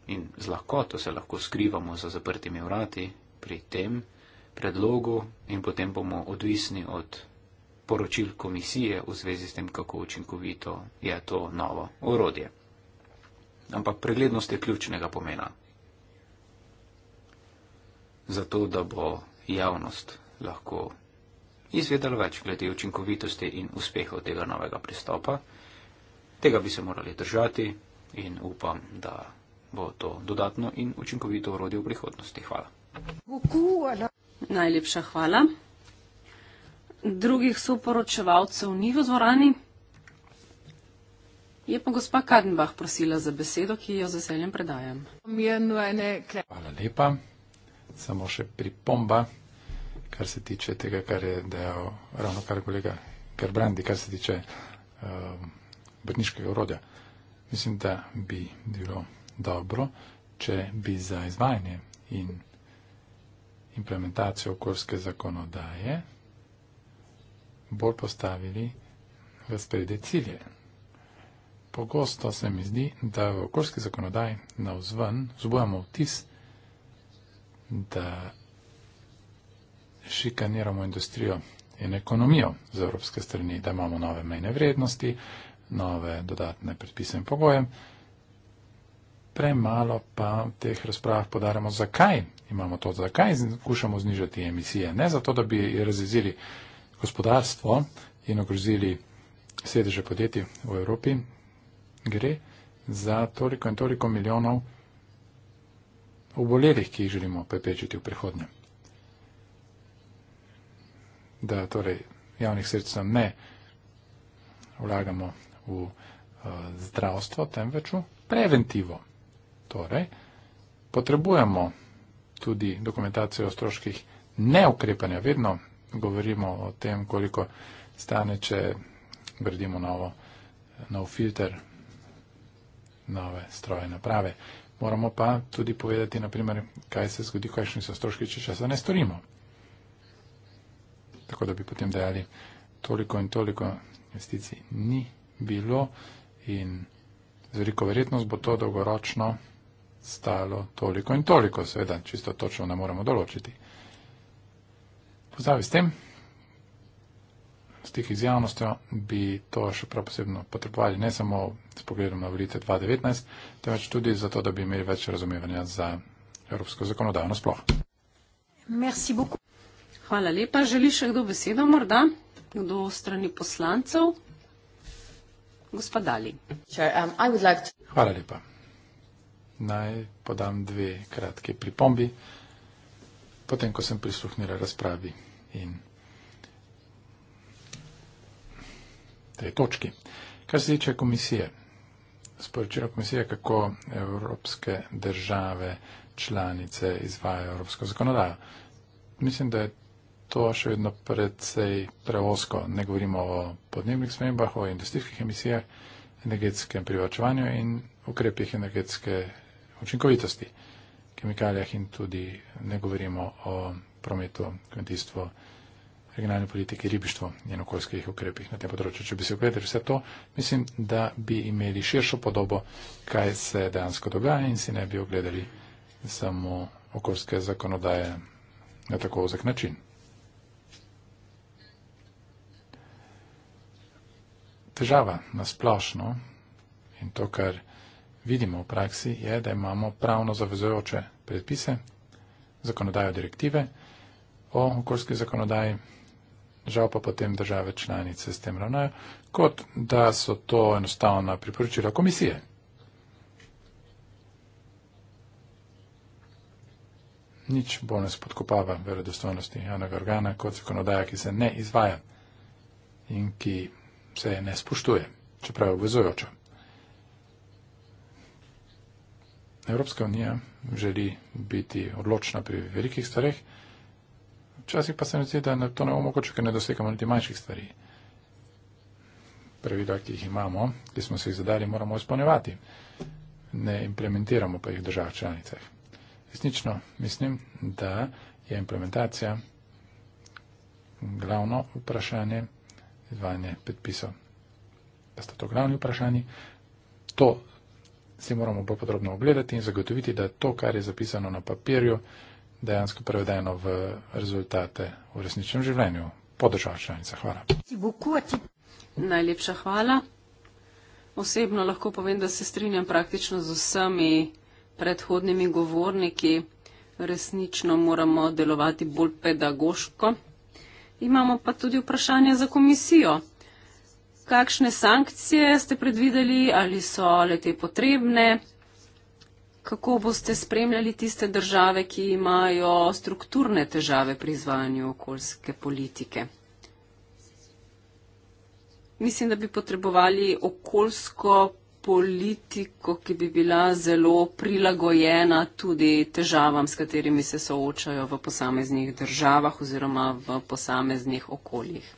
in z lahkoto se lahko skrivamo za zaprtimi vrati pri tem predlogu in potem bomo odvisni od poročil komisije v zvezi s tem, kako učinkovito je to novo orodje. Ampak preglednost je ključnega pomena. Zato, da bo javnost lahko izvedela več glede učinkovitosti in uspehov tega novega pristopa, tega bi se morali držati in upam, da bo to dodatno in učinkovito orodje v prihodnosti. Hvala. Najlepša hvala drugih soporočevalcev ni v dvorani. Je pa gospa Kadenbach prosila za besedo, ki jo z veseljem predajam. Hvala lepa. Samo še pripomba, kar se tiče tega, kar je dejal ravno kar kolega Gerbrandi, kar se tiče uh, ehm, brniškega urodja. Mislim, da bi bilo dobro, če bi za izvajanje in implementacijo okoljske zakonodaje bolj postavili v sprede cilje. Pogosto se mi zdi, da v okoljski zakonodaji na vzven zbujamo vtis, da šikaniramo industrijo in ekonomijo z evropske strani, da imamo nove mejne vrednosti, nove dodatne predpise in pogoje. Premalo pa v teh razpravah podaramo, zakaj imamo to, zakaj skušamo znižati emisije. Ne zato, da bi razjezili gospodarstvo in ogrozili sedeže podjetij v Evropi, gre za toliko in toliko milijonov obolelih, ki jih želimo prepečiti v prihodnje. Da torej javnih sredstva ne vlagamo v uh, zdravstvo, temveč v preventivo. Torej, potrebujemo tudi dokumentacijo o stroških neukrepanja, vedno govorimo o tem, koliko stane, če gradimo novo, nov filter, nove stroje naprave. Moramo pa tudi povedati, naprimer, kaj se zgodi, kakšni so stroški, če časa ne storimo. Tako da bi potem dejali, toliko in toliko investicij ni bilo in z veliko verjetnost bo to dolgoročno stalo toliko in toliko, seveda, čisto točno ne moremo določiti pozdravi s tem. Stik z javnostjo bi to še prav posebno potrebovali, ne samo s pogledom na volitev 2019, temveč tudi zato, da bi imeli več razumevanja za evropsko zakonodajo nasploh. Hvala lepa. Želi še kdo besedo morda? Kdo strani poslancev? Gospodali. Um, Hvala lepa. Naj podam dve kratke pripombi, potem ko sem prisluhnila razpravi in tej točki. Kar se tiče komisije, sporočilo komisije, kako evropske države članice izvajajo evropsko zakonodajo. Mislim, da je to še vedno predvsej preosko. Ne govorimo o podnebnih spremembah, o industrijskih emisijah, energetskem privačevanju in ukrepih energetske učinkovitosti, kemikalijah in tudi ne govorimo o prometu, kmetijstvu, regionalni politiki, ribištvu in okoljskih ukrepih na tem področju. Če bi se ukvarjali vse to, mislim, da bi imeli širšo podobo, kaj se dejansko dogaja in si ne bi ogledali samo okoljske zakonodaje na tako ozek način. Težava na splošno in to, kar vidimo v praksi, je, da imamo pravno zavezujoče predpise, zakonodajo direktive, o okoljski zakonodaji, žal pa potem države članice s tem ravnajo, kot da so to enostavna priporočila komisije. Nič bolj nas podkopava verodostojnosti javnega organa kot zakonodaja, ki se ne izvaja in ki se ne spoštuje, čeprav je obvezujoča. Evropska unija želi biti odločna pri velikih stvareh. Včasih pa se mi zdi, da ne, to ne bo mogoče, ker ne dosegamo niti manjših stvari. Pravila, ki jih imamo, ki smo si jih zadali, moramo izpolnjevati. Ne implementiramo pa jih v državah članicah. Resnično mislim, da je implementacija glavno vprašanje izvajanja predpisov. Da sta to glavni vprašanji. To si moramo bolj podrobno ogledati in zagotoviti, da to, kar je zapisano na papirju, dejansko prevedeno v rezultate v resničnem življenju po državah članica. Hvala. Najlepša hvala. Osebno lahko povem, da se strinjam praktično z vsemi predhodnimi govorniki. Resnično moramo delovati bolj pedagoško. Imamo pa tudi vprašanje za komisijo. Kakšne sankcije ste predvideli ali so le te potrebne? kako boste spremljali tiste države, ki imajo strukturne težave pri izvajanju okoljske politike? Mislim, da bi potrebovali okoljsko politiko, ki bi bila zelo prilagojena tudi težavam, s katerimi se soočajo v posameznih državah oziroma v posameznih okoljih.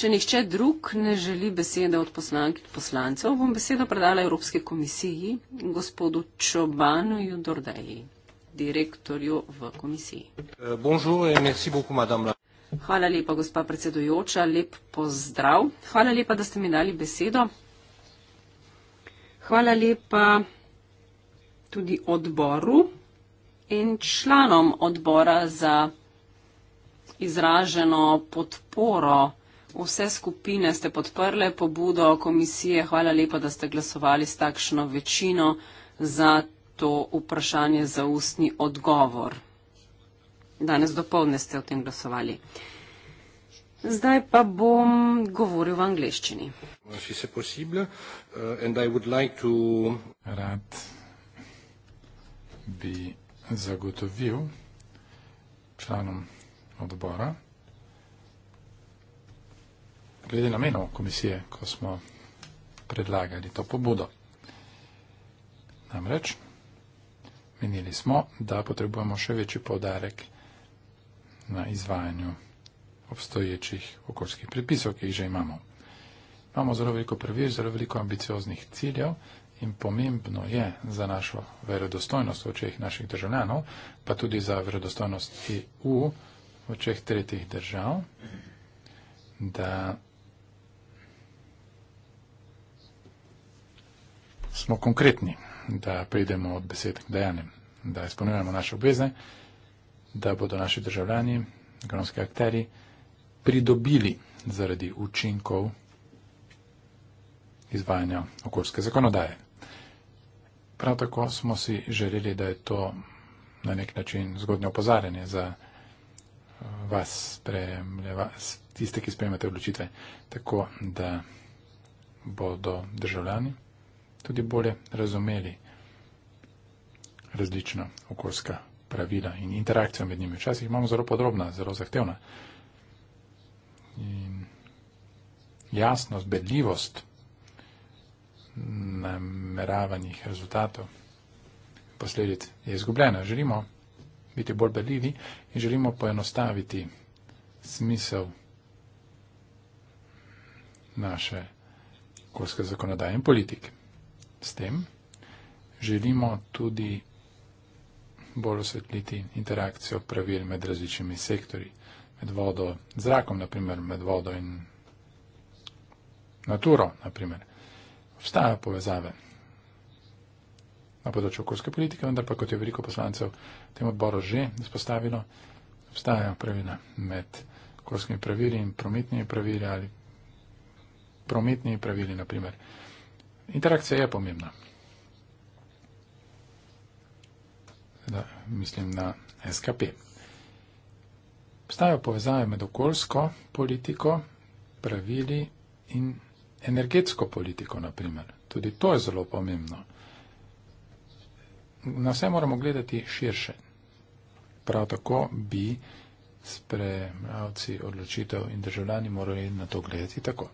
Če nihče drug ne želi besede od poslank in poslancev, bom besedo predala Evropske komisiji gospodu Čobanu Judordeji, direktorju v komisiji. Eh, Hvala lepa, gospa predsedujoča, lep pozdrav. Hvala lepa, da ste mi dali besedo. Hvala lepa tudi odboru in članom odbora za izraženo podporo. Vse skupine ste podprle pobudo komisije. Hvala lepa, da ste glasovali s takšno večino za to vprašanje za ustni odgovor. Danes dopolne ste o tem glasovali. Zdaj pa bom govoril v angleščini. Eh, Rad bi zagotovil članom odbora, glede namenov komisije, ko smo predlagali to pobudo. Namreč, menili smo, da potrebujemo še večji podarek na izvajanju obstoječih okoljskih predpisov, ki jih že imamo. Imamo zelo veliko pravil, zelo veliko ambicioznih ciljev in pomembno je za našo verodostojnost v očeh naših državljanov, pa tudi za verodostojnost EU v očeh tretjih držav, da smo konkretni, da pridemo od besed k dejanjem, da izpolnjujemo naše obveze, da bodo naši državljani, ekonomski akteri pridobili zaradi učinkov izvajanja okoljske zakonodaje. Prav tako smo si želeli, da je to na nek način zgodnje opozarjanje za eh, vas, spremljava, tiste, ki spremljate odločitve, tako da bodo državljani tudi bolje razumeli različna okoljska pravila in interakcijo med njimi. Včasih imamo zelo podrobna, zelo zahtevna. In jasnost, bedljivost nameravanih rezultatov, posledic je izgubljena. Želimo biti bolj bedljivi in želimo poenostaviti smisel naše okoljske zakonodaje in politike s tem, želimo tudi bolj osvetliti interakcijo pravil med različnimi sektori, med vodo, zrakom, naprimer, med vodo in naturo, naprimer. Obstajajo povezave na področju okoljske politike, vendar pa, kot je veliko poslancev v tem odboru že izpostavilo, obstajajo pravila med okoljskimi pravili in prometnimi pravili ali prometnimi pravili, naprimer. Interakcija je pomembna. Da, mislim na SKP. Obstajajo povezave med okoljsko politiko, pravili in energetsko politiko, naprimer. Tudi to je zelo pomembno. Na vse moramo gledati širše. Prav tako bi spremljavci odločitev in državljani morali na to gledati tako.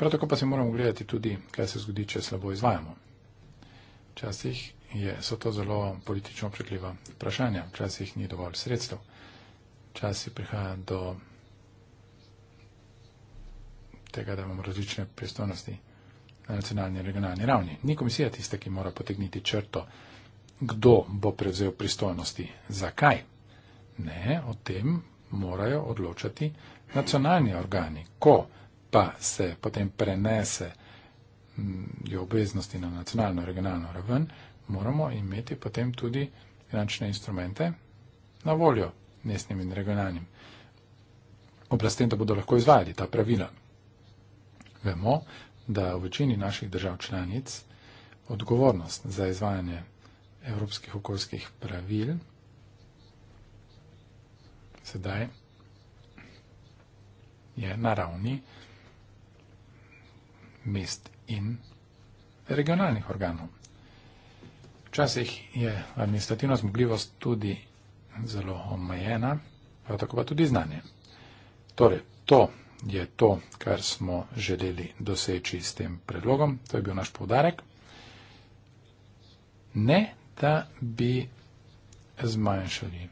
Prav tako pa se moramo gledati tudi, kaj se zgodi, če slabo izvajamo. Včasih je, so to zelo politično občutljiva vprašanja, včasih ni dovolj sredstev, včasih prihaja do tega, da imamo različne pristojnosti na nacionalni in regionalni ravni. Ni komisija tista, ki mora potegniti črto, kdo bo prevzel pristojnosti, zakaj. Ne, o tem morajo odločati nacionalni organi. Ko? pa se potem prenese mm, obveznosti na nacionalno, regionalno raven, moramo imeti potem tudi finančne instrumente na voljo mestnim in regionalnim oblastem, da bodo lahko izvajali ta pravila. Vemo, da v večini naših držav članic odgovornost za izvajanje evropskih okoljskih pravil sedaj je na ravni mest in regionalnih organov. Včasih je administrativna zmogljivost tudi zelo omejena, pa tako pa tudi znanje. Torej, to je to, kar smo želeli doseči s tem predlogom, to je bil naš povdarek. Ne, da bi zmanjšali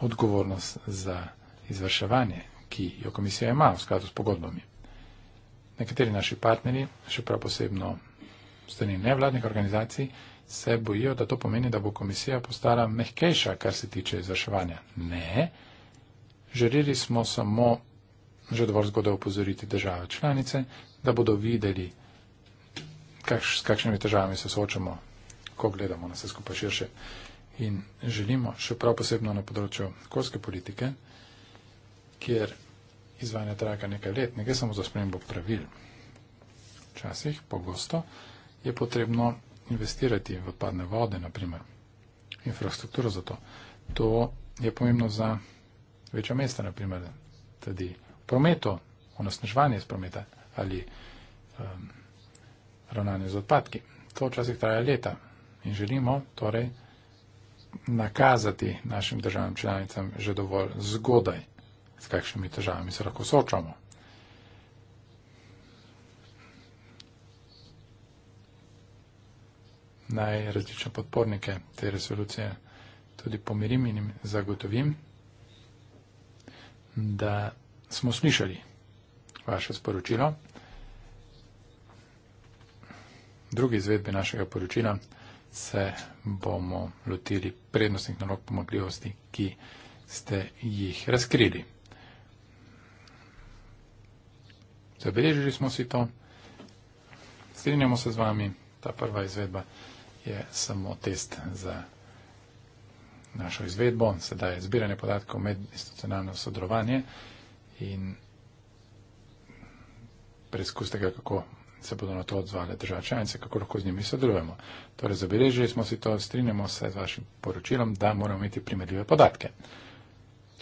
odgovornost za izvrševanje, ki jo komisija ima v skladu s pogodbami nekateri naši partnerji, še prav posebno strani nevladnih organizacij, se bojijo, da to pomeni, da bo komisija postala mehkejša, kar se tiče izraševanja. Ne, želeli smo samo že dovolj zgodaj upozoriti države članice, da bodo videli, kakš, s kakšnimi težavami se soočamo, ko gledamo na vse skupaj širše. In želimo, še prav posebno na področju okoljske politike, kjer izvajanja traja nekaj let, ne gre samo za spremembo pravil. Včasih, pogosto, je potrebno investirati v odpadne vode, naprimer, infrastrukturo za to. To je pomembno za večja mesta, naprimer, tudi prometo, onosnežvanje iz prometa ali um, ravnanje z odpadki. To včasih traja leta in želimo torej nakazati našim državam članicam že dovolj zgodaj s kakšnimi težavami se lahko soočamo. Naj različne podpornike te resolucije tudi pomirim in jim zagotovim, da smo slišali vaše sporočilo. Drugi izvedbi našega poročila se bomo lotili prednostnih nalog pomagljivosti, ki ste jih razkrili. Zabeležili smo si to, strinjamo se z vami, ta prva izvedba je samo test za našo izvedbo, sedaj je zbiranje podatkov med institucionalno sodelovanje in preizkus tega, kako se bodo na to odzvali države članice, kako lahko z njimi sodelujemo. Torej, zabeležili smo si to, strinjamo se z vašim poročilom, da moramo imeti primerljive podatke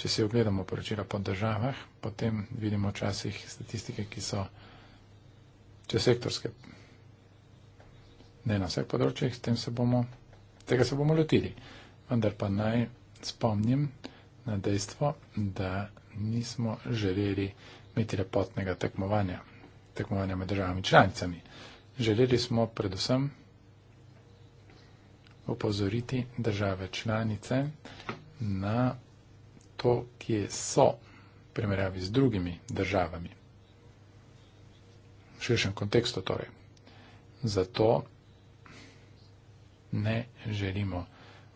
če si ogledamo poročila po državah, potem vidimo včasih statistike, ki so če sektorske. Ne na vseh področjih, se bomo, tega se bomo lotili. Vendar pa naj spomnim na dejstvo, da nismo želeli imeti lepotnega tekmovanja, tekmovanja med državami članicami. Želeli smo predvsem opozoriti države članice na to, kje so, v primerjavi z drugimi državami. V širšem kontekstu torej. Zato ne želimo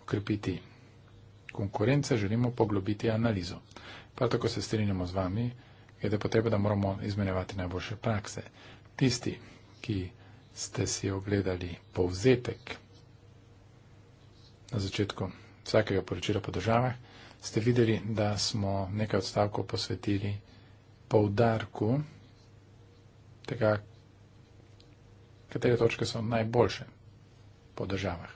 ukrepiti konkurence, želimo poglobiti analizo. Prav tako se strinjamo z vami, je da potrebno, da moramo izmenjevati najboljše prakse. Tisti, ki ste si ogledali povzetek na začetku vsakega poročila po državah, ste videli, da smo nekaj odstavkov posvetili poudarku tega, katere točke so najboljše po državah.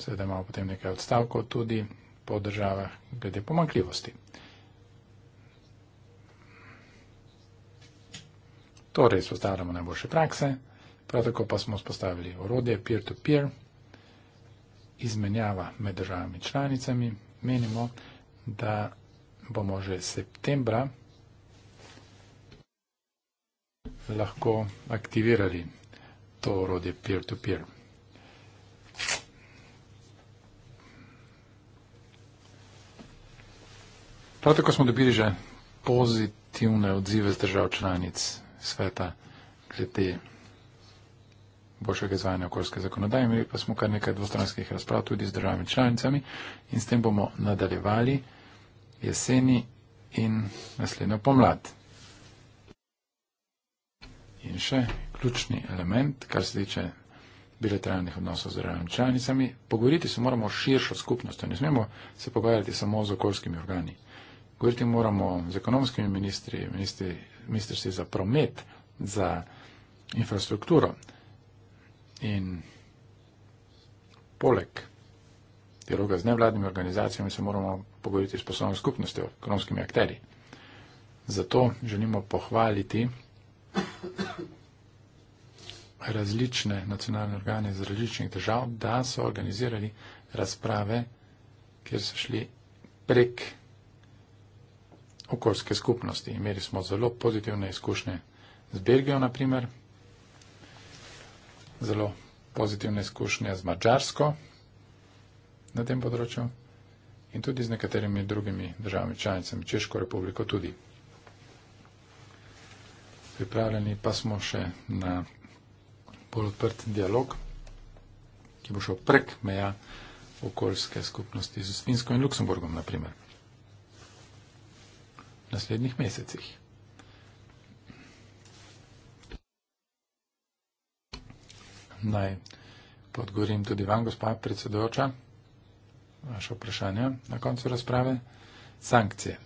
Seveda imamo potem nekaj odstavkov tudi po državah glede pomankljivosti. Torej, spostavljamo najboljše prakse, prav tako pa smo spostavili orodje peer-to-peer, -peer, izmenjava med državami članicami, menimo, da bomo že septembra lahko aktivirali to orodje peer-to-peer. Prav tako smo dobili že pozitivne odzive z držav članic sveta glede boljšega izvajanja okoljske zakonodaje. Imeli pa smo kar nekaj dvostranskih razprav tudi z državami članicami in s tem bomo nadaljevali jeseni in naslednjo pomlad. In še ključni element, kar se tiče bilateralnih odnosov z državami članicami. Pogovoriti se moramo o širšo skupnost, ne smemo se pogajati samo z okoljskimi organi. Govoriti moramo z ekonomskimi ministri, ministri, ministri za promet, za infrastrukturo in poleg dialoga z nevladnimi organizacijami se moramo pogovoriti s poslovno skupnostjo, ekonomskimi akteri. Zato želimo pohvaliti različne nacionalne organe iz različnih držav, da so organizirali razprave, kjer so šli prek okoljske skupnosti. Imeli smo zelo pozitivne izkušnje z Belgijo, naprimer, zelo pozitivne izkušnje z Mačarsko na tem področju in tudi z nekaterimi drugimi državami članicami, Češko republiko tudi. Pripravljeni pa smo še na bolj odprt dialog, ki bo šel prek meja okoljske skupnosti z Finsko in Luksemburgom, naprimer, v naslednjih mesecih. naj podgorim tudi vam, gospa predsedujoča, vaše vprašanje na koncu razprave. Sankcije.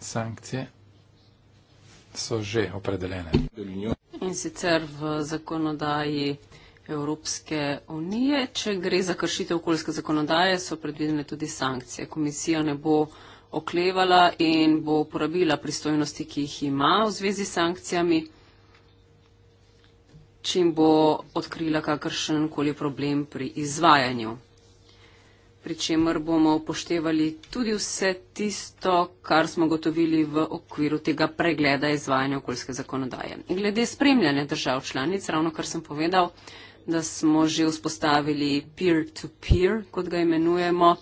Sankcije so že opredeljene. In sicer v zakonodaji Evropske unije, če gre za kršitev okoljske zakonodaje, so predvidene tudi sankcije. Komisija ne bo oklevala in bo uporabila pristojnosti, ki jih ima v zvezi s sankcijami čim bo odkrila kakršen koli problem pri izvajanju. Pri čemer bomo upoštevali tudi vse tisto, kar smo gotovili v okviru tega pregleda izvajanja okoljske zakonodaje. Glede spremljanja držav članic, ravno kar sem povedal, da smo že vzpostavili peer-to-peer, -peer, kot ga imenujemo.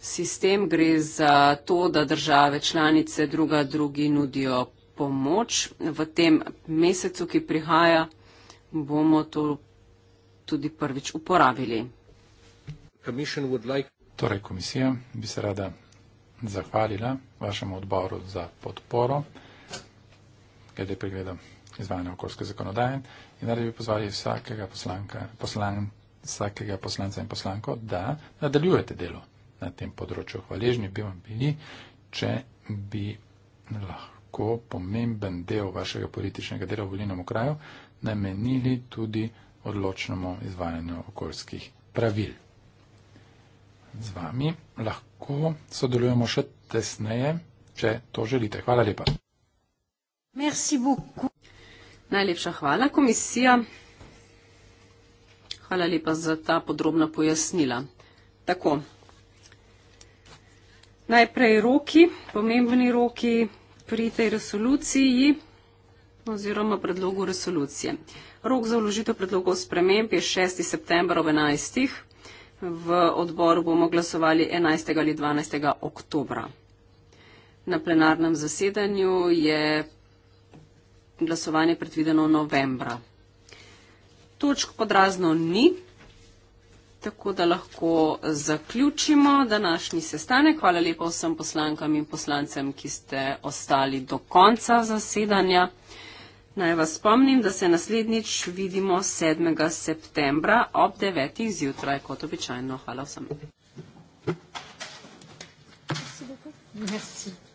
Sistem gre za to, da države članice druga drugi nudijo pomoč. V tem mesecu, ki prihaja, bomo to tudi prvič uporabili. Like... Torej, komisija bi se rada zahvalila vašemu odboru za podporo, glede pregleda izvajanja okoljske zakonodaje in radi bi pozvali vsakega poslanka, poslan, vsakega poslanca in poslanko, da nadaljujete delo na tem področju. Hvaležni bi vam bili, če bi lahko tako pomemben del vašega političnega dela v volilnem okraju, namenili tudi odločnemu izvajanju okoljskih pravil. Z vami lahko sodelujemo še tesneje, če to želite. Hvala lepa. Merci beaucoup. Najlepša hvala, komisija. Hvala lepa za ta podrobna pojasnila. Tako. Najprej roki, pomembni roki, pri tej resoluciji oziroma predlogu resolucije. Rok za vložitev predlogov sprememb je 6. september ob 11. V odboru bomo glasovali 11. ali 12. oktobra. Na plenarnem zasedanju je glasovanje predvideno novembra. Točk pod razno ni tako da lahko zaključimo današnji sestanek. Hvala lepa vsem poslankam in poslancem, ki ste ostali do konca zasedanja. Naj vas spomnim, da se naslednjič vidimo 7. septembra ob 9. zjutraj, kot običajno. Hvala vsem. Merci.